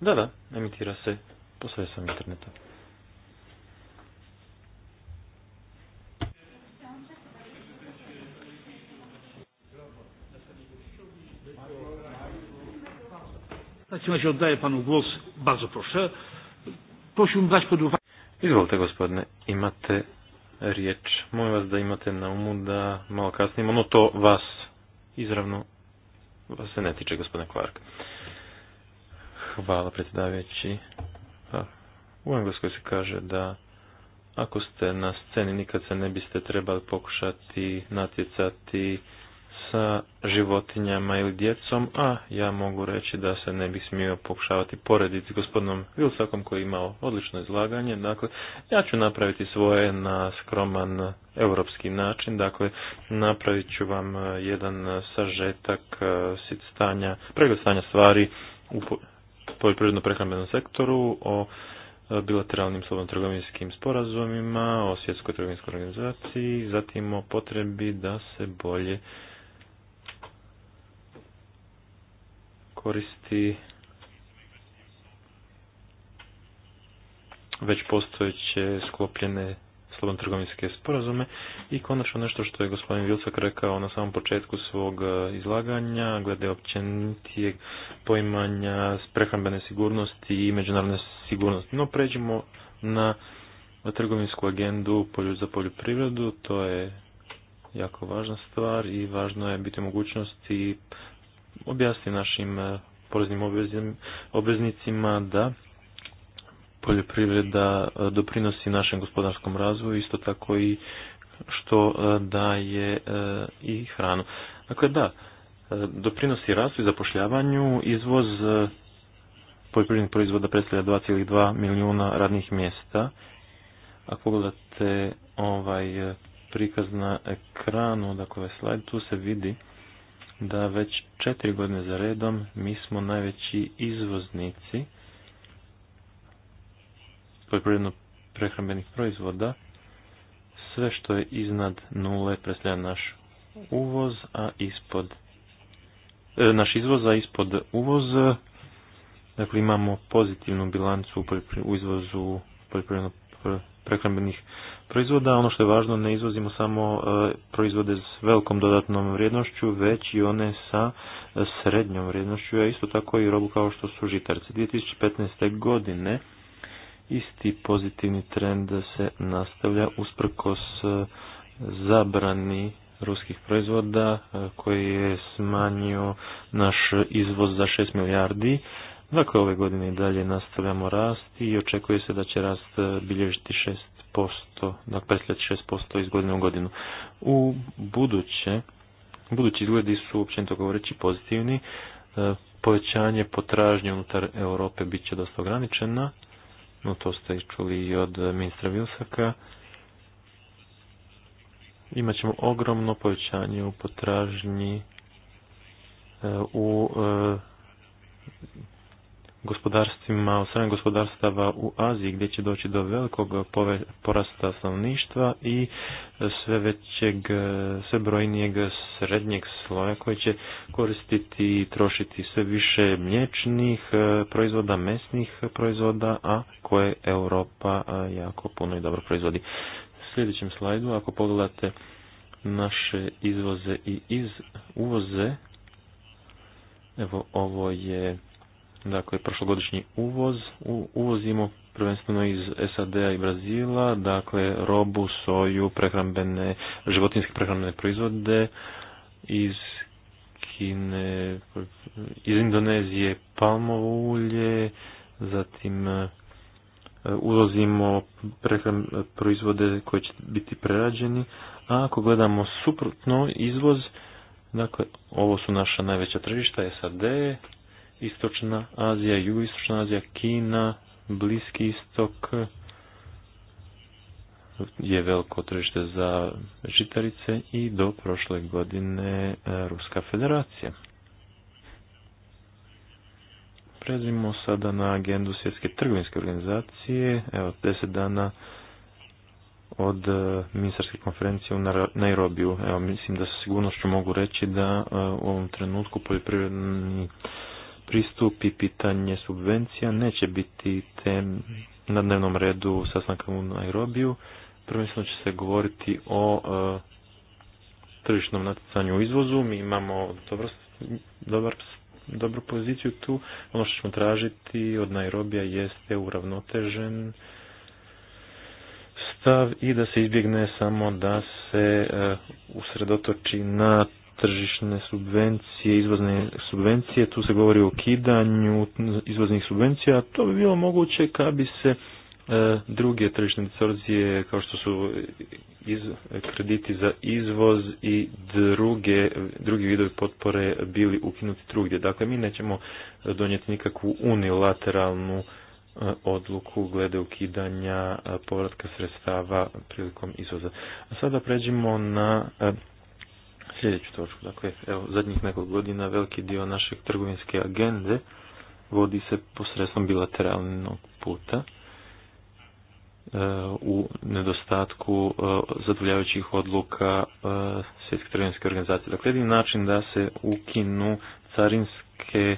Da, da, emitira se posredstvom interneta. takim znači, razie oddaję panu głos. Bardzo proszę. Prosiłbym dać pod uwagę. Izvolite gospodine, imate riječ. Molim vas da imate na umu da malo kasnije, ono to vas izravno vas se ne tiče gospodine Clark. Hvala predsjedavajući. Pa, u Engleskoj se kaže da ako ste na sceni nikad se ne biste trebali pokušati natjecati sa životinjama ili djecom, a ja mogu reći da se ne bi smio pokušavati porediti s gospodinom Vilsakom koji je imao odlično izlaganje. Dakle, ja ću napraviti svoje na skroman europski način. Dakle, napravit ću vam e, jedan sažetak e, stanja, pregled stanja stvari u poljoprivredno-prehrambenom sektoru, o e, bilateralnim slobodno trgovinskim sporazumima, o svjetskoj trgovinskoj organizaciji, zatim o potrebi da se bolje koristi već postojeće sklopljene slobodno trgovinske sporazume i konačno nešto što je gospodin Vilcak rekao na samom početku svog e, izlaganja glede općenitijeg poimanja prehrambene sigurnosti i međunarodne sigurnosti. No pređimo na trgovinsku agendu za poljoprivredu, to je jako važna stvar i važno je biti mogućnosti objasni našim e, poreznim obveznicima da poljoprivreda e, doprinosi našem gospodarskom razvoju, isto tako i što e, daje i hranu. Dakle, da, doprinosi rastu i zapošljavanju, izvoz poljoprivrednih proizvoda predstavlja 2,2 milijuna radnih mjesta. Ako pogledate ovaj prikaz na ekranu, dakle ovaj slajd, tu se vidi da već četiri godine za redom mi smo najveći izvoznici poljoprivredno prehrambenih proizvoda. Sve što je iznad nule predstavlja naš uvoz, a ispod e, naš izvoz, a ispod uvoz dakle imamo pozitivnu bilancu u, izvozu poljoprivredno prehrambenih proizvoda. Ono što je važno, ne izvozimo samo e, proizvode s velikom dodatnom vrijednošću, već i one sa e, srednjom vrijednošću, a isto tako i robu kao što su žitarci. 2015. godine isti pozitivni trend se nastavlja usprkos e, zabrani ruskih proizvoda koji je smanjio naš izvoz za 6 milijardi. Dakle, ove godine i dalje nastavljamo rast i očekuje se da će rast bilježiti dakle 6% iz godine u godinu. U buduće, budući izgledi su općenito govoreći pozitivni, e, povećanje potražnje unutar Europe bit će dosta ograničena, no to ste čuli i od ministra Vilsaka, imat ogromno povećanje u potražnji e, u e, gospodarstvima, od strane gospodarstava u Aziji gdje će doći do velikog porasta stanovništva i sve većeg, sve brojnijeg srednjeg sloja koji će koristiti i trošiti sve više mliječnih e, proizvoda, mesnih proizvoda, a koje Europa e, jako puno i dobro proizvodi. Sljedećem slajdu, ako pogledate naše izvoze i iz uvoze, evo ovo je Dakle, prošlogodišnji uvoz uvozimo prvenstveno iz SAD-a i Brazila, dakle robu, soju, prehrambene, životinjske prehrambene proizvode iz Kine, iz Indonezije palmovo ulje, zatim e, uvozimo proizvode koji će biti prerađeni, a ako gledamo suprotno izvoz, dakle ovo su naša najveća tržišta SAD, Istočna Azija, Jugoistočna Azija, Kina, Bliski istok je veliko tržište za žitarice i do prošle godine e, Ruska federacija. Prelazimo sada na agendu Svjetske trgovinske organizacije. Evo, deset dana od e, ministarske konferencije u Nairobiju. Evo, mislim da sa sigurnošću mogu reći da e, u ovom trenutku poljoprivredni pristupi pitanje subvencija neće biti tem na dnevnom redu sastanka u Nairobiju. Prvenstveno će se govoriti o e, tržišnom natjecanju u izvozu. Mi imamo dobro, dobar, dobru poziciju tu. Ono što ćemo tražiti od Nairobija jeste uravnotežen stav i da se izbjegne samo da se e, usredotoči na tržišne subvencije, izvozne subvencije, tu se govori o ukidanju izvoznih subvencija, to bi bilo moguće kad bi se e, druge tržišne distorzije kao što su iz, krediti za izvoz i druge, drugi vidovi potpore bili ukinuti drugdje. Dakle, mi nećemo donijeti nikakvu unilateralnu e, odluku glede ukidanja e, povratka sredstava prilikom izvoza. A sada pređimo na sljedeću točku. Dakle, evo, zadnjih nekoliko godina veliki dio našeg trgovinske agende vodi se posredstvom bilateralnog puta e, u nedostatku e, zadovoljavajućih odluka e, svjetske trgovinske organizacije. Dakle, jedin način da se ukinu carinske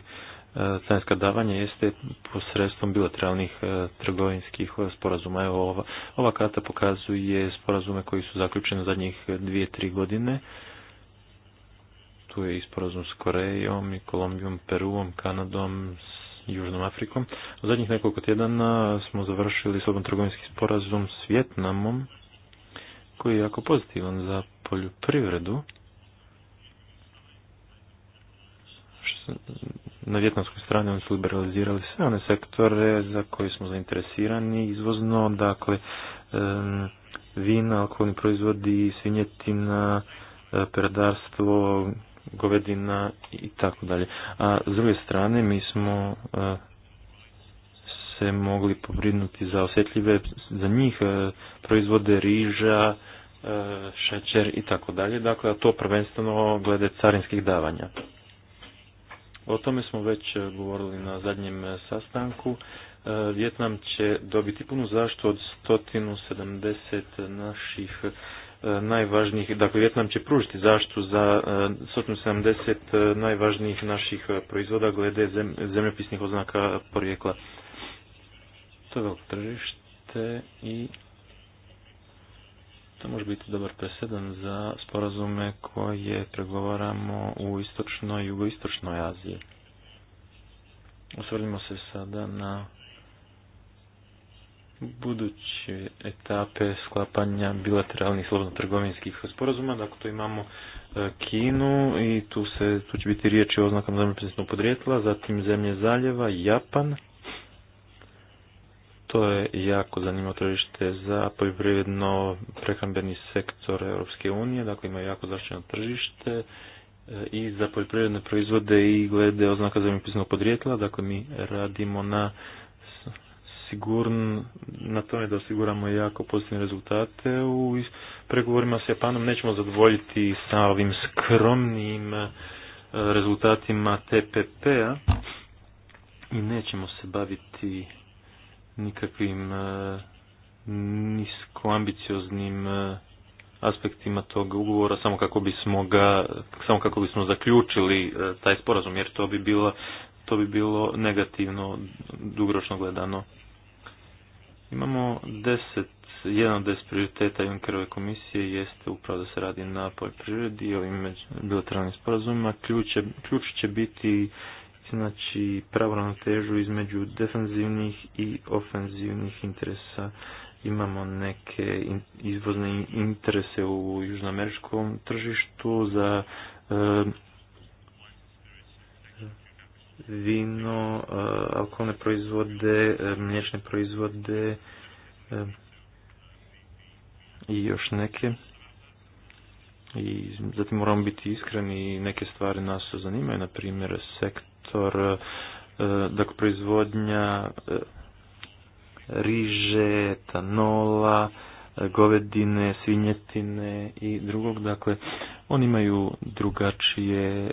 carinska davanja jeste posredstvom bilateralnih trgovinskih sporazuma. Evo, ova, ova karta pokazuje sporazume koji su zaključeni zadnjih dvije, tri godine tu je isporazum s Korejom i Kolombijom, Peruom, Kanadom, Južnom Afrikom. U zadnjih nekoliko tjedana smo završili slobodno trgovinski sporazum s Vjetnamom, koji je jako pozitivan za poljoprivredu. Na vjetnamskoj strani oni su liberalizirali sve one sektore za koje smo zainteresirani izvozno, dakle vina, alkoholni proizvodi, svinjetina, e, peradarstvo, govedina i tako dalje. A s druge strane mi smo e, se mogli pobrinuti za osjetljive, za njih e, proizvode riža, e, šećer i tako dalje. Dakle, to prvenstveno glede carinskih davanja. O tome smo već govorili na zadnjem sastanku. Vjetnam će dobiti punu zaštu od 170 naših E, najvažnijih, dakle Vjetnam će pružiti zaštitu za 170 e, e, najvažnijih naših proizvoda glede zemljopisnih oznaka porijekla. To je veliko tržište i to može biti dobar presedan za sporazume koje pregovaramo u istočnoj i jugoistočnoj Aziji. Osvrnimo se sada na buduće etape sklapanja bilateralnih slobodno-trgovinskih sporazuma. Dakle, tu imamo e, Kinu i tu, se, tu će biti riječ o oznakama zemljopisnog podrijetla, zatim zemlje zaljeva, Japan. To je jako zanimljivo tržište za poljoprivredno prehrambeni sektor Europske unije, dakle ima jako zaštićeno tržište e, i za poljoprivredne proizvode i glede oznaka zemljopisnog podrijetla, dakle mi radimo na sigurn na tome da osiguramo jako pozitivne rezultate. U pregovorima s Japanom nećemo zadovoljiti sa ovim skromnim eh, rezultatima TPP-a i nećemo se baviti nikakvim eh, niskoambicioznim eh, aspektima tog ugovora samo kako bismo ga samo kako bismo zaključili taj sporazum jer to bi bilo to bi bilo negativno dugoročno gledano Imamo deset, jedan od deset prioriteta Junkerove komisije jeste upravo da se radi na poljoprivredi i ovim bilateralnim sporazumima. Ključ, će, biti znači pravoran težu između defensivnih i ofenzivnih interesa. Imamo neke izvozne interese u južnoameričkom tržištu za e, vino, eh, alkoholne proizvode, eh, mliječne proizvode eh, i još neke. I zatim moramo biti iskreni, i neke stvari nas zanimaju, na primjer sektor, dakle proizvodnja riže, tanola, govedine, svinjetine i drugog, dakle oni imaju drugačije e,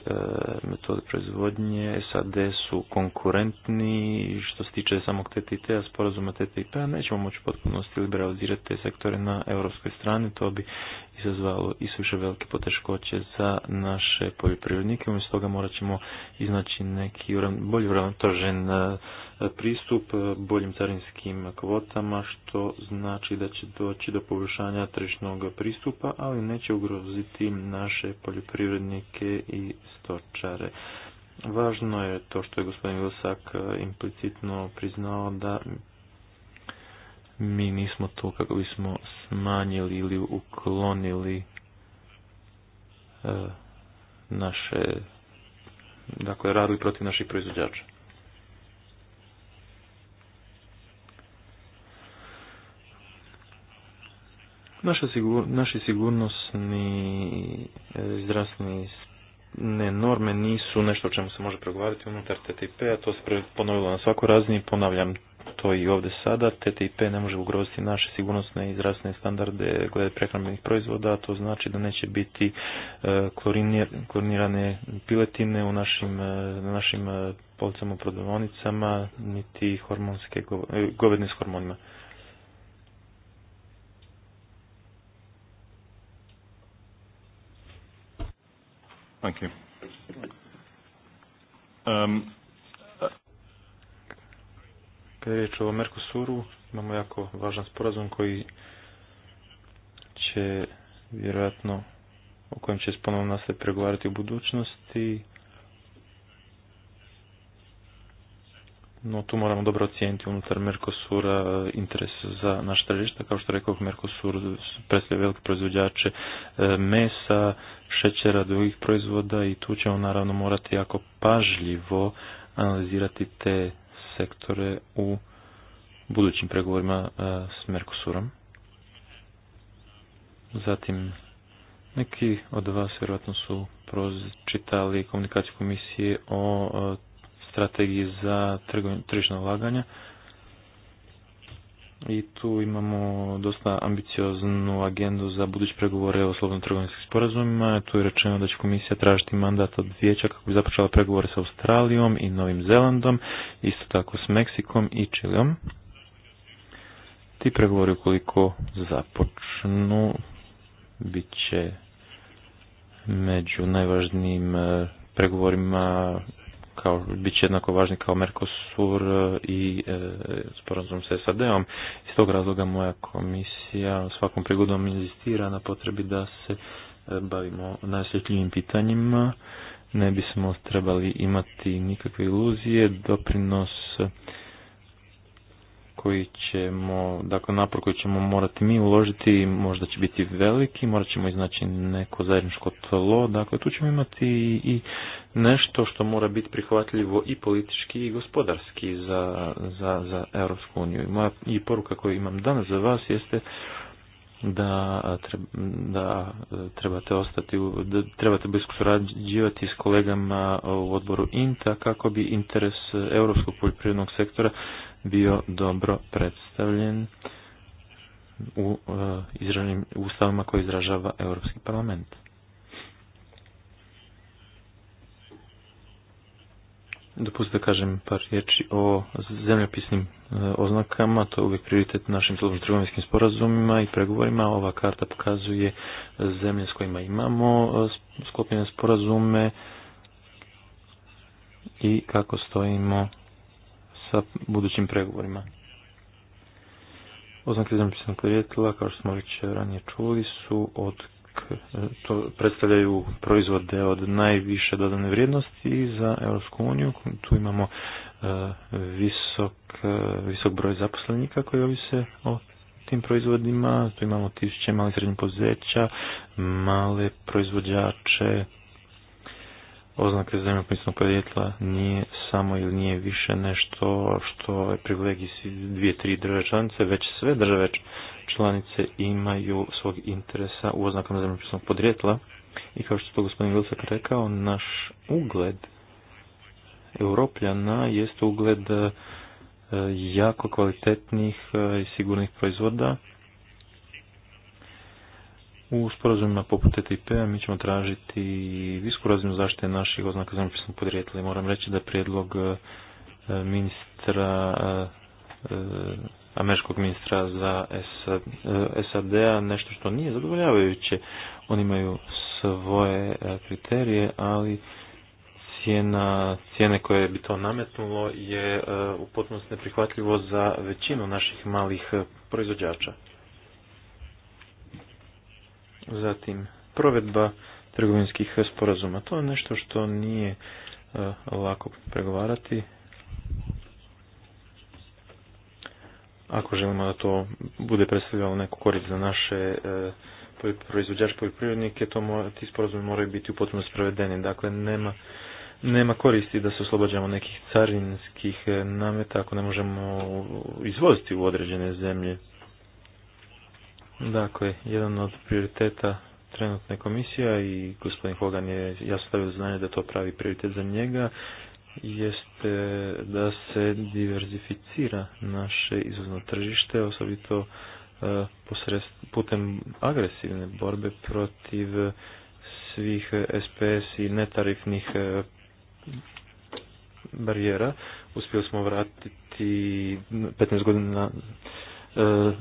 metode proizvodnje, SAD su konkurentni, što se tiče samog TTIP-a, sporazuma TTIP-a, nećemo moći potpunosti liberalizirati te sektore na europskoj strani, to bi izazvalo i suše velike poteškoće za naše poljoprivrednike, umjesto toga morat ćemo iznaći neki bolji uravnotožen e, pristup boljim carinskim kvotama, što znači da će doći do poboljšanja tržišnog pristupa, ali neće ugroziti naše poljoprivrednike i stočare. Važno je to što je gospodin Vilsak e, implicitno priznao da mi nismo to kako bismo smanjili ili uklonili e, naše, dakle radili protiv naših proizvođača. Naša sigur, naši sigurnosni e, zdravstveni norme nisu nešto o čemu se može pregovarati unutar TTIP-a, to se ponovilo na svakoj razini, ponavljam to i ovdje sada. TTIP ne može ugroziti naše sigurnosne i zdravstvene standarde glede prehrambenih proizvoda, a to znači da neće biti e, klorinirane piletine u našim, e, na našim policama u niti hormonske, govedne s hormonima. Thank you. Um, Kada je riječ o Mercosuru, imamo jako važan sporazum koji će vjerojatno o kojem će ponovno nastaviti pregovarati u budućnosti. No tu moramo dobro ocijeniti unutar Mercosura interes za naš tržište. Kao što rekao, Mercosur predstavlja velike proizvođače e, mesa, šećera, drugih proizvoda i tu ćemo naravno morati jako pažljivo analizirati te sektore u budućim pregovorima e, s Mercosurom. Zatim, neki od vas vjerojatno su pročitali komunikaciju komisije o e, strategiji za tržišno ulaganja i tu imamo dosta ambicioznu agendu za buduće pregovore o slobodno trgovinskim sporazumima. Tu je rečeno da će komisija tražiti mandat od vijeća kako bi započela pregovore sa Australijom i Novim Zelandom, isto tako s Meksikom i Čilijom. Ti pregovori ukoliko započnu bit će među najvažnijim eh, pregovorima kao, bit će jednako važni kao Mercosur e, i e, sporazum sa SAD-om. Iz tog razloga moja komisija svakom prigodom inzistira na potrebi da se e, bavimo najosjetljivim pitanjima. Ne bismo trebali imati nikakve iluzije, doprinos koji ćemo, dakle napor koji ćemo morati mi uložiti možda će biti veliki, morat ćemo iznaći neko zajedničko tlo, dakle tu ćemo imati i nešto što mora biti prihvatljivo i politički i gospodarski za, za, za Europsku uniju. moja, I poruka koju imam danas za vas jeste da, da e, trebate ostati, da trebate blisko surađivati s kolegama e, u odboru INTA kako bi interes e, europskog poljoprivrednog sektora bio dobro predstavljen u izravnim ustavima koje izražava Europski parlament. Dopustite da kažem par riječi o zemljopisnim e, oznakama, to je uvijek prioritet našim slobodnim trgovinskim sporazumima i pregovorima. Ova karta pokazuje zemlje s kojima imamo e, sklopljene sporazume i kako stojimo sa budućim pregovorima. Oznake zemljopisnog porijekla kao što smo već ranije čuli, su od to predstavljaju proizvode od najviše dodane vrijednosti za Europsku uniju. Tu imamo e, visok, e, visok broj zaposlenika koji ovise o tim proizvodima. Tu imamo tisuće malih srednjih poduzeća, male proizvođače, oznake zemljopisnog podrijetla nije samo ili nije više nešto što je privilegij dvije, tri države članice, već sve države članice imaju svog interesa u oznakama zemljopisnog podrijetla. I kao što je to gospodin Vilsak rekao, naš ugled Europljana jeste ugled e, jako kvalitetnih e, i sigurnih proizvoda u sporazumima poput e TTIP-a mi ćemo tražiti visku razinu zaštite naših oznaka zemljopisnog podrijetla moram reći da je prijedlog e, ministra e, američkog ministra za SAD-a nešto što nije zadovoljavajuće. Oni imaju svoje kriterije, ali cijena, cijene koje bi to nametnulo je u potpunosti neprihvatljivo za većinu naših malih proizvođača. Zatim, provedba trgovinskih sporazuma. To je nešto što nije e, lako pregovarati. Ako želimo da to bude predstavljalo neku korist za naše e, proizvođače poljoprivrednike, to mora, ti sporazumi moraju biti u potpunosti spravedeni. Dakle, nema, nema koristi da se oslobađamo nekih carinskih e, nameta ako ne možemo izvoziti u određene zemlje. Dakle, jedan od prioriteta trenutne komisija i gospodin Hogan je jasno stavio znanje da to pravi prioritet za njega jeste da se diverzificira naše izvozno tržište, osobito e, putem agresivne borbe protiv svih SPS i netarifnih e, barijera. Uspjeli smo vratiti 15 godina e,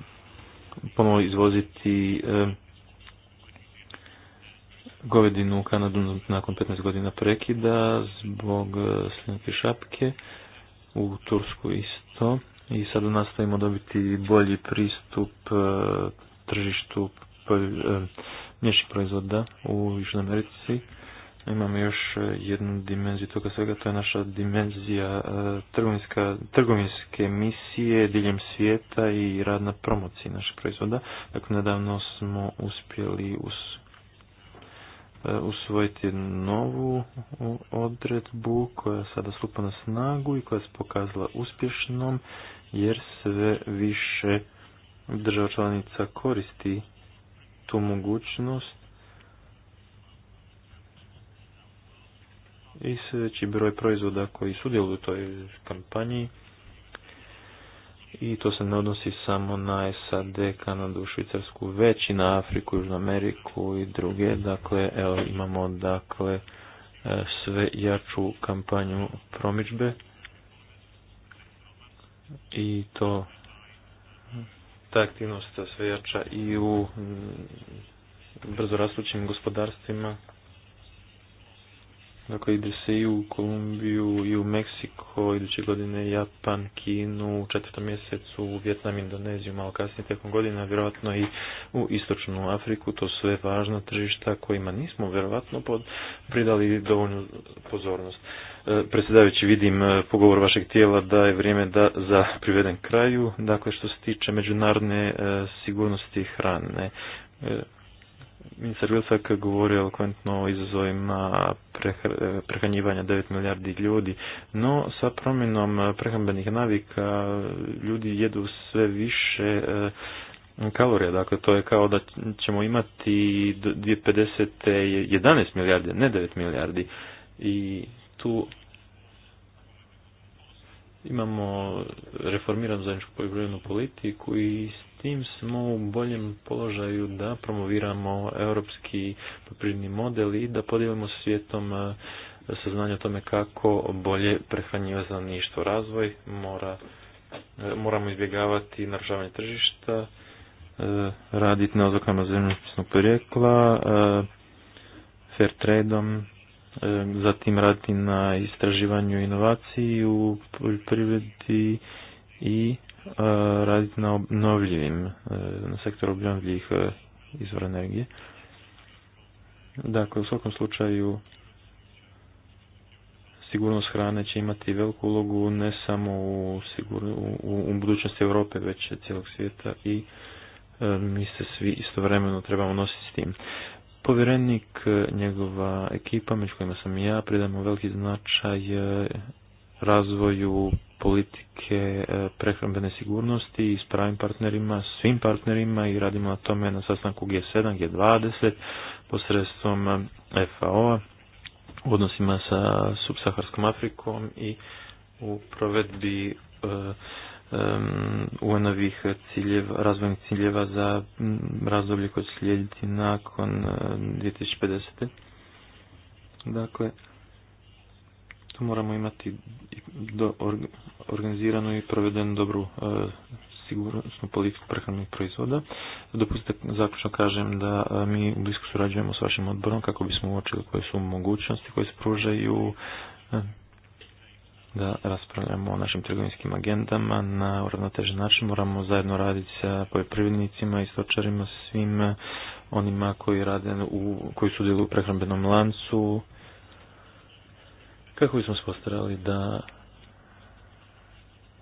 ponovo izvoziti e, govedinu u Kanadu nakon 15 godina prekida zbog e, slinke šapke u Tursku isto i sada nastavimo dobiti bolji pristup e, tržištu mlječnih proizvoda u Južnoj Americi Imamo još e, jednu dimenziju toga svega, to je naša dimenzija e, trgovinske misije diljem svijeta i rad na promociji naših proizvoda. Dakle, nedavno smo uspjeli e, usvojiti novu odredbu koja sada stupa na snagu i koja se pokazala uspješnom jer sve više država članica koristi tu mogućnost i sveći broj proizvoda koji sudjeluju u toj kampanji i to se ne odnosi samo na SAD, Kanadu, Švicarsku, već i na Afriku, Južnu Ameriku i druge. Dakle, evo imamo dakle e, sve jaču kampanju promičbe i to ta aktivnost sve jača i u brzo rastućim gospodarstvima Dakle, ide se i u Kolumbiju, i u Meksiko, iduće godine Japan, Kinu, u četvrtom mjesecu Vjetnam, Indoneziju, malo kasnije tijekom godina, vjerojatno i u Istočnu Afriku. To su sve važna tržišta kojima nismo vjerojatno pridali dovoljnu pozornost. E, predsjedavajući, vidim e, pogovor vašeg tijela da je vrijeme da za priveden kraju. Dakle, što se tiče međunarodne e, sigurnosti hrane, ministar Vilsak govorio elokventno o izazovima prehranjivanja 9 milijardi ljudi, no sa promjenom prehrambenih navika ljudi jedu sve više e, kalorija, dakle to je kao da ćemo imati 250 11 milijardi, ne 9 milijardi i tu imamo reformiranu zajedničku poljoprivrednu politiku i tim smo u boljem položaju da promoviramo europski poljoprivredni model i da podijelimo svijetom e, saznanje o tome kako bolje za stanovništvo. Razvoj mora, e, moramo izbjegavati narušavanje tržišta, e, raditi na oznakama zemljopisnog porijekla, fair tradeom, zatim raditi na istraživanju inovaciji u poljoprivredi i E, raditi na obnovljivim, e, na sektoru obnovljivih e, izvora energije. Dakle, u svakom slučaju sigurnost hrane će imati veliku ulogu ne samo u, budućnosti Europe, već cijelog svijeta i mi se svi istovremeno trebamo nositi s tim. Povjerenik, njegova ekipa, među kojima sam i ja, pridamo veliki značaj razvoju politike e, prehrambene sigurnosti i s pravim partnerima, svim partnerima i radimo na tome na sastanku G7, G20 posredstvom e, FAO-a u odnosima sa subsaharskom Afrikom i u provedbi e, UN-ovih ciljeva, razvojnih ciljeva za razdoblje koje će slijediti nakon 2050. Dakle, tu moramo imati do, organiziranu i provedenu dobru e, sigurnosnu politiku prehrambenih proizvoda. Dopustite zaključno kažem da e, mi blisko surađujemo s vašim odborom kako bismo uočili koje su mogućnosti koje se pružaju e, da raspravljamo o našim trgovinskim agendama na uravnotežen način. Moramo zajedno raditi sa poljoprivrednicima i stočarima, svim onima koji rade u, koji sudjeluju u prehrambenom lancu kako bismo postarali da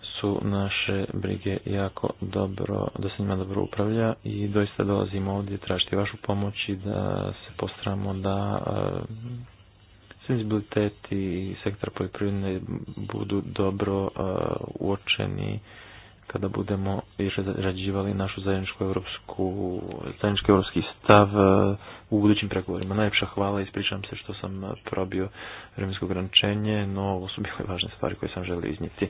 su naše brige jako dobro, da se njima dobro upravlja i doista dolazimo ovdje tražiti vašu pomoć i da se postaramo da senzibilitet i sektor poljoprivredne budu dobro uočeni kada budemo izrađivali našu zajedničku evropsku, zajednički evropski stav e, u budućim pregovorima. Najljepša hvala, ispričam se što sam probio vremensko ograničenje, no ovo su bile važne stvari koje sam želio iznijeti.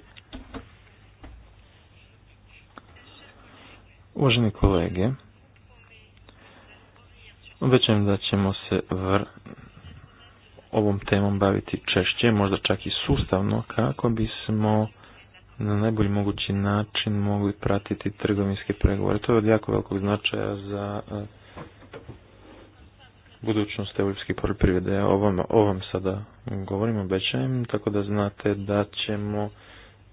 Uvaženi kolege, obećajem da ćemo se vr ovom temom baviti češće, možda čak i sustavno, kako bismo na najbolji mogući način mogli pratiti trgovinske pregovore. To je od jako velikog značaja za e, budućnost evropskih poljoprivrede. O ovom, ovom sada govorim, obećajem, tako da znate da ćemo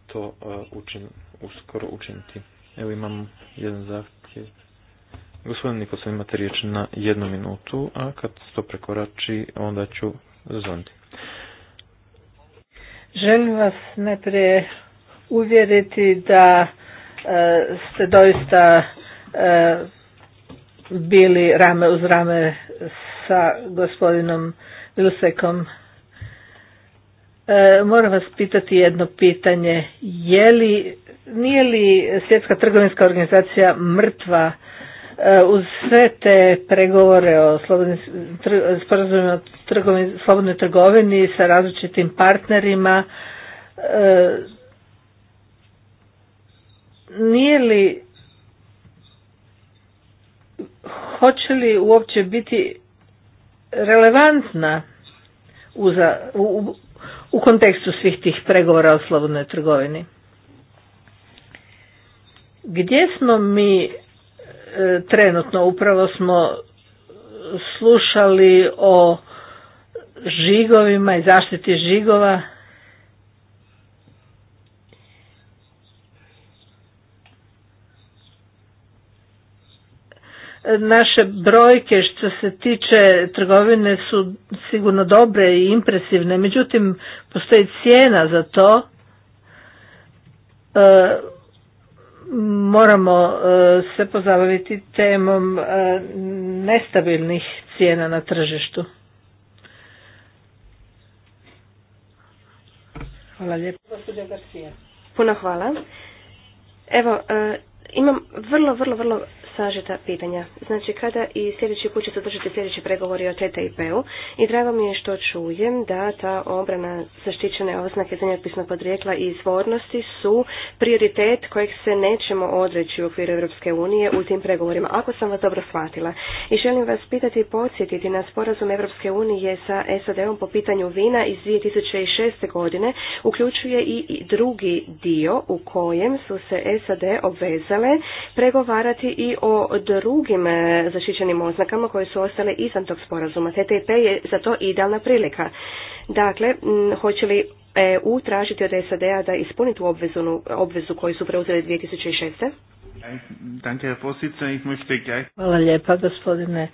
to e, učin, uskoro učiniti. Evo imam jedan zahtjev. Gospodin Nikos, imate riječ na jednu minutu, a kad to prekorači, onda ću zvoniti. Želim vas najprije uvjeriti da e, ste doista e, bili rame uz rame sa gospodinom Vilsekom. E, moram vas pitati jedno pitanje. Je li, nije li Svjetska trgovinska organizacija mrtva uz sve te pregovore o sporazumima trgovini, slobodnoj trgovini sa različitim partnerima, nije li hoće li uopće biti relevantna u, za, u, u kontekstu svih tih pregovora o slobodnoj trgovini gdje smo mi e, trenutno upravo smo slušali o žigovima i zaštiti žigova naše brojke što se tiče trgovine su sigurno dobre i impresivne, međutim postoji cijena za to. E, moramo e, se pozabaviti temom e, nestabilnih cijena na tržištu. Hvala lijepo. Puno hvala. Evo, imam vrlo, vrlo, vrlo sažeta pitanja. Znači, kada i sljedeći put će se održati sljedeći pregovori o TTIP-u i drago mi je što čujem da ta obrana zaštićene oznake zemljopisnog podrijekla i izvornosti su prioritet kojeg se nećemo odreći u okviru Europske unije u tim pregovorima, ako sam vas dobro shvatila. I želim vas pitati i podsjetiti na sporazum Europske unije sa SAD-om po pitanju vina iz 2006. godine uključuje i drugi dio u kojem su se SAD obvezale pregovarati i o drugim e, zaštićenim oznakama koje su ostale izvan tog sporazuma. TTIP je za to idealna prilika. Dakle, hoće li EU tražiti od SAD-a da ispuni tu obvezu, obvezu koju su preuzeli 2006. Hvala lijepa gospodine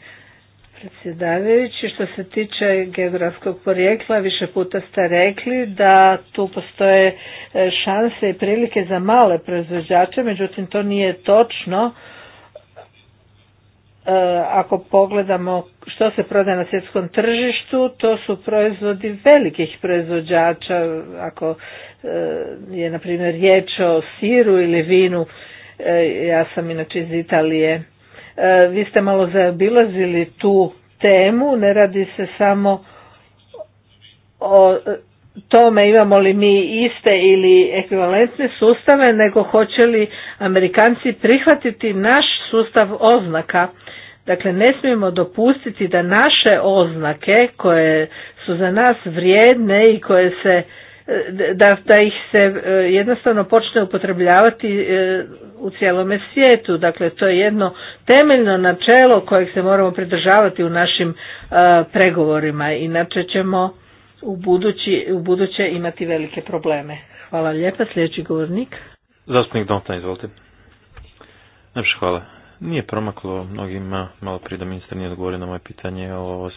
predsjedavajući. Što se tiče geografskog porijekla, više puta ste rekli da tu postoje e, šanse i prilike za male proizvođače, međutim to nije točno. E, ako pogledamo što se prodaje na svjetskom tržištu, to su proizvodi velikih proizvođača, ako e, je na primjer riječ o siru ili vinu, e, ja sam inače iz Italije, vi ste malo zaobilazili tu temu, ne radi se samo o tome imamo li mi iste ili ekvivalentne sustave, nego hoće li Amerikanci prihvatiti naš sustav oznaka Dakle, ne smijemo dopustiti da naše oznake koje su za nas vrijedne i koje se, e, da, da ih se e, jednostavno počne upotrebljavati e, u cijelome svijetu. Dakle, to je jedno temeljno načelo kojeg se moramo pridržavati u našim pregovorima, inače ćemo u, budući, u buduće imati velike probleme. Hvala lijepa, sljedeći govornik. Zastupnik izvolite. Najpšće hvala. Nije promaklo mnogima, malo prije da ministar nije odgovorio na moje pitanje o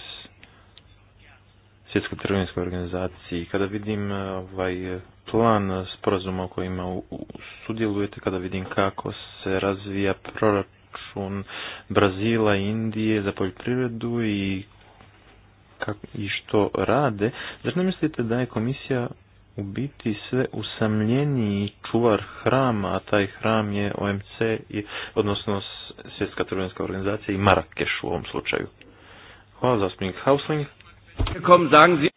svjetskoj trgovinskoj organizaciji. Kada vidim ovaj plan sporazuma o kojima sudjelujete, kada vidim kako se razvija proračun Brazila Indije za poljoprivredu i, i što rade, zar ne mislite da je komisija u biti sve usamljeniji čuvar hrama, a taj hram je OMC, i, odnosno Svjetska trgovinska organizacija i Marakeš u ovom slučaju. Hvala Spring Hausling.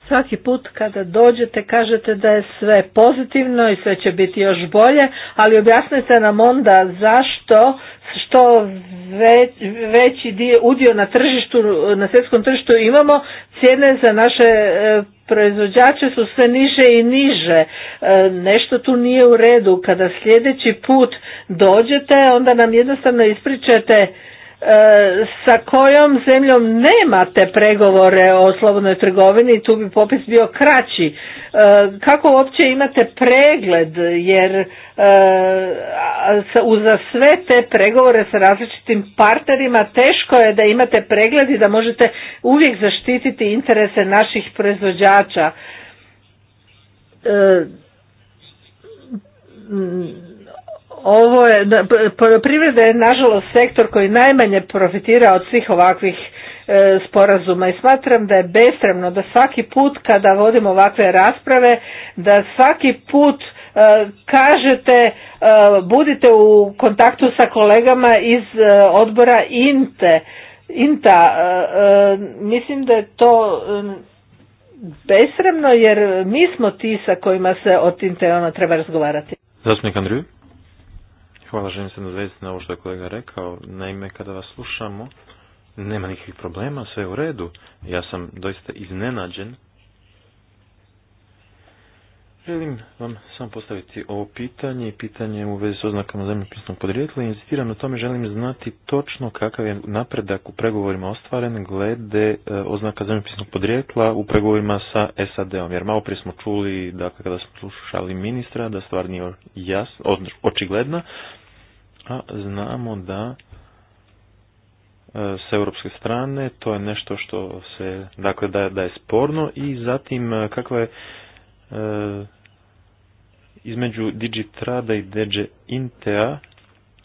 Svaki put kada dođete kažete da je sve pozitivno i sve će biti još bolje, ali objasnite nam onda zašto što veći dio, udio na tržištu, na svjetskom tržištu imamo, cijene za naše e, proizvođače su sve niže i niže. E, nešto tu nije u redu. Kada sljedeći put dođete, onda nam jednostavno ispričate E, sa kojom zemljom nemate pregovore o slobodnoj trgovini, tu bi popis bio kraći. E, kako uopće imate pregled, jer e, uza sve te pregovore sa različitim partnerima teško je da imate pregled i da možete uvijek zaštititi interese naših proizvođača ovo je, poljoprivreda je nažalost sektor koji najmanje profitira od svih ovakvih e, sporazuma i smatram da je besramno da svaki put kada vodimo ovakve rasprave, da svaki put e, kažete e, budite u kontaktu sa kolegama iz odbora INTE. INTA, mislim da je to besremno jer mi smo ti sa kojima se o tim temama treba razgovarati. Zastupnik Andriju? Hvala, želim se nadvezati na ovo što je kolega rekao. Naime, kada vas slušamo, nema nikakvih problema, sve je u redu. Ja sam doista iznenađen Želim vam samo postaviti ovo pitanje, pitanje u vezi s oznakama zemljopisnog podrijetla. Insistiram na tome, želim znati točno kakav je napredak u pregovorima ostvaren glede e, oznaka zemljopisnog podrijetla u pregovorima sa SAD-om. Jer malo prije smo čuli, dakle, kada smo slušali ministra, da stvar nije očigledna, a znamo da e, s europske strane, to je nešto što se, dakle, da je sporno i zatim e, kakva je E, između Digitrada i Deđe Intea,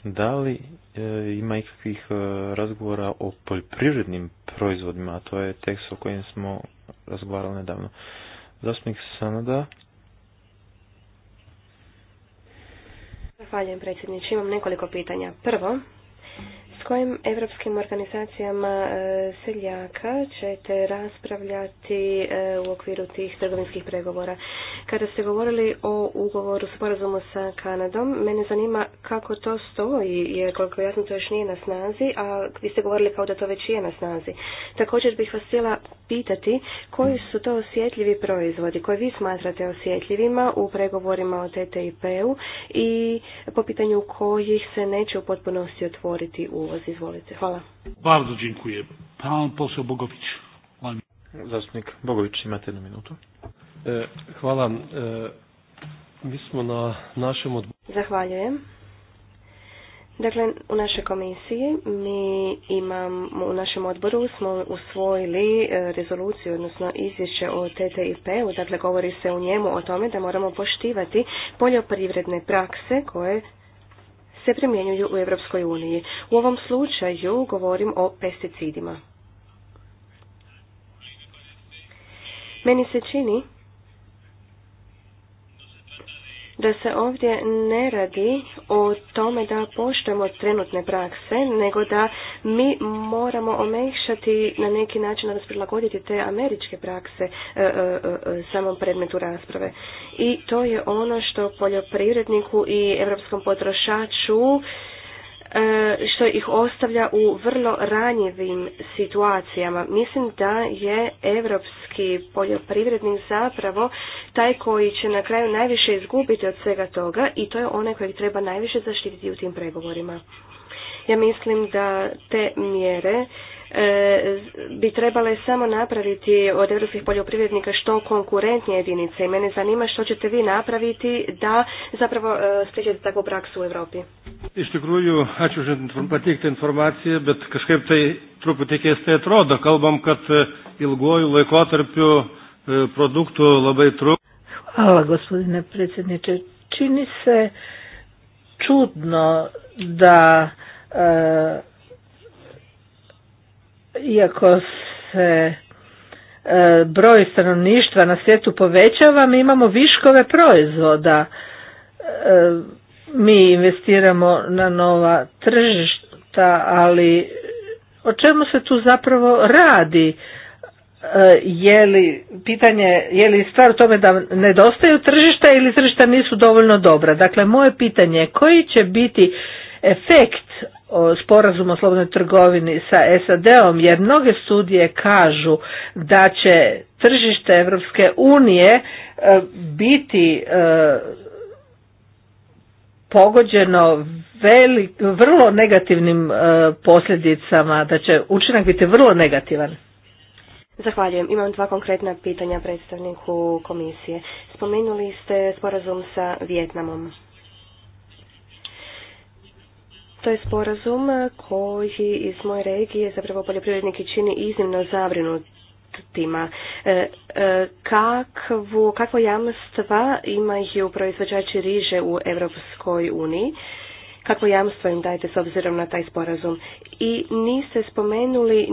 da li e, ima ikakvih e, razgovora o poljoprivrednim proizvodima, a to je tekst o kojem smo razgovarali nedavno. Zastupnik Sanada. Zahvaljujem predsjedniče, imam nekoliko pitanja. Prvo, kojim evropskim organizacijama e, seljaka ćete raspravljati e, u okviru tih trgovinskih pregovora? Kada ste govorili o ugovoru sporazumu sa Kanadom, mene zanima kako to stoji, jer koliko jasno to još nije na snazi, a vi ste govorili kao da to već je na snazi. Također bih vas htjela pitati koji su to osjetljivi proizvodi koje vi smatrate osjetljivima u pregovorima o TTIP-u i po pitanju kojih se neće u potpunosti otvoriti uvoz. Izvolite. Hvala. Bardzo dziękuję. Pan poseł Bogović. Zastupnik Bogović, imate jednu minutu. E, hvala. E, mi smo na našem odboru. Zahvaljujem. Dakle, u našoj komisiji mi imamo, u našem odboru smo usvojili e, rezoluciju, odnosno izvješće o TTIP-u, dakle govori se u njemu o tome da moramo poštivati poljoprivredne prakse koje se primjenjuju u Europskoj uniji. U ovom slučaju govorim o pesticidima. Meni se čini da se ovdje ne radi o tome da poštujemo trenutne prakse, nego da mi moramo omekšati na neki način da prilagoditi te američke prakse e, e, e, samom predmetu rasprave. I to je ono što poljoprivredniku i europskom potrošaču E, što ih ostavlja u vrlo ranjivim situacijama. Mislim da je evropski poljoprivrednik zapravo taj koji će na kraju najviše izgubiti od svega toga i to je onaj kojeg treba najviše zaštititi u tim pregovorima. Ja mislim da te mjere E, bi trebale samo napraviti od europskih poljoprivrednika što konkurentnije jedinice. I mene zanima što ćete vi napraviti da zapravo e, spriječite takvu praksu u Europi. Iš tikrųjų, ačiū už pateiktą informaciją, bet kažkaip tai truputį keistai atrodo. Kalbam, kad e, ilguoju laikotarpiu produktu labai trup. Hvala gospodine predsjedniče. Čini se čudno da iako se e, broj stanovništva na svijetu povećava, mi imamo viškove proizvoda. E, mi investiramo na nova tržišta, ali o čemu se tu zapravo radi? E, je li, pitanje, je li stvar u tome da nedostaju tržišta ili tržišta nisu dovoljno dobra? Dakle, moje pitanje je koji će biti efekt sporazum o slobodnoj trgovini sa SAD-om jer mnoge studije kažu da će tržište Europske unije e, biti e, pogođeno velik, vrlo negativnim e, posljedicama, da će učinak biti vrlo negativan. Zahvaljujem. Imam dva konkretna pitanja predstavniku komisije. Spomenuli ste sporazum sa Vjetnamom. To je sporazum koji iz moje regije zapravo poljoprivrednike čini iznimno zabrinutima. E, e kakvo, jamstva imaju proizvođači riže u Europskoj uniji? kako jamstvo im dajete s obzirom na taj sporazum. I niste spomenuli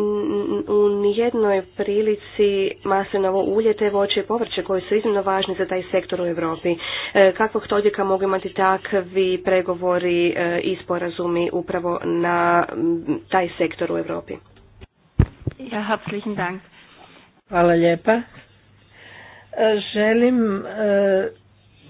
u nijednoj prilici maslinovo ulje, te voće i povrće koji su iznimno važni za taj sektor u Europi. E, kakvog todjeka mogu imati takvi pregovori e, i sporazumi upravo na taj sektor u Europi? Ja, Dank. Hvala lijepa. E, želim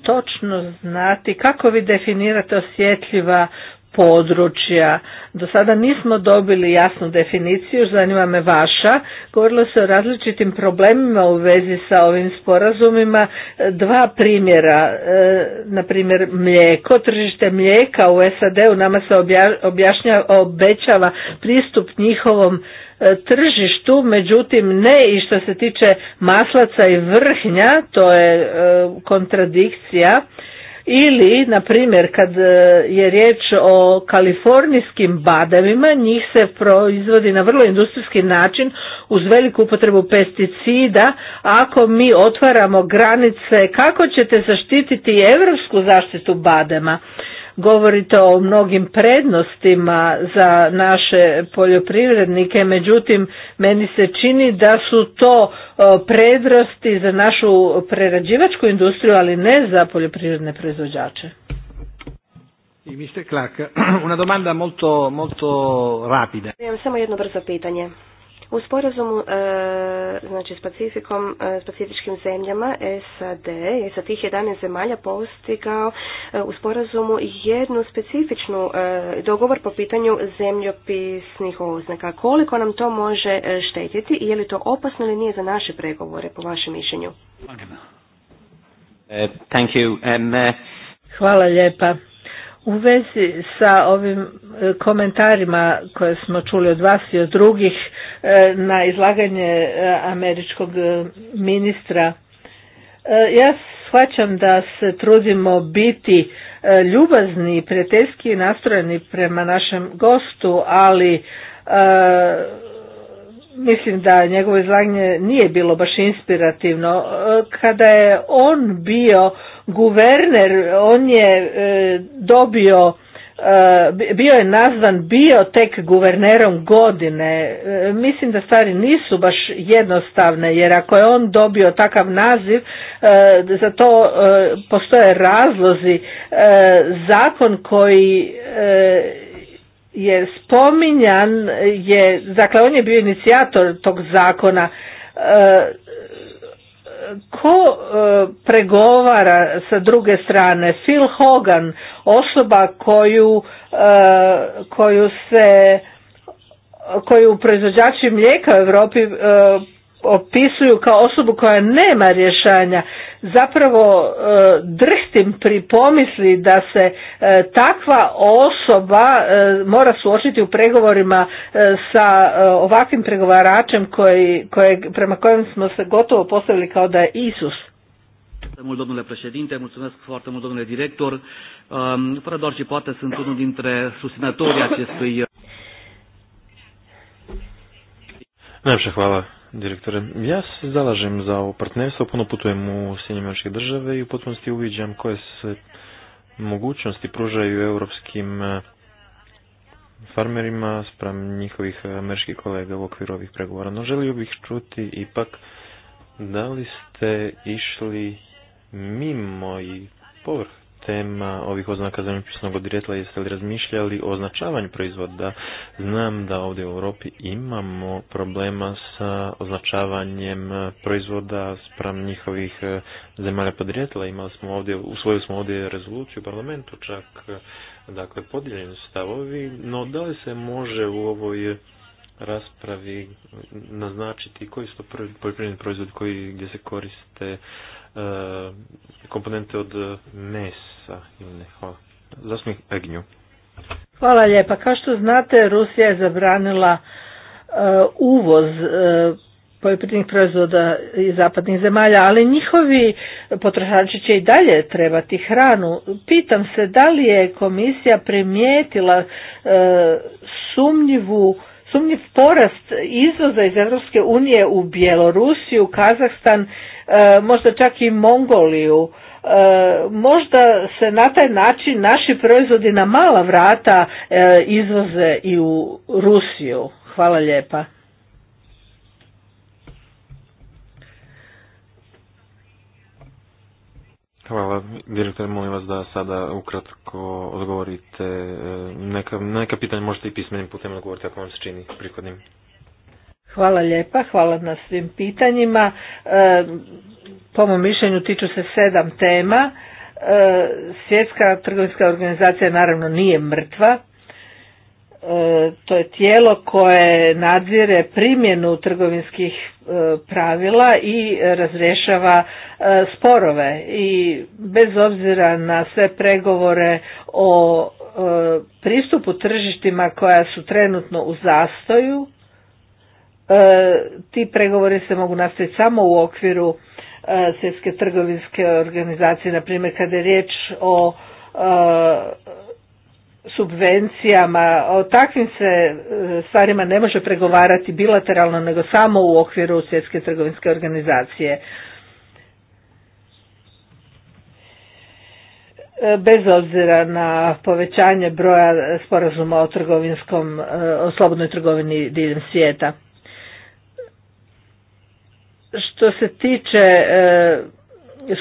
točno znati kako vi definirate osjetljiva područja. Do sada nismo dobili jasnu definiciju, zanima me vaša. Govorilo se o različitim problemima u vezi sa ovim sporazumima. Dva primjera, e, na primjer mlijeko, tržište mlijeka u SAD-u nama se objašnjava, objašnja, obećava pristup njihovom E, tržištu, međutim ne i što se tiče maslaca i vrhnja, to je e, kontradikcija. Ili, na primjer, kad e, je riječ o kalifornijskim bademima, njih se proizvodi na vrlo industrijski način uz veliku upotrebu pesticida. Ako mi otvaramo granice, kako ćete zaštititi evropsku zaštitu badema? govorite o mnogim prednostima za naše poljoprivrednike, međutim meni se čini da su to e, predrosti za našu prerađivačku industriju, ali ne za poljoprivredne proizvođače. I Mr. Clark, una domanda molto, molto rapida. Imam samo jedno brzo pitanje. U sporazumu e, znači, s, Pacifikom, e, s pacifičkim zemljama SAD je sa tih 11 zemalja postigao e, u sporazumu jednu specifičnu dogovor po pitanju zemljopisnih oznaka. Koliko nam to može štetiti i je li to opasno ili nije za naše pregovore po vašem mišljenju? Hvala lijepa. U vezi sa ovim e, komentarima koje smo čuli od vas i od drugih e, na izlaganje e, američkog ministra, ja shvaćam da se trudimo biti ljubazni i prijateljski nastrojeni prema našem gostu, ali mislim da njegovo izlaganje nije bilo baš inspirativno. E, kada je on bio guverner, on je e, dobio e, bio je nazvan bio tek guvernerom godine. Mislim da stvari nisu baš jednostavne jer ako je on dobio takav naziv za to postoje razlozi. Zakon koji je spominjan je, dakle on je bio inicijator tog zakona, e, ko e, pregovara sa druge strane? Phil Hogan, osoba koju, e, koju se koju proizvođači mlijeka u Europi opisuju kao osobu koja nema rješanja zapravo e, drstim pri pomisli da se e, takva osoba e, mora suočiti u pregovorima sa ovakvim pregovaračem koji, koje, prema kojem smo se gotovo postavili kao da je Isus. Mulțumesc, domnule președinte, mulțumesc foarte mult, domnule director. Fără doar și poate sunt unul dintre susținătorii acestui... Najlepša hvala direktore. Ja se zalažem za ovo partnerstvo, puno putujem u Sjedinjeničke države i u potpunosti uviđam koje se mogućnosti pružaju europskim e, farmerima spram njihovih e, američkih kolega u okviru ovih pregovora. No želio bih čuti ipak da li ste išli mimo i povrh tema ovih oznaka zemljopisnog odrijetla, jeste li razmišljali o označavanju proizvoda? Znam da ovdje u Europi imamo problema sa označavanjem proizvoda spram njihovih eh, zemalja podrijetla. Imali smo ovdje, usvojili smo ovdje rezoluciju u parlamentu, čak eh, dakle podijeljeni stavovi, no da li se može u ovoj raspravi naznačiti koji su to poljoprivredni proizvodi koji, gdje se koriste E, komponente od mesa ili ne. Hvala. Zasmih Egnju. Hvala lijepa. Kao što znate, Rusija je zabranila e, uvoz e, poljoprivrednih proizvoda iz zapadnih zemalja, ali njihovi potrošači će i dalje trebati hranu. Pitam se da li je komisija primijetila sumnjivu sumnjiv porast izvoza iz Europske unije u Bjelorusiju, Kazahstan E, možda čak i Mongoliju. E, možda se na taj način naši proizvodi na mala vrata e, izvoze i u Rusiju. Hvala lijepa. Hvala. Direktor, molim vas da sada ukratko odgovorite. Neka, neka pitanja možete i pismenim putem odgovoriti ako vam se čini prihodnim. Hvala lijepa, hvala na svim pitanjima. E, po mom mišljenju tiču se sedam tema. E, svjetska trgovinska organizacija naravno nije mrtva. E, to je tijelo koje nadzire primjenu trgovinskih pravila i razrješava sporove. I bez obzira na sve pregovore o pristupu tržištima koja su trenutno u zastoju, E, ti pregovori se mogu nastaviti samo u okviru e, svjetske trgovinske organizacije, na primjer kada je riječ o e, subvencijama, o takvim se stvarima ne može pregovarati bilateralno nego samo u okviru svjetske trgovinske organizacije. Bez obzira na povećanje broja sporazuma o trgovinskom, o slobodnoj trgovini diljem svijeta. Što se tiče e,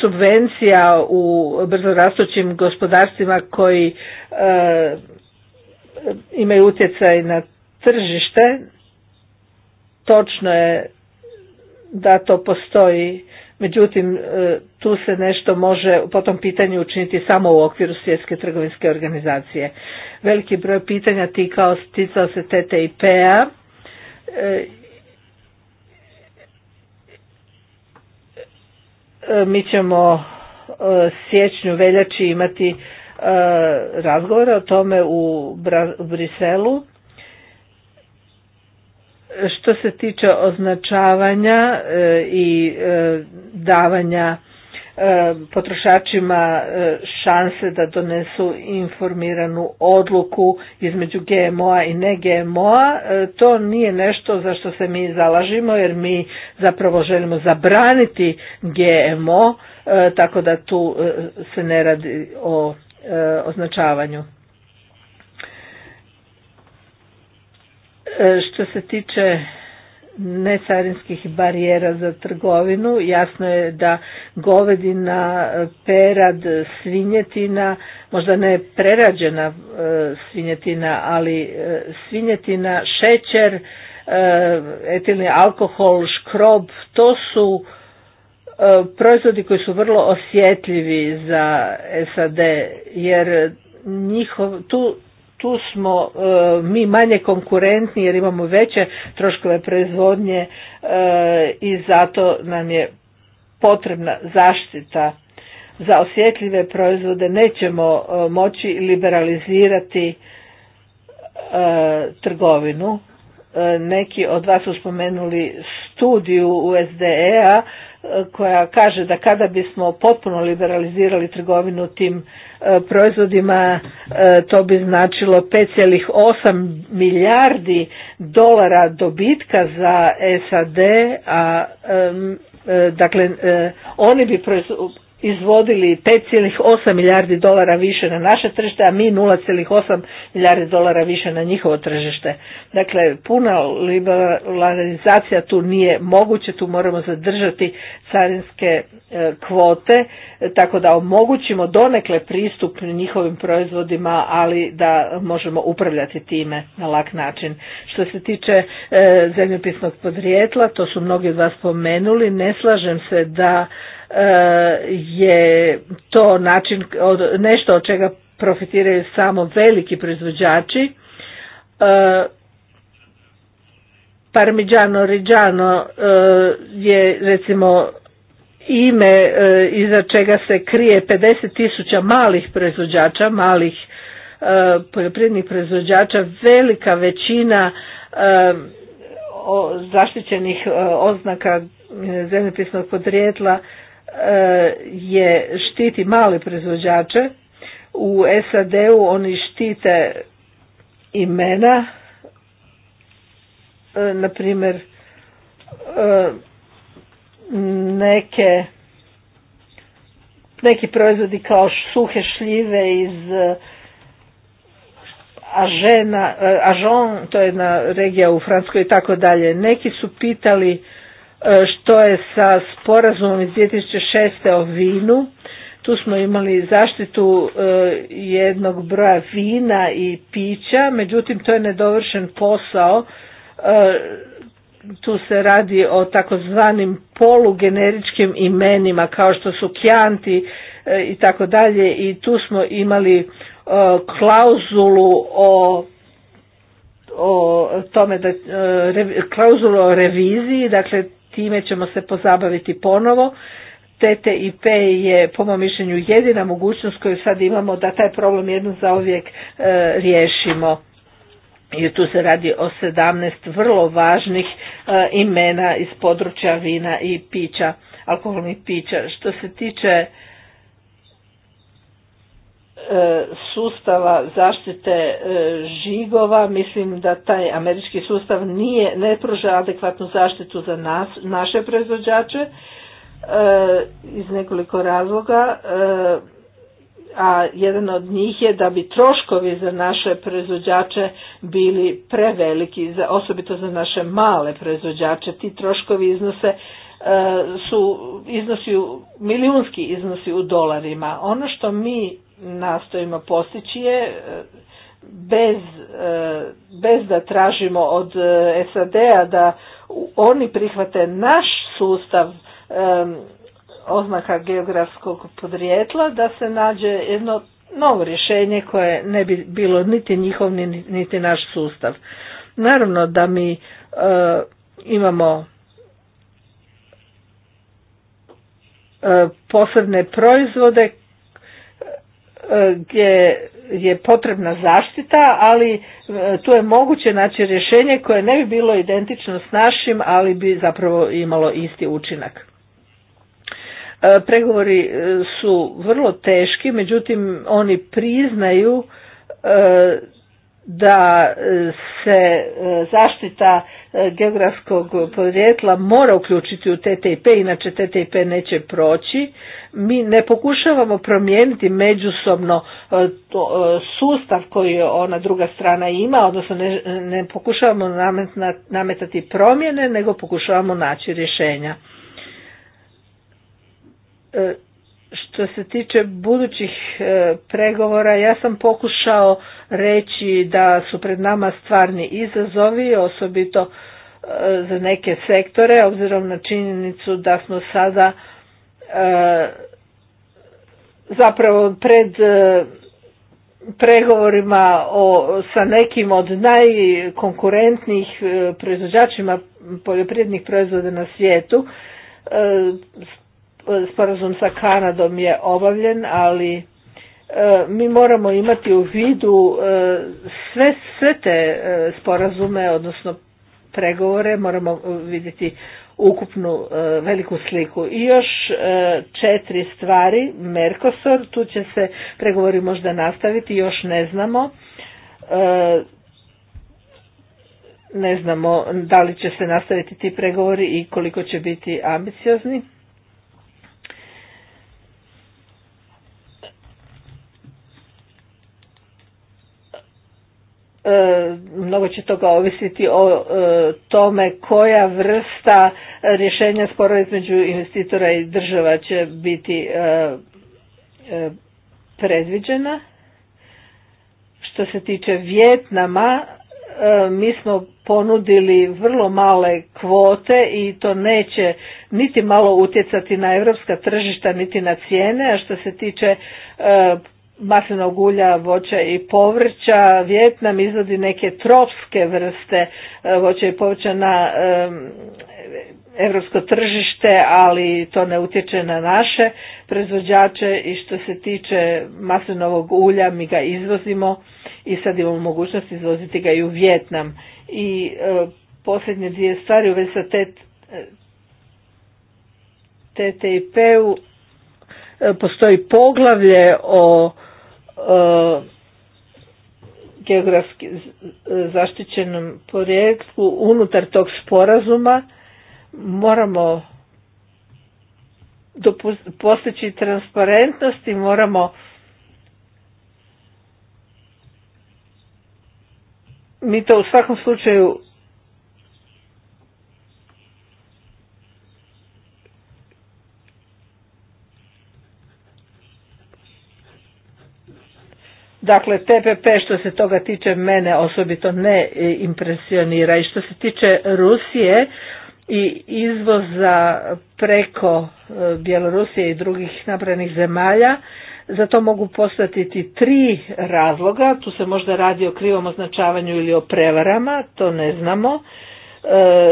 subvencija u brzorastućim gospodarstvima koji e, imaju utjecaj na tržište, točno je da to postoji, međutim e, tu se nešto može po tom pitanju učiniti samo u okviru svjetske trgovinske organizacije. Veliki broj pitanja tikao, ticao se TTIP-a E, mi ćemo e, siječnju veljači imati e, razgovore o tome u Briselu. Što se tiče označavanja i davanja E, potrošačima e, šanse da donesu informiranu odluku između GMO-a i ne GMO-a. E, to nije nešto za što se mi zalažimo jer mi zapravo želimo zabraniti GMO tako da tu se ne radi o označavanju. Što se tiče necarinskih barijera za trgovinu. Jasno je da govedina, perad, svinjetina, možda ne prerađena e, svinjetina, ali e, svinjetina, šećer, e, etilni alkohol, škrob, to su proizvodi koji su vrlo osjetljivi za SAD jer njihov, tu tu smo e, mi manje konkurentni jer imamo veće troškove proizvodnje e, i zato nam je potrebna zaštita za osjetljive proizvode nećemo e, moći liberalizirati trgovinu neki od vas su spomenuli studiju USDE-a koja kaže da kada bismo potpuno liberalizirali trgovinu tim proizvodima e, to bi značilo 5,8 milijardi dolara dobitka za SAD, a e, dakle e, oni bi izvodili 5,8 milijardi dolara više na naše tržište, a mi 0,8 milijardi dolara više na njihovo tržište. Dakle, puna liberalizacija tu nije moguće, tu moramo zadržati carinske e, kvote, tako da omogućimo donekle pristup njihovim proizvodima, ali da možemo upravljati time na lak način. Što se tiče e, zemljopisnog podrijetla, to su mnogi od vas spomenuli, ne slažem se da E, je to način, nešto od čega profitiraju samo veliki proizvođači. E, Parmigiano Reggiano e, je recimo ime iza čega se krije 50 tisuća malih proizvođača, malih poljoprivrednih proizvođača, velika većina zaštićenih oznaka zemljopisnog podrijetla je štiti male proizvođače. U SAD-u oni štite imena, e, na primjer e, neke neki proizvodi kao suhe šljive iz e, Ažena, Ažon, to je jedna regija u Francuskoj i tako dalje. Neki su pitali E, što je sa sporazumom iz 2006. o vinu. Tu smo imali zaštitu e, jednog broja vina i pića, međutim to je nedovršen posao. E, tu se radi o takozvanim polugeneričkim imenima kao što su kjanti i tako dalje i tu smo imali klauzulu o o tome da klauzulu o reviziji, dakle time ćemo se pozabaviti ponovo. TTIP je po mom mišljenju jedina mogućnost koju sad imamo da taj problem jednom zauvijek e, riješimo. I tu se radi o 17 vrlo važnih e, imena iz područja vina i pića, alkoholnih pića. Što se tiče E, sustava zaštite e, žigova, mislim da taj američki sustav nije, ne pruža adekvatnu zaštitu za nas, naše proizvođače e, iz nekoliko razloga, a jedan od njih je da bi troškovi za naše proizvođače bili preveliki, osobito za naše male proizvođače. Ti troškovi iznose su iznosi milijunski iznosi u dolarima. Ono što mi nastojimo postići je e, bez, e, bez da tražimo od e, SAD-a da oni prihvate naš sustav oznaka geografskog podrijetla da se nađe jedno novo rješenje koje ne bi bilo niti njihov niti naš sustav. Naravno da mi imamo posebne proizvode gdje je potrebna zaštita, ali e, tu je moguće naći rješenje koje ne bi bilo identično s našim, ali bi zapravo imalo isti učinak. E, pregovori e, su vrlo teški, međutim oni priznaju da e, se e, zaštita e, geografskog podrijetla mora uključiti u TTIP, inače TTIP neće proći. Mi ne pokušavamo promijeniti međusobno sustav koji ona druga strana ima, odnosno ne, ne pokušavamo nametati promjene, nego pokušavamo naći rješenja. Što se tiče budućih e, pregovora, ja sam pokušao reći da su pred nama stvarni izazovi, osobito e, za neke sektore, obzirom na činjenicu da smo sada e, zapravo pred pregovorima o, sa nekim od najkonkurentnijih proizvođačima poljoprivrednih proizvoda na svijetu sporazum sa Kanadom je obavljen, ali e, mi moramo imati u vidu e, sve, sve te e, sporazume, odnosno pregovore, moramo vidjeti ukupnu veliku sliku. I još četiri stvari, Merkosor, tu će se pregovori možda nastaviti, još ne znamo. Ne znamo da li će se nastaviti ti pregovori i koliko će biti ambiciozni. E, mnogo će toga ovisiti o e, tome koja vrsta rješenja spora između investitora i država će biti e, predviđena. Što se tiče Vjetnama, mi smo ponudili vrlo male kvote i to neće niti malo utjecati na europska tržišta niti na cijene, a što se tiče maslinog ulja, voća i povrća. Vjetnam izvodi neke tropske vrste e, voća i povrća na europsko tržište, ali to ne utječe na naše proizvođače i što se tiče maslinovog ulja mi ga izvozimo i sad imamo mogućnost izvoziti ga i u Vjetnam. I e, posljednje dvije stvari u vezi sa TTIP-u e, postoji poglavlje o E, geografski e, zaštićenom projektu unutar tog sporazuma moramo postići transparentnost i moramo mi to u svakom slučaju Dakle, TPP što se toga tiče mene osobito ne e, impresionira i što se tiče Rusije i izvoza preko e, Bjelorusije i drugih nabranih zemalja, za to mogu postatiti tri razloga, tu se možda radi o krivom označavanju ili o prevarama, to ne znamo, e,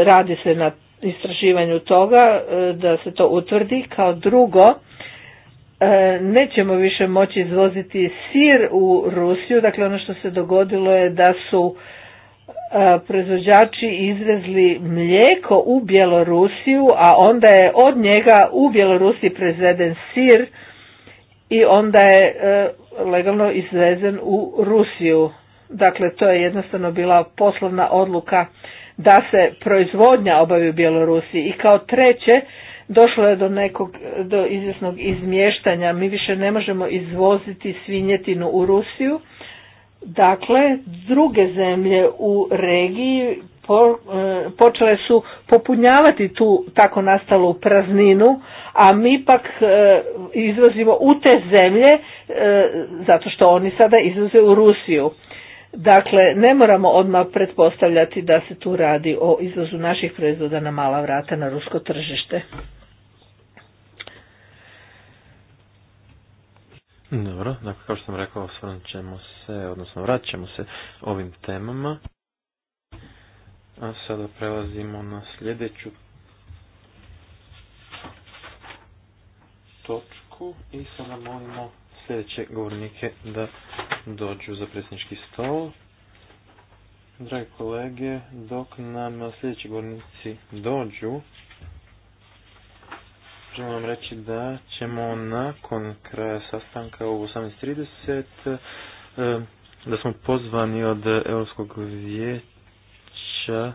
radi se na istraživanju toga da se to utvrdi, kao drugo, E, nećemo više moći izvoziti sir u Rusiju. Dakle, ono što se dogodilo je da su e, proizvođači izvezli mlijeko u Bjelorusiju, a onda je od njega u Bjelorusiji proizveden sir i onda je e, legalno izvezen u Rusiju. Dakle, to je jednostavno bila poslovna odluka da se proizvodnja obavi u Bjelorusiji. I kao treće, došlo je do nekog do izvjesnog izmještanja mi više ne možemo izvoziti svinjetinu u Rusiju dakle druge zemlje u regiji e, počele su popunjavati tu tako nastalu prazninu a mi pak e, izvozimo u te zemlje e, zato što oni sada izvoze u Rusiju Dakle, ne moramo odmah pretpostavljati da se tu radi o izvozu naših proizvoda na mala vrata na rusko tržište. Dobro, dakle kao što sam rekao, osvrnut ćemo se, odnosno vraćamo se ovim temama. A sada prelazimo na sljedeću točku i sada molimo sljedeće govornike da dođu za predsjednički stol. Dragi kolege, dok nam sljedeći govornici dođu, želim vam reći da ćemo nakon kraja sastanka u 18.30 eh, da smo pozvani od Europskog vijeća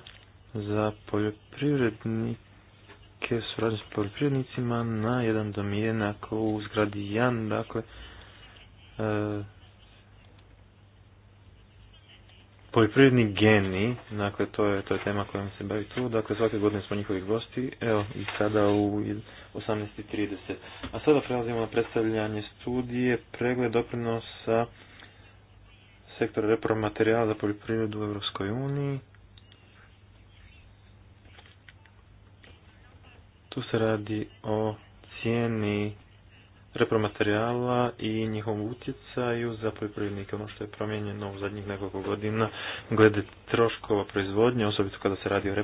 za poljoprivrednike, suradnji s poljoprivrednicima na jedan domijenak u zgradi Jan, dakle, eh, Poljoprivredni geni, dakle to je, to je tema kojom se bavi tu, dakle svake godine smo njihovi gosti, evo i sada u 18.30. A sada prelazimo na predstavljanje studije, pregled doprinosa sektora repromaterijala za poljoprivredu u Europskoj uniji. Tu se radi o cijeni repromaterijala i njihovom utjecaju za poljoprivrednike. Ono što je promijenjeno u zadnjih nekoliko godina glede troškova proizvodnje, osobito kada se radi o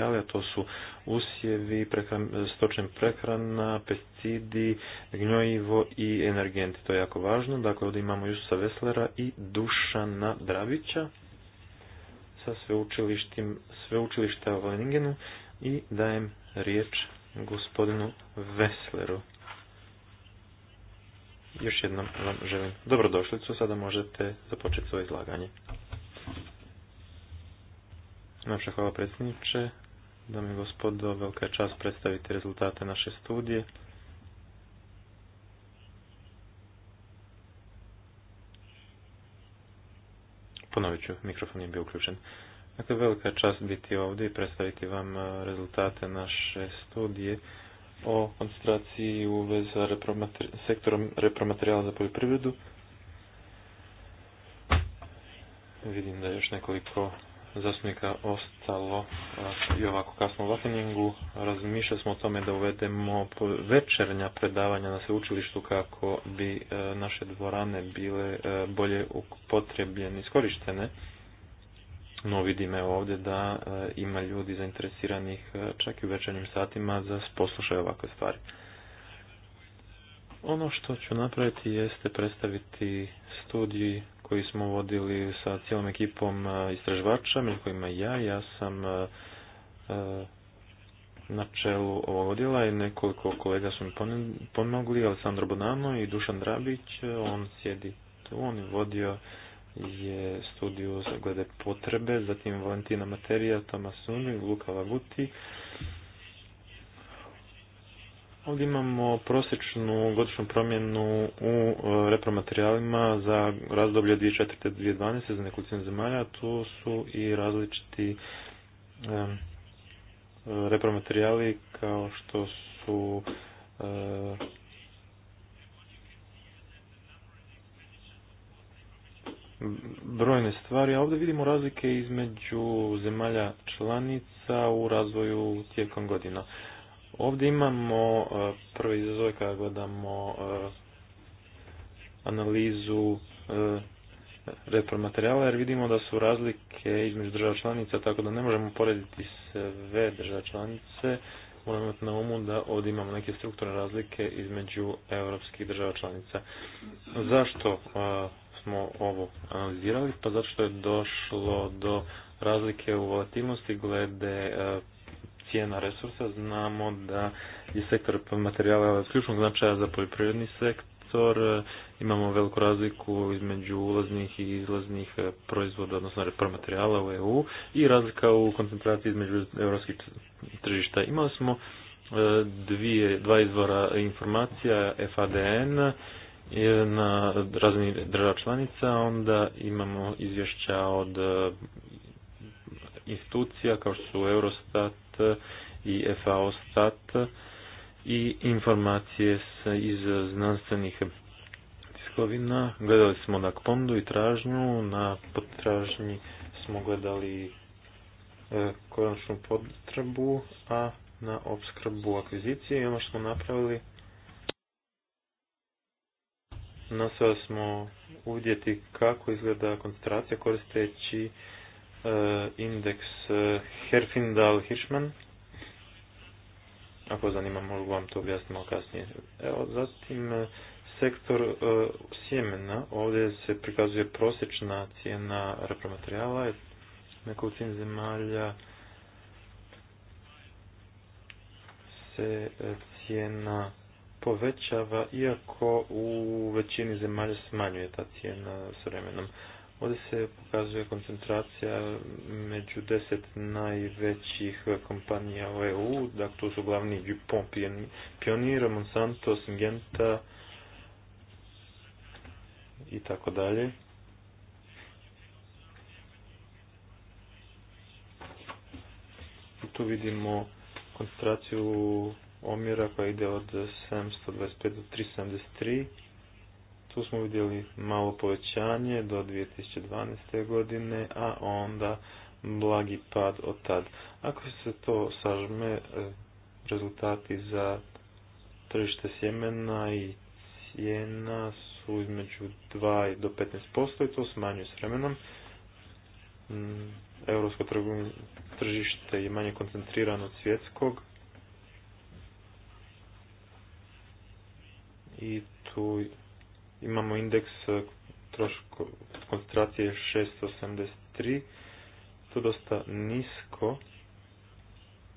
a to su usjevi, prehran, stočna prehrana, pesticidi, gnjojivo i energenti. To je jako važno. Dakle, ovdje imamo Jususa Veslera i Dušana Dravića sa sveučilišta u Leningenu i dajem riječ gospodinu Vesleru još jednom vam želim dobrodošlicu. Sada možete započeti svoje izlaganje. Najpša hvala predsjedniče. Dame i gospodo, velika je čast predstaviti rezultate naše studije. Ponovit ću, mikrofon je bio uključen. Dakle, velika je čast biti ovdje i predstaviti vam eh, rezultate naše studije o koncentraciji u vezi sa sektorom repromaterijala za poljoprivredu. Vidim da je još nekoliko zastupnika ostalo i ovako kasno u Vakeningu. Razmišljali smo o tome da uvedemo večernja predavanja na sveučilištu kako bi e, naše dvorane bile e, bolje upotrebljene, iskorištene. No vidim evo ovdje da e, ima ljudi zainteresiranih e, čak i u večernjim satima za poslušaj ovakve stvari. Ono što ću napraviti jeste predstaviti studij koji smo vodili sa cijelom ekipom e, istraživača, među kojima ja, ja sam na čelu ovog odjela i nekoliko kolega su mi pomogli, Aleksandro Bonano i Dušan Drabić, on sjedi tu, on je vodio je studiju glede potrebe, zatim Valentina Materija, Tomas Suni, Luka Laguti. Ovdje imamo prosječnu godišnju promjenu u e, repromaterijalima za razdoblje 2004-2012 za nekolicinu zemalja. Tu su i različiti e, e, repromaterijali kao što su brojne stvari, a ovdje vidimo razlike između zemalja članica u razvoju tijekom godina. Ovdje imamo e, prvi izazove kada gledamo e, analizu e, repromaterijala jer vidimo da su razlike između država članica tako da ne možemo porediti sve države članice moramo imati na umu da ovdje imamo neke strukturne razlike između europskih država članica. Zašto smo ovo analizirali? Pa zato što je došlo do razlike u volatilnosti glede e, cijena resursa. Znamo da je sektor materijala ključnog značaja za poljoprivredni sektor. E, imamo veliku razliku između ulaznih i izlaznih e, proizvoda, odnosno repromaterijala u EU i razlika u koncentraciji između europskih tržišta. Imali smo dvije, dva izvora informacija, FADN na razini država članica, onda imamo izvješća od e, institucija kao što su Eurostat i FAO stat i informacije iz znanstvenih tiskovina. Gledali smo na pondu i tražnju, na potražnji smo gledali e, konačnu potrebu, a na opskrbu akvizicije i ono što smo napravili nastojali smo uvidjeti kako izgleda koncentracija koristeći e, indeks e, Herfindal-Hirschman. Ako zanima, mogu vam to objasniti malo kasnije. Evo, zatim e, sektor sjemena. Ovdje se prikazuje prosječna cijena repromaterijala. Nekolicin zemalja se cijena povećava, iako u većini zemalja smanjuje ta cijena s vremenom. Ovdje se pokazuje koncentracija među deset najvećih kompanija u EU, dakle to su glavni Dupont, Pionir, Monsanto, Syngenta i tako dalje. tu vidimo koncentraciju omjera koja ide od 725 do 373. Tu smo vidjeli malo povećanje do 2012. godine, a onda blagi pad od tad. Ako se to sažme, e, rezultati za tržište sjemena i cijena su između 2 do 15% i to smanjuje s vremenom. Mm, europsko tržište je manje koncentrirano od svjetskog, i tu imamo indeks e, troško, koncentracije 683, to dosta nisko,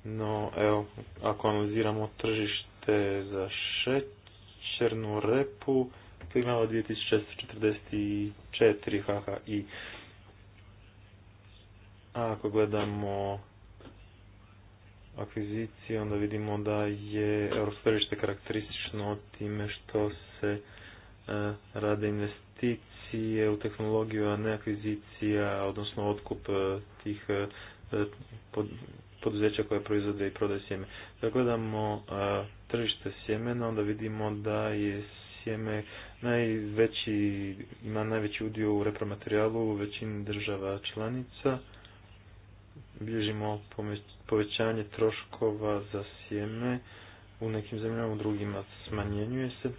no evo, ako analiziramo tržište za šećernu repu, tu imamo 2644 i A ako gledamo akvizicije, onda vidimo da je europsko tržište karakteristično time što se e, rade investicije u tehnologiju, a ne akvizicija, odnosno otkup e, tih e, poduzeća koje proizvode i prodaje sjeme. Zagledamo gledamo tržište sjemena, onda vidimo da je sjeme najveći, ima najveći udio u repromaterijalu u većini država članica bilježimo povećanje troškova za sjeme u nekim zemljama, u drugima smanjenjuje se.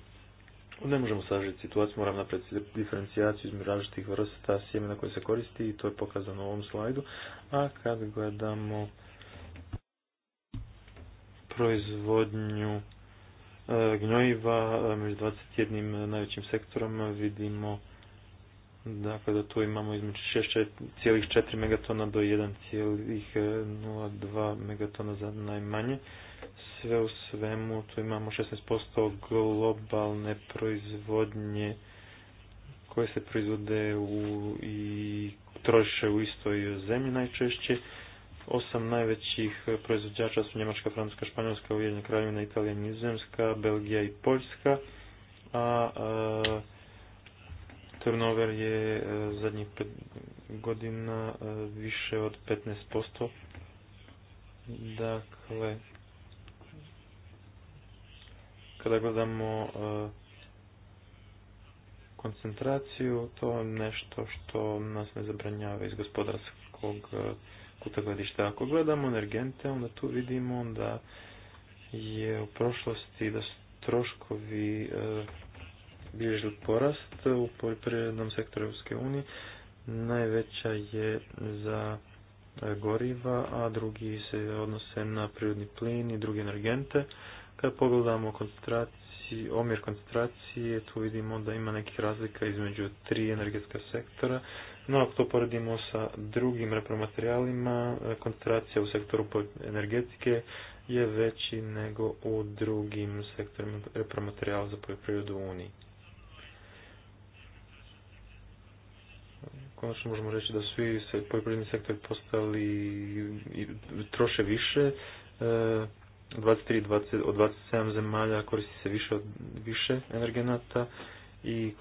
Ne možemo sažiti situaciju, moram napraviti diferencijaciju između različitih vrsta sjemena koje se koristi i to je pokazano u ovom slajdu. A kad gledamo proizvodnju e, gnjojiva e, među 21. najvećim sektorom vidimo Dakle, da tu imamo između 6,4 megatona do 1,02 e, megatona za najmanje. Sve u svemu, tu imamo 16% globalne proizvodnje koje se proizvode u, i troše u istoj zemlji najčešće. Osam najvećih proizvođača su Njemačka, Francuska, Španjolska, Ujedinjena Kraljevina, Italija, Nizozemska, Belgija i Poljska. a turnover je e, zadnjih pet godina e, više od 15%. Dakle, kada gledamo e, koncentraciju, to je nešto što nas ne zabranjava iz gospodarskog kuta gledišta. Ako gledamo energente, onda tu vidimo da je u prošlosti da su troškovi bilježili porast u poljoprivrednom sektoru Europske unije. Najveća je za e, goriva, a drugi se odnose na prirodni plin i druge energente. Kad pogledamo koncentraciji omjer koncentracije, tu vidimo da ima nekih razlika između tri energetska sektora, no ako to poredimo sa drugim repromaterijalima, e, koncentracija u sektoru energetike je veći nego u drugim sektorima repromaterijala za poljoprivredu u Uniji. konačno možemo reći da svi se poljoprivredni sektor postali i troše više. 23, e, 20, od 27 zemalja koristi se više, od, više energenata i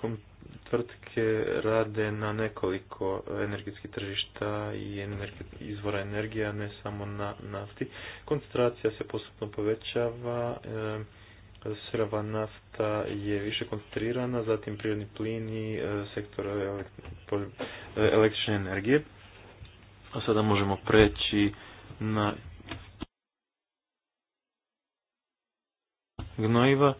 tvrtke rade na nekoliko energetskih tržišta i energet, izvora energija, ne samo na nafti. Koncentracija se postupno povećava. E, sirova nafta je više koncentrirana, zatim prirodni plin i e, sektor e, električne energije. A sada možemo preći na gnojiva.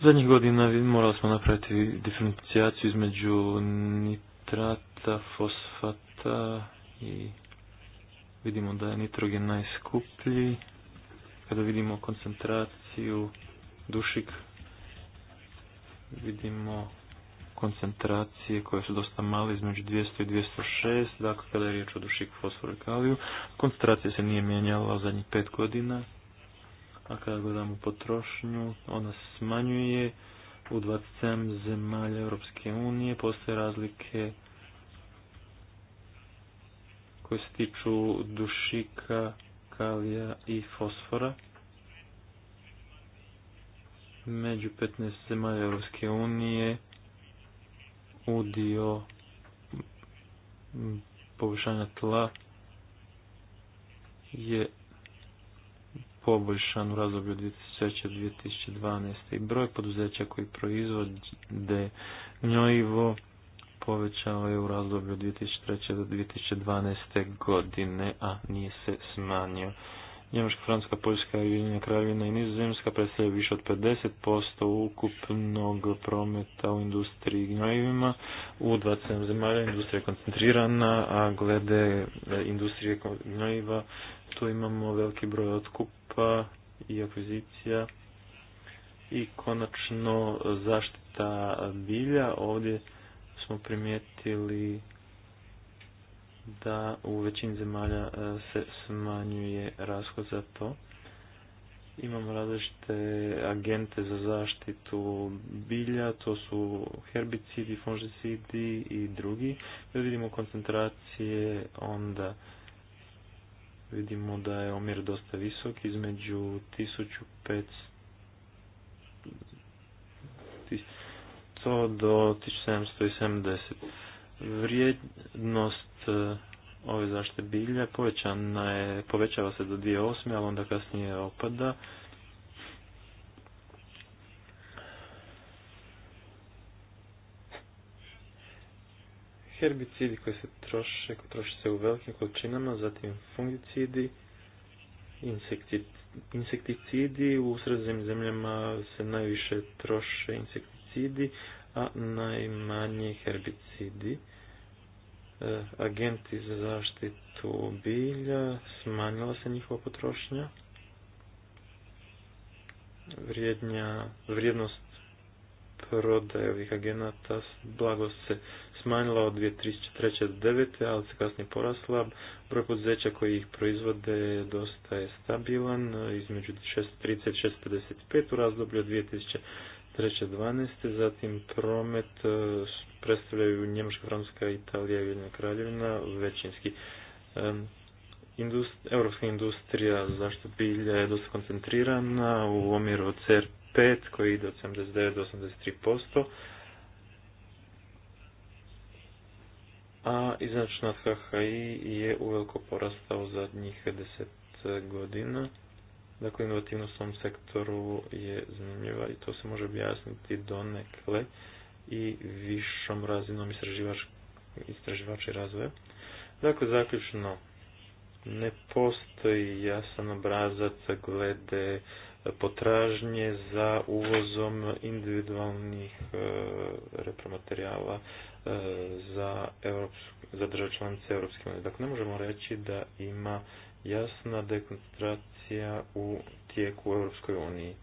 Zadnjih godina morali smo napraviti diferencijaciju između nitrata, fosfata i vidimo da je nitrogen najskuplji. Kada vidimo koncentrat koncentraciju dušik vidimo koncentracije koje su dosta male između 200 i 206, dakle kada je riječ o dušik fosforu i kaliju. Koncentracija se nije mijenjala u zadnjih pet godina, a kada gledamo potrošnju, ona se smanjuje u 27 zemalja Europske unije, postoje razlike koje se tiču dušika, kalija i fosfora među 15 zemalja Europske unije udio poboljšanja tla je poboljšan u razdoblju 2003-2012. i broj poduzeća koji proizvode njojivo povećao je u razdoblju 2003. do 2012. godine, a nije se smanjio. Njemačka, Francuska, Poljska, Ujedinjena Kraljevina i Nizozemska predstavljaju više od 50% ukupnog prometa u industriji gnojivima. U 27 zemalja industrija je koncentrirana, a glede e, industrije gnojiva tu imamo veliki broj otkupa i akvizicija i konačno zaštita bilja. Ovdje smo primijetili da u većini zemalja e, se smanjuje rashod za to. Imamo različite agente za zaštitu bilja, to su herbicidi, fungicidi i drugi. Kada vidimo koncentracije, onda vidimo da je omjer dosta visok, između 1500 do 1770 vrijednost e, ove zaštite bilja povećana je, povećava se do 2008. ali onda kasnije opada. Herbicidi koji se troše, troše se u velikim količinama, zatim fungicidi, insekticidi, u sredozemnim zemljama se najviše troše insekticidi, a najmanji herbicidi e, agenti za zaštitu bilja, smanjila se njihova potrošnja, vrijednja, vrijednost prodaje ovih agenata blago se smanjila od 2003. ali se kasnije porasla. Broj poduzeća koji ih proizvode dosta je stabilan, između 630 i 655 u razdoblju od 2000 3.12. Zatim promet e, predstavljaju Njemačka, Francuska, Italija i Ujedinjena kraljevina većinski. E, indust, Europska industrija zašto bilja je dosta koncentrirana u omjeru od CR5 koji ide od 79 do 83%. A iznačna HHI je uveliko porastao zadnjih 10 godina. Dakle, inovativnost u ovom sektoru je zanimljiva i to se može objasniti donekle i višom razinom istraživača i razvoja. Dakle, zaključno, ne postoji jasan obrazac glede potražnje za uvozom individualnih e, repromaterijala e, za, za države članice Europske unije. Dakle, ne možemo reći da ima jasna ja u tijeku u Europskoj uniji.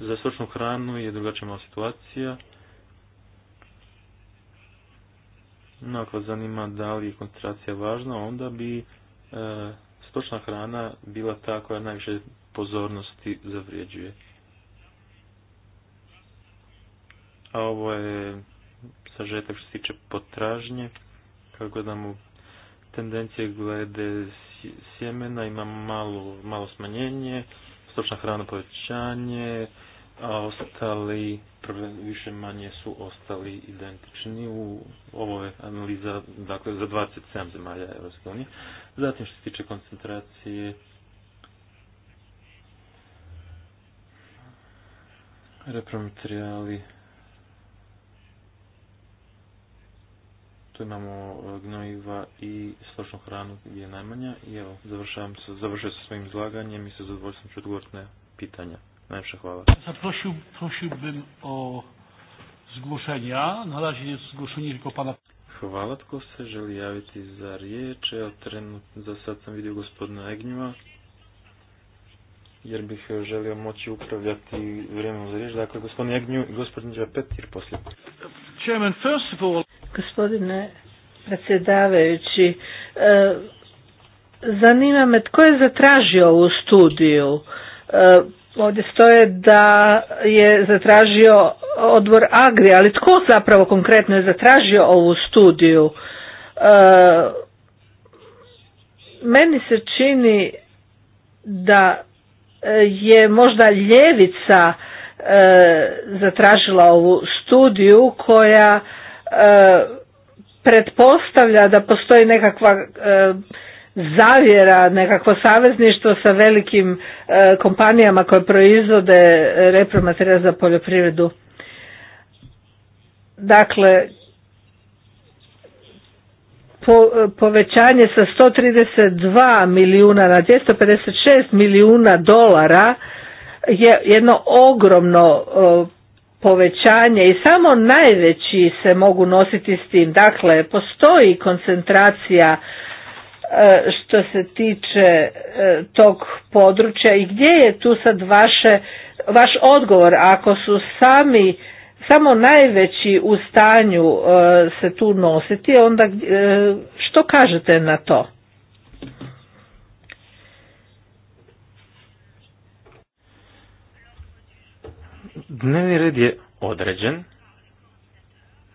Za stočnu hranu je drugačija situacija. No, ako vas zanima da li je koncentracija važna, onda bi e, stočna hrana bila ta koja najviše pozornosti zavrijeđuje. A ovo je sažetak što se tiče potražnje. Kako mu tendencije glede sjemena, ima malo, malo smanjenje, stočna hrana povećanje, a ostali više manje su ostali identični u ovo je analiza dakle za 27 zemalja Europske unije. Zatim što se tiče koncentracije repromaterijali tu imamo e, gnojiva i stočnu hranu gdje je najmanja i evo, završavam se, završio sa svojim izlaganjem i sa zadovoljstvom ću odgovoriti na pitanja. Najlepša hvala. prošio prosiłbym o zgłoszenia. Na razie jest pana... Hvala, tko se želi javiti za riječ. evo trenutno za sad sam vidio gospodina Egnjeva jer bih e, želio moći upravljati vremenom za riječ. Dakle, gospodin Egnju i gospodin Đapetir poslije. Chairman, first of all... Gospodine predsjedavajući, e, zanima me tko je zatražio ovu studiju? E, ovdje stoje da je zatražio odbor Agri, ali tko zapravo konkretno je zatražio ovu studiju? E, meni se čini da je možda ljevica zatražila ovu studiju koja pretpostavlja da postoji nekakva e, zavjera, nekakvo savezništvo sa velikim e, kompanijama koje proizvode repromaterijal za poljoprivredu. Dakle, po, povećanje sa 132 milijuna na 256 milijuna dolara je jedno ogromno povećanje i samo najveći se mogu nositi s tim. Dakle, postoji koncentracija e, što se tiče e, tog područja i gdje je tu sad vaše, vaš odgovor ako su sami samo najveći u stanju e, se tu nositi, onda što kažete na to? Dnevni red je određen.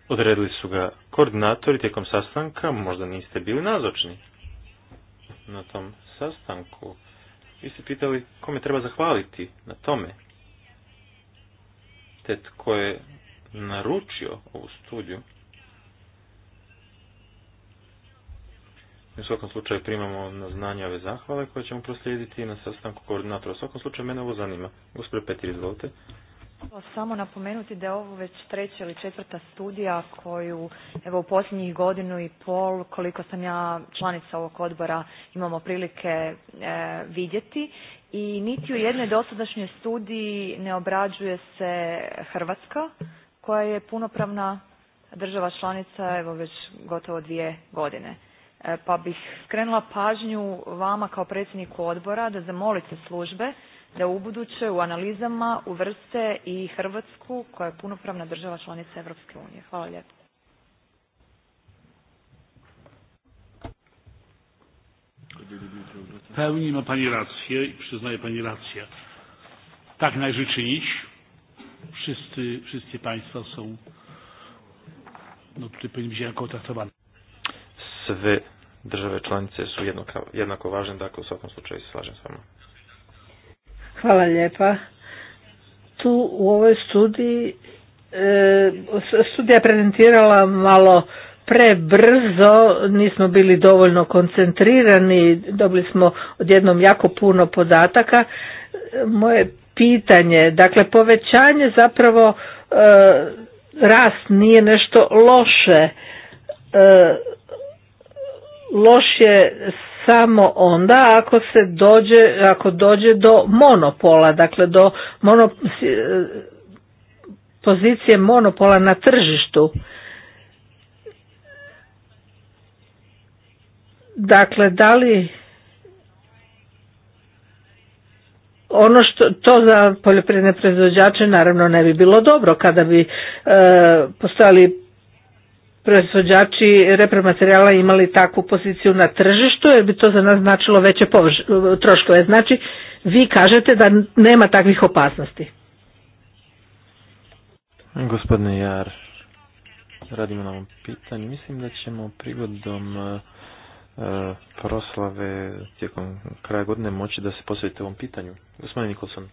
Odredili su ga koordinatori tijekom sastanka, možda niste bili nazočni na tom sastanku. Vi ste pitali kome treba zahvaliti na tome. Te tko je naručio ovu studiju. U svakom slučaju primamo na znanje ove zahvale koje ćemo proslijediti na sastanku koordinatora. U svakom slučaju mene ovo zanima. Gospod Petir, izvolite. Samo napomenuti da je ovo već treća ili četvrta studija koju evo u posljednjih godinu i pol koliko sam ja članica ovog odbora imamo prilike e, vidjeti i niti u jednoj dosadašnjoj studiji ne obrađuje se Hrvatska koja je punopravna država članica evo već gotovo dvije godine. E, pa bih skrenula pažnju vama kao predsjedniku odbora da zamolite službe da ubuduće u analizama uvrste i Hrvatsku koja je punopravna država članica Europske unije. Hvala lijepo. Pełni ma Pani rację i przyznaje Pani rację. Tak należy czynić. Wszyscy, wszyscy Państwo są, no tutaj powinni być jednako traktowani. Sve države članice su jednako, jednako važne, dakle u svakom slučaju slažem s vama. Hvala lijepa. Tu u ovoj studiji e, studija je prezentirala malo prebrzo, nismo bili dovoljno koncentrirani, dobili smo odjednom jako puno podataka. Moje pitanje, dakle povećanje zapravo e, rast nije nešto loše. E, loš je samo onda ako se dođe, ako dođe do monopola, dakle do mono e, pozicije monopola na tržištu. Dakle, da li ono što to za poljoprivredne proizvođače naravno ne bi bilo dobro kada bi e, postojali proizvođači repromaterijala imali takvu poziciju na tržištu jer bi to za nas značilo veće troškove. Znači, vi kažete da nema takvih opasnosti. Gospodine Jar, radimo na ovom pitanju. Mislim da ćemo prigodom e, e, proslave tijekom kraja godine moći da se posvetite ovom pitanju. Gospodine Nikolson.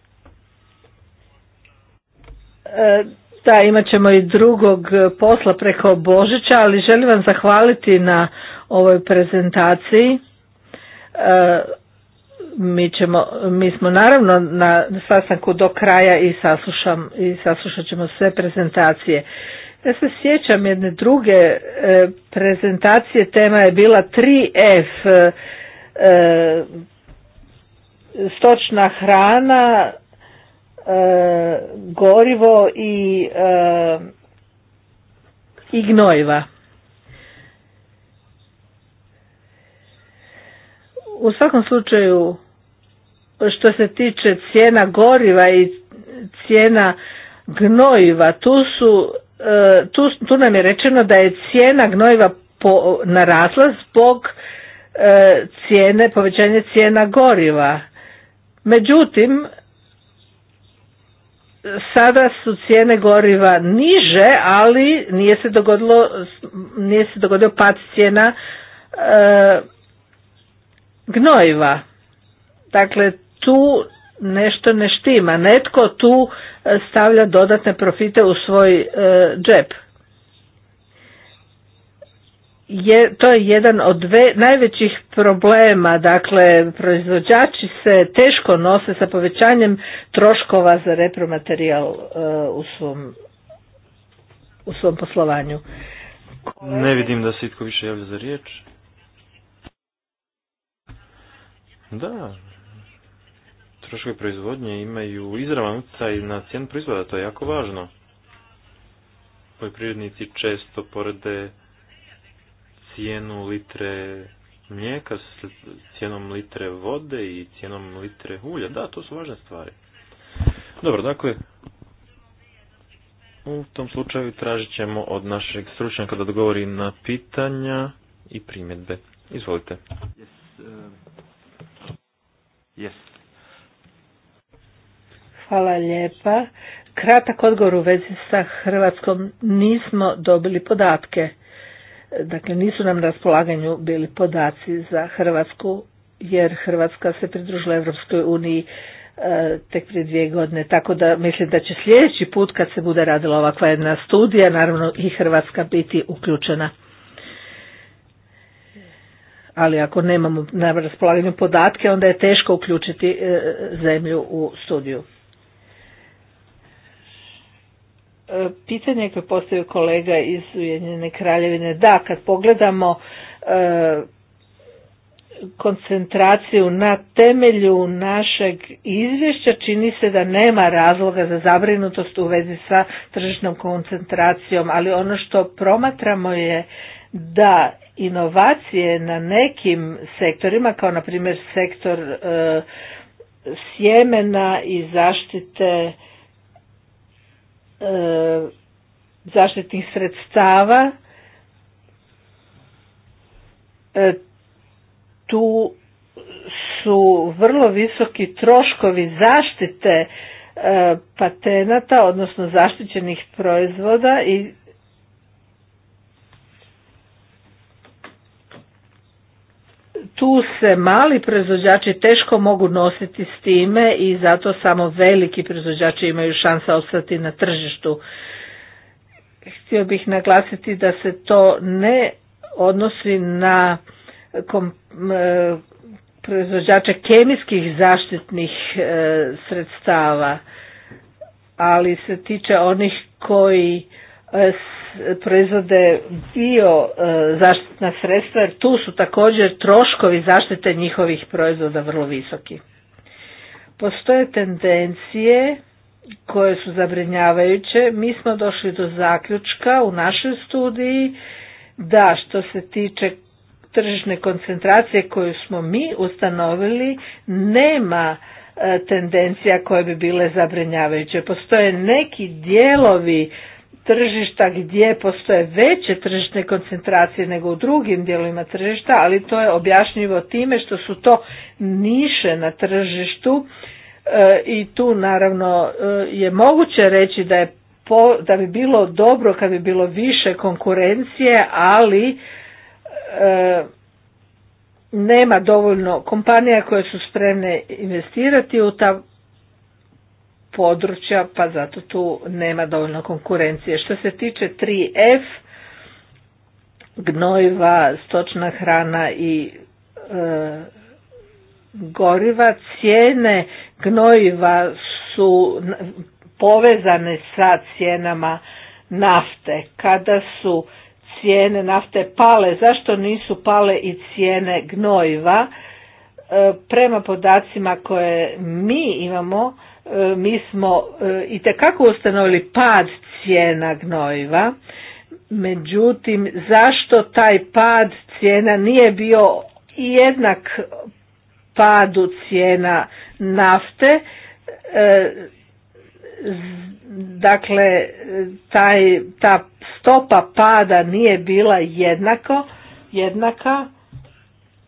E, da, imat ćemo i drugog e, posla preko Božića, ali želim vam zahvaliti na ovoj prezentaciji. E, mi, ćemo, mi smo naravno na sastanku do kraja i, saslušam, i saslušat ćemo sve prezentacije. Ja se sjećam jedne druge e, prezentacije, tema je bila 3F, stočna hrana, E, gorivo i, e, i gnojiva. U svakom slučaju što se tiče cijena goriva i cijena gnojiva, tu su e, tu, tu nam je rečeno da je cijena gnojiva po, narasla zbog cijene, povećanja cijena goriva. Međutim, sada su cijene goriva niže, ali nije se dogodilo, nije se dogodio pad cijena e, gnojiva. Dakle, tu nešto ne štima. Netko tu e, stavlja dodatne profite u svoj e, džep je, to je jedan od dve, najvećih problema, dakle proizvođači se teško nose sa povećanjem troškova za repromaterijal uh, u, svom, u svom poslovanju. Ne vidim da se itko više javlja za riječ. Da, troškovi proizvodnje imaju izravan utjecaj na cijenu proizvoda, to je jako važno. Poljoprivrednici često porede cijenu litre mlijeka s cijenom litre vode i cijenom litre ulja. Da, to su važne stvari. Dobro, dakle, u tom slučaju tražit ćemo od našeg stručnjaka da odgovori na pitanja i primjedbe. Izvolite. Yes, uh, yes. Hvala lijepa. Kratak odgovor u vezi sa Hrvatskom nismo dobili podatke. Dakle, nisu nam na raspolaganju bili podaci za Hrvatsku, jer Hrvatska se pridružila Europskoj uniji e, tek prije dvije godine, tako da mislim da će sljedeći put kad se bude radila ovakva jedna studija, naravno i Hrvatska biti uključena. Ali ako nemamo na raspolaganju podatke, onda je teško uključiti e, zemlju u studiju. pitanje koje postavio kolega iz Ujedinjene kraljevine. Da, kad pogledamo e, koncentraciju na temelju našeg izvješća čini se da nema razloga za zabrinutost u vezi sa tržišnom koncentracijom, ali ono što promatramo je da inovacije na nekim sektorima, kao na primjer sektor e, sjemena i zaštite E, zaštitnih sredstava e, tu su vrlo visoki troškovi zaštite e, patenata, odnosno zaštićenih proizvoda i tu se mali proizvođači teško mogu nositi s time i zato samo veliki proizvođači imaju šansa ostati na tržištu. Htio bih naglasiti da se to ne odnosi na e, proizvođače kemijskih zaštitnih e, sredstava, ali se tiče onih koji e, proizvode bio e, zaštitna sredstva jer tu su također troškovi zaštite njihovih proizvoda vrlo visoki. Postoje tendencije koje su zabrinjavajuće. Mi smo došli do zaključka u našoj studiji da što se tiče tržišne koncentracije koju smo mi ustanovili nema e, tendencija koje bi bile zabrinjavajuće. Postoje neki dijelovi tržišta gdje postoje veće tržišne koncentracije nego u drugim dijelovima tržišta, ali to je objašnjivo time što su to niše na tržištu e, i tu naravno e, je moguće reći da je da bi bilo dobro kad bi bilo više konkurencije, ali e, nema dovoljno kompanija koje su spremne investirati u ta područja, pa zato tu nema dovoljno konkurencije. Što se tiče 3F, gnojiva, stočna hrana i e, goriva, cijene gnojiva su povezane sa cijenama nafte. Kada su cijene nafte pale, zašto nisu pale i cijene gnojiva? E, prema podacima koje mi imamo, E, mi smo e, i tekako ustanovili pad cijena gnojiva, međutim zašto taj pad cijena nije bio jednak padu cijena nafte, e, dakle taj, ta stopa pada nije bila jednako, jednaka,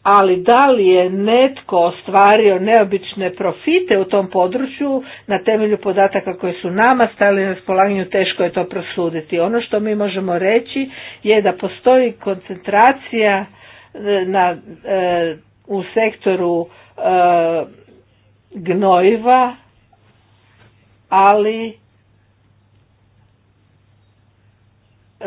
ali da li je netko ostvario neobične profite u tom području na temelju podataka koji su nama stali na raspolaganju teško je to prosuditi. Ono što mi možemo reći je da postoji koncentracija e, na, e, u sektoru e, gnojiva, ali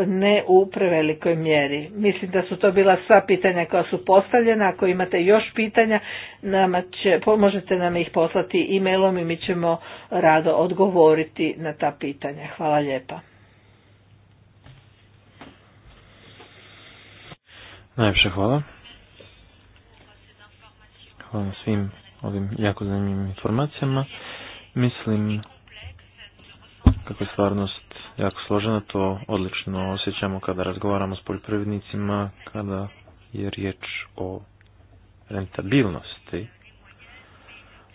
ne u prevelikoj mjeri. Mislim da su to bila sva pitanja koja su postavljena. Ako imate još pitanja, nama će, možete nam ih poslati e-mailom i mi ćemo rado odgovoriti na ta pitanja. Hvala lijepa. Najviše hvala. Hvala svim ovim jako zanimljivim informacijama. Mislim kako je stvarnost jako složena, to odlično osjećamo kada razgovaramo s poljoprivrednicima, kada je riječ o rentabilnosti.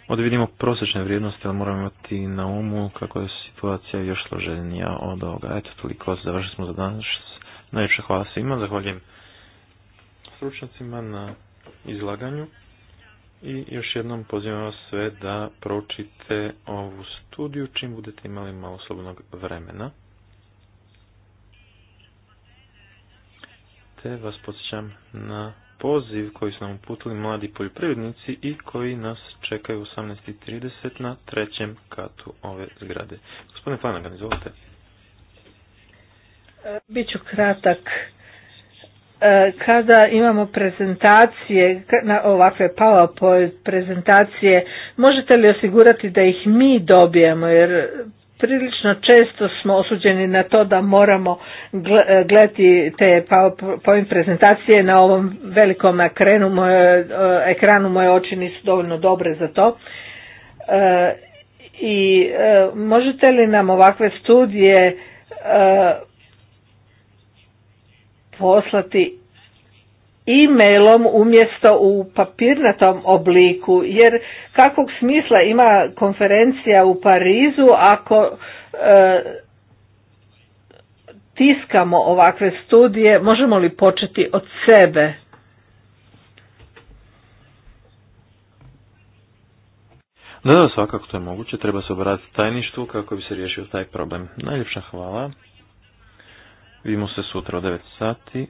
Ovdje vidimo prosječne vrijednosti, ali moramo imati na umu kako je situacija još složenija od ovoga. Eto, toliko, završili smo za danas. Najviše hvala svima, zahvaljujem stručnjacima na izlaganju i još jednom pozivam vas sve da pročite ovu studiju čim budete imali malo slobodnog vremena. te vas podsjećam na poziv koji su nam uputili mladi poljoprivrednici i koji nas čekaju u 18.30 na trećem katu ove zgrade. Gospodine Flanagan, izvolite. E, Biću kratak. E, kada imamo prezentacije, na ovakve PowerPoint prezentacije, možete li osigurati da ih mi dobijemo, jer prilično često smo osuđeni na to da moramo e, gledati te PowerPoint prezentacije na ovom velikom ekranu, moje, e, ekranu moje oči nisu dovoljno dobre za to. E, I možete li nam ovakve studije poslati e-mailom umjesto u papirnatom obliku, jer kakvog smisla ima konferencija u Parizu ako e, tiskamo ovakve studije, možemo li početi od sebe? Da, da, svakako to je moguće. Treba se obratiti tajništvu kako bi se riješio taj problem. Najljepša hvala. Vidimo se sutra u 9 sati.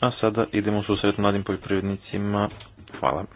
A sada idemo susret mladim poljoprivrednicima. Hvala.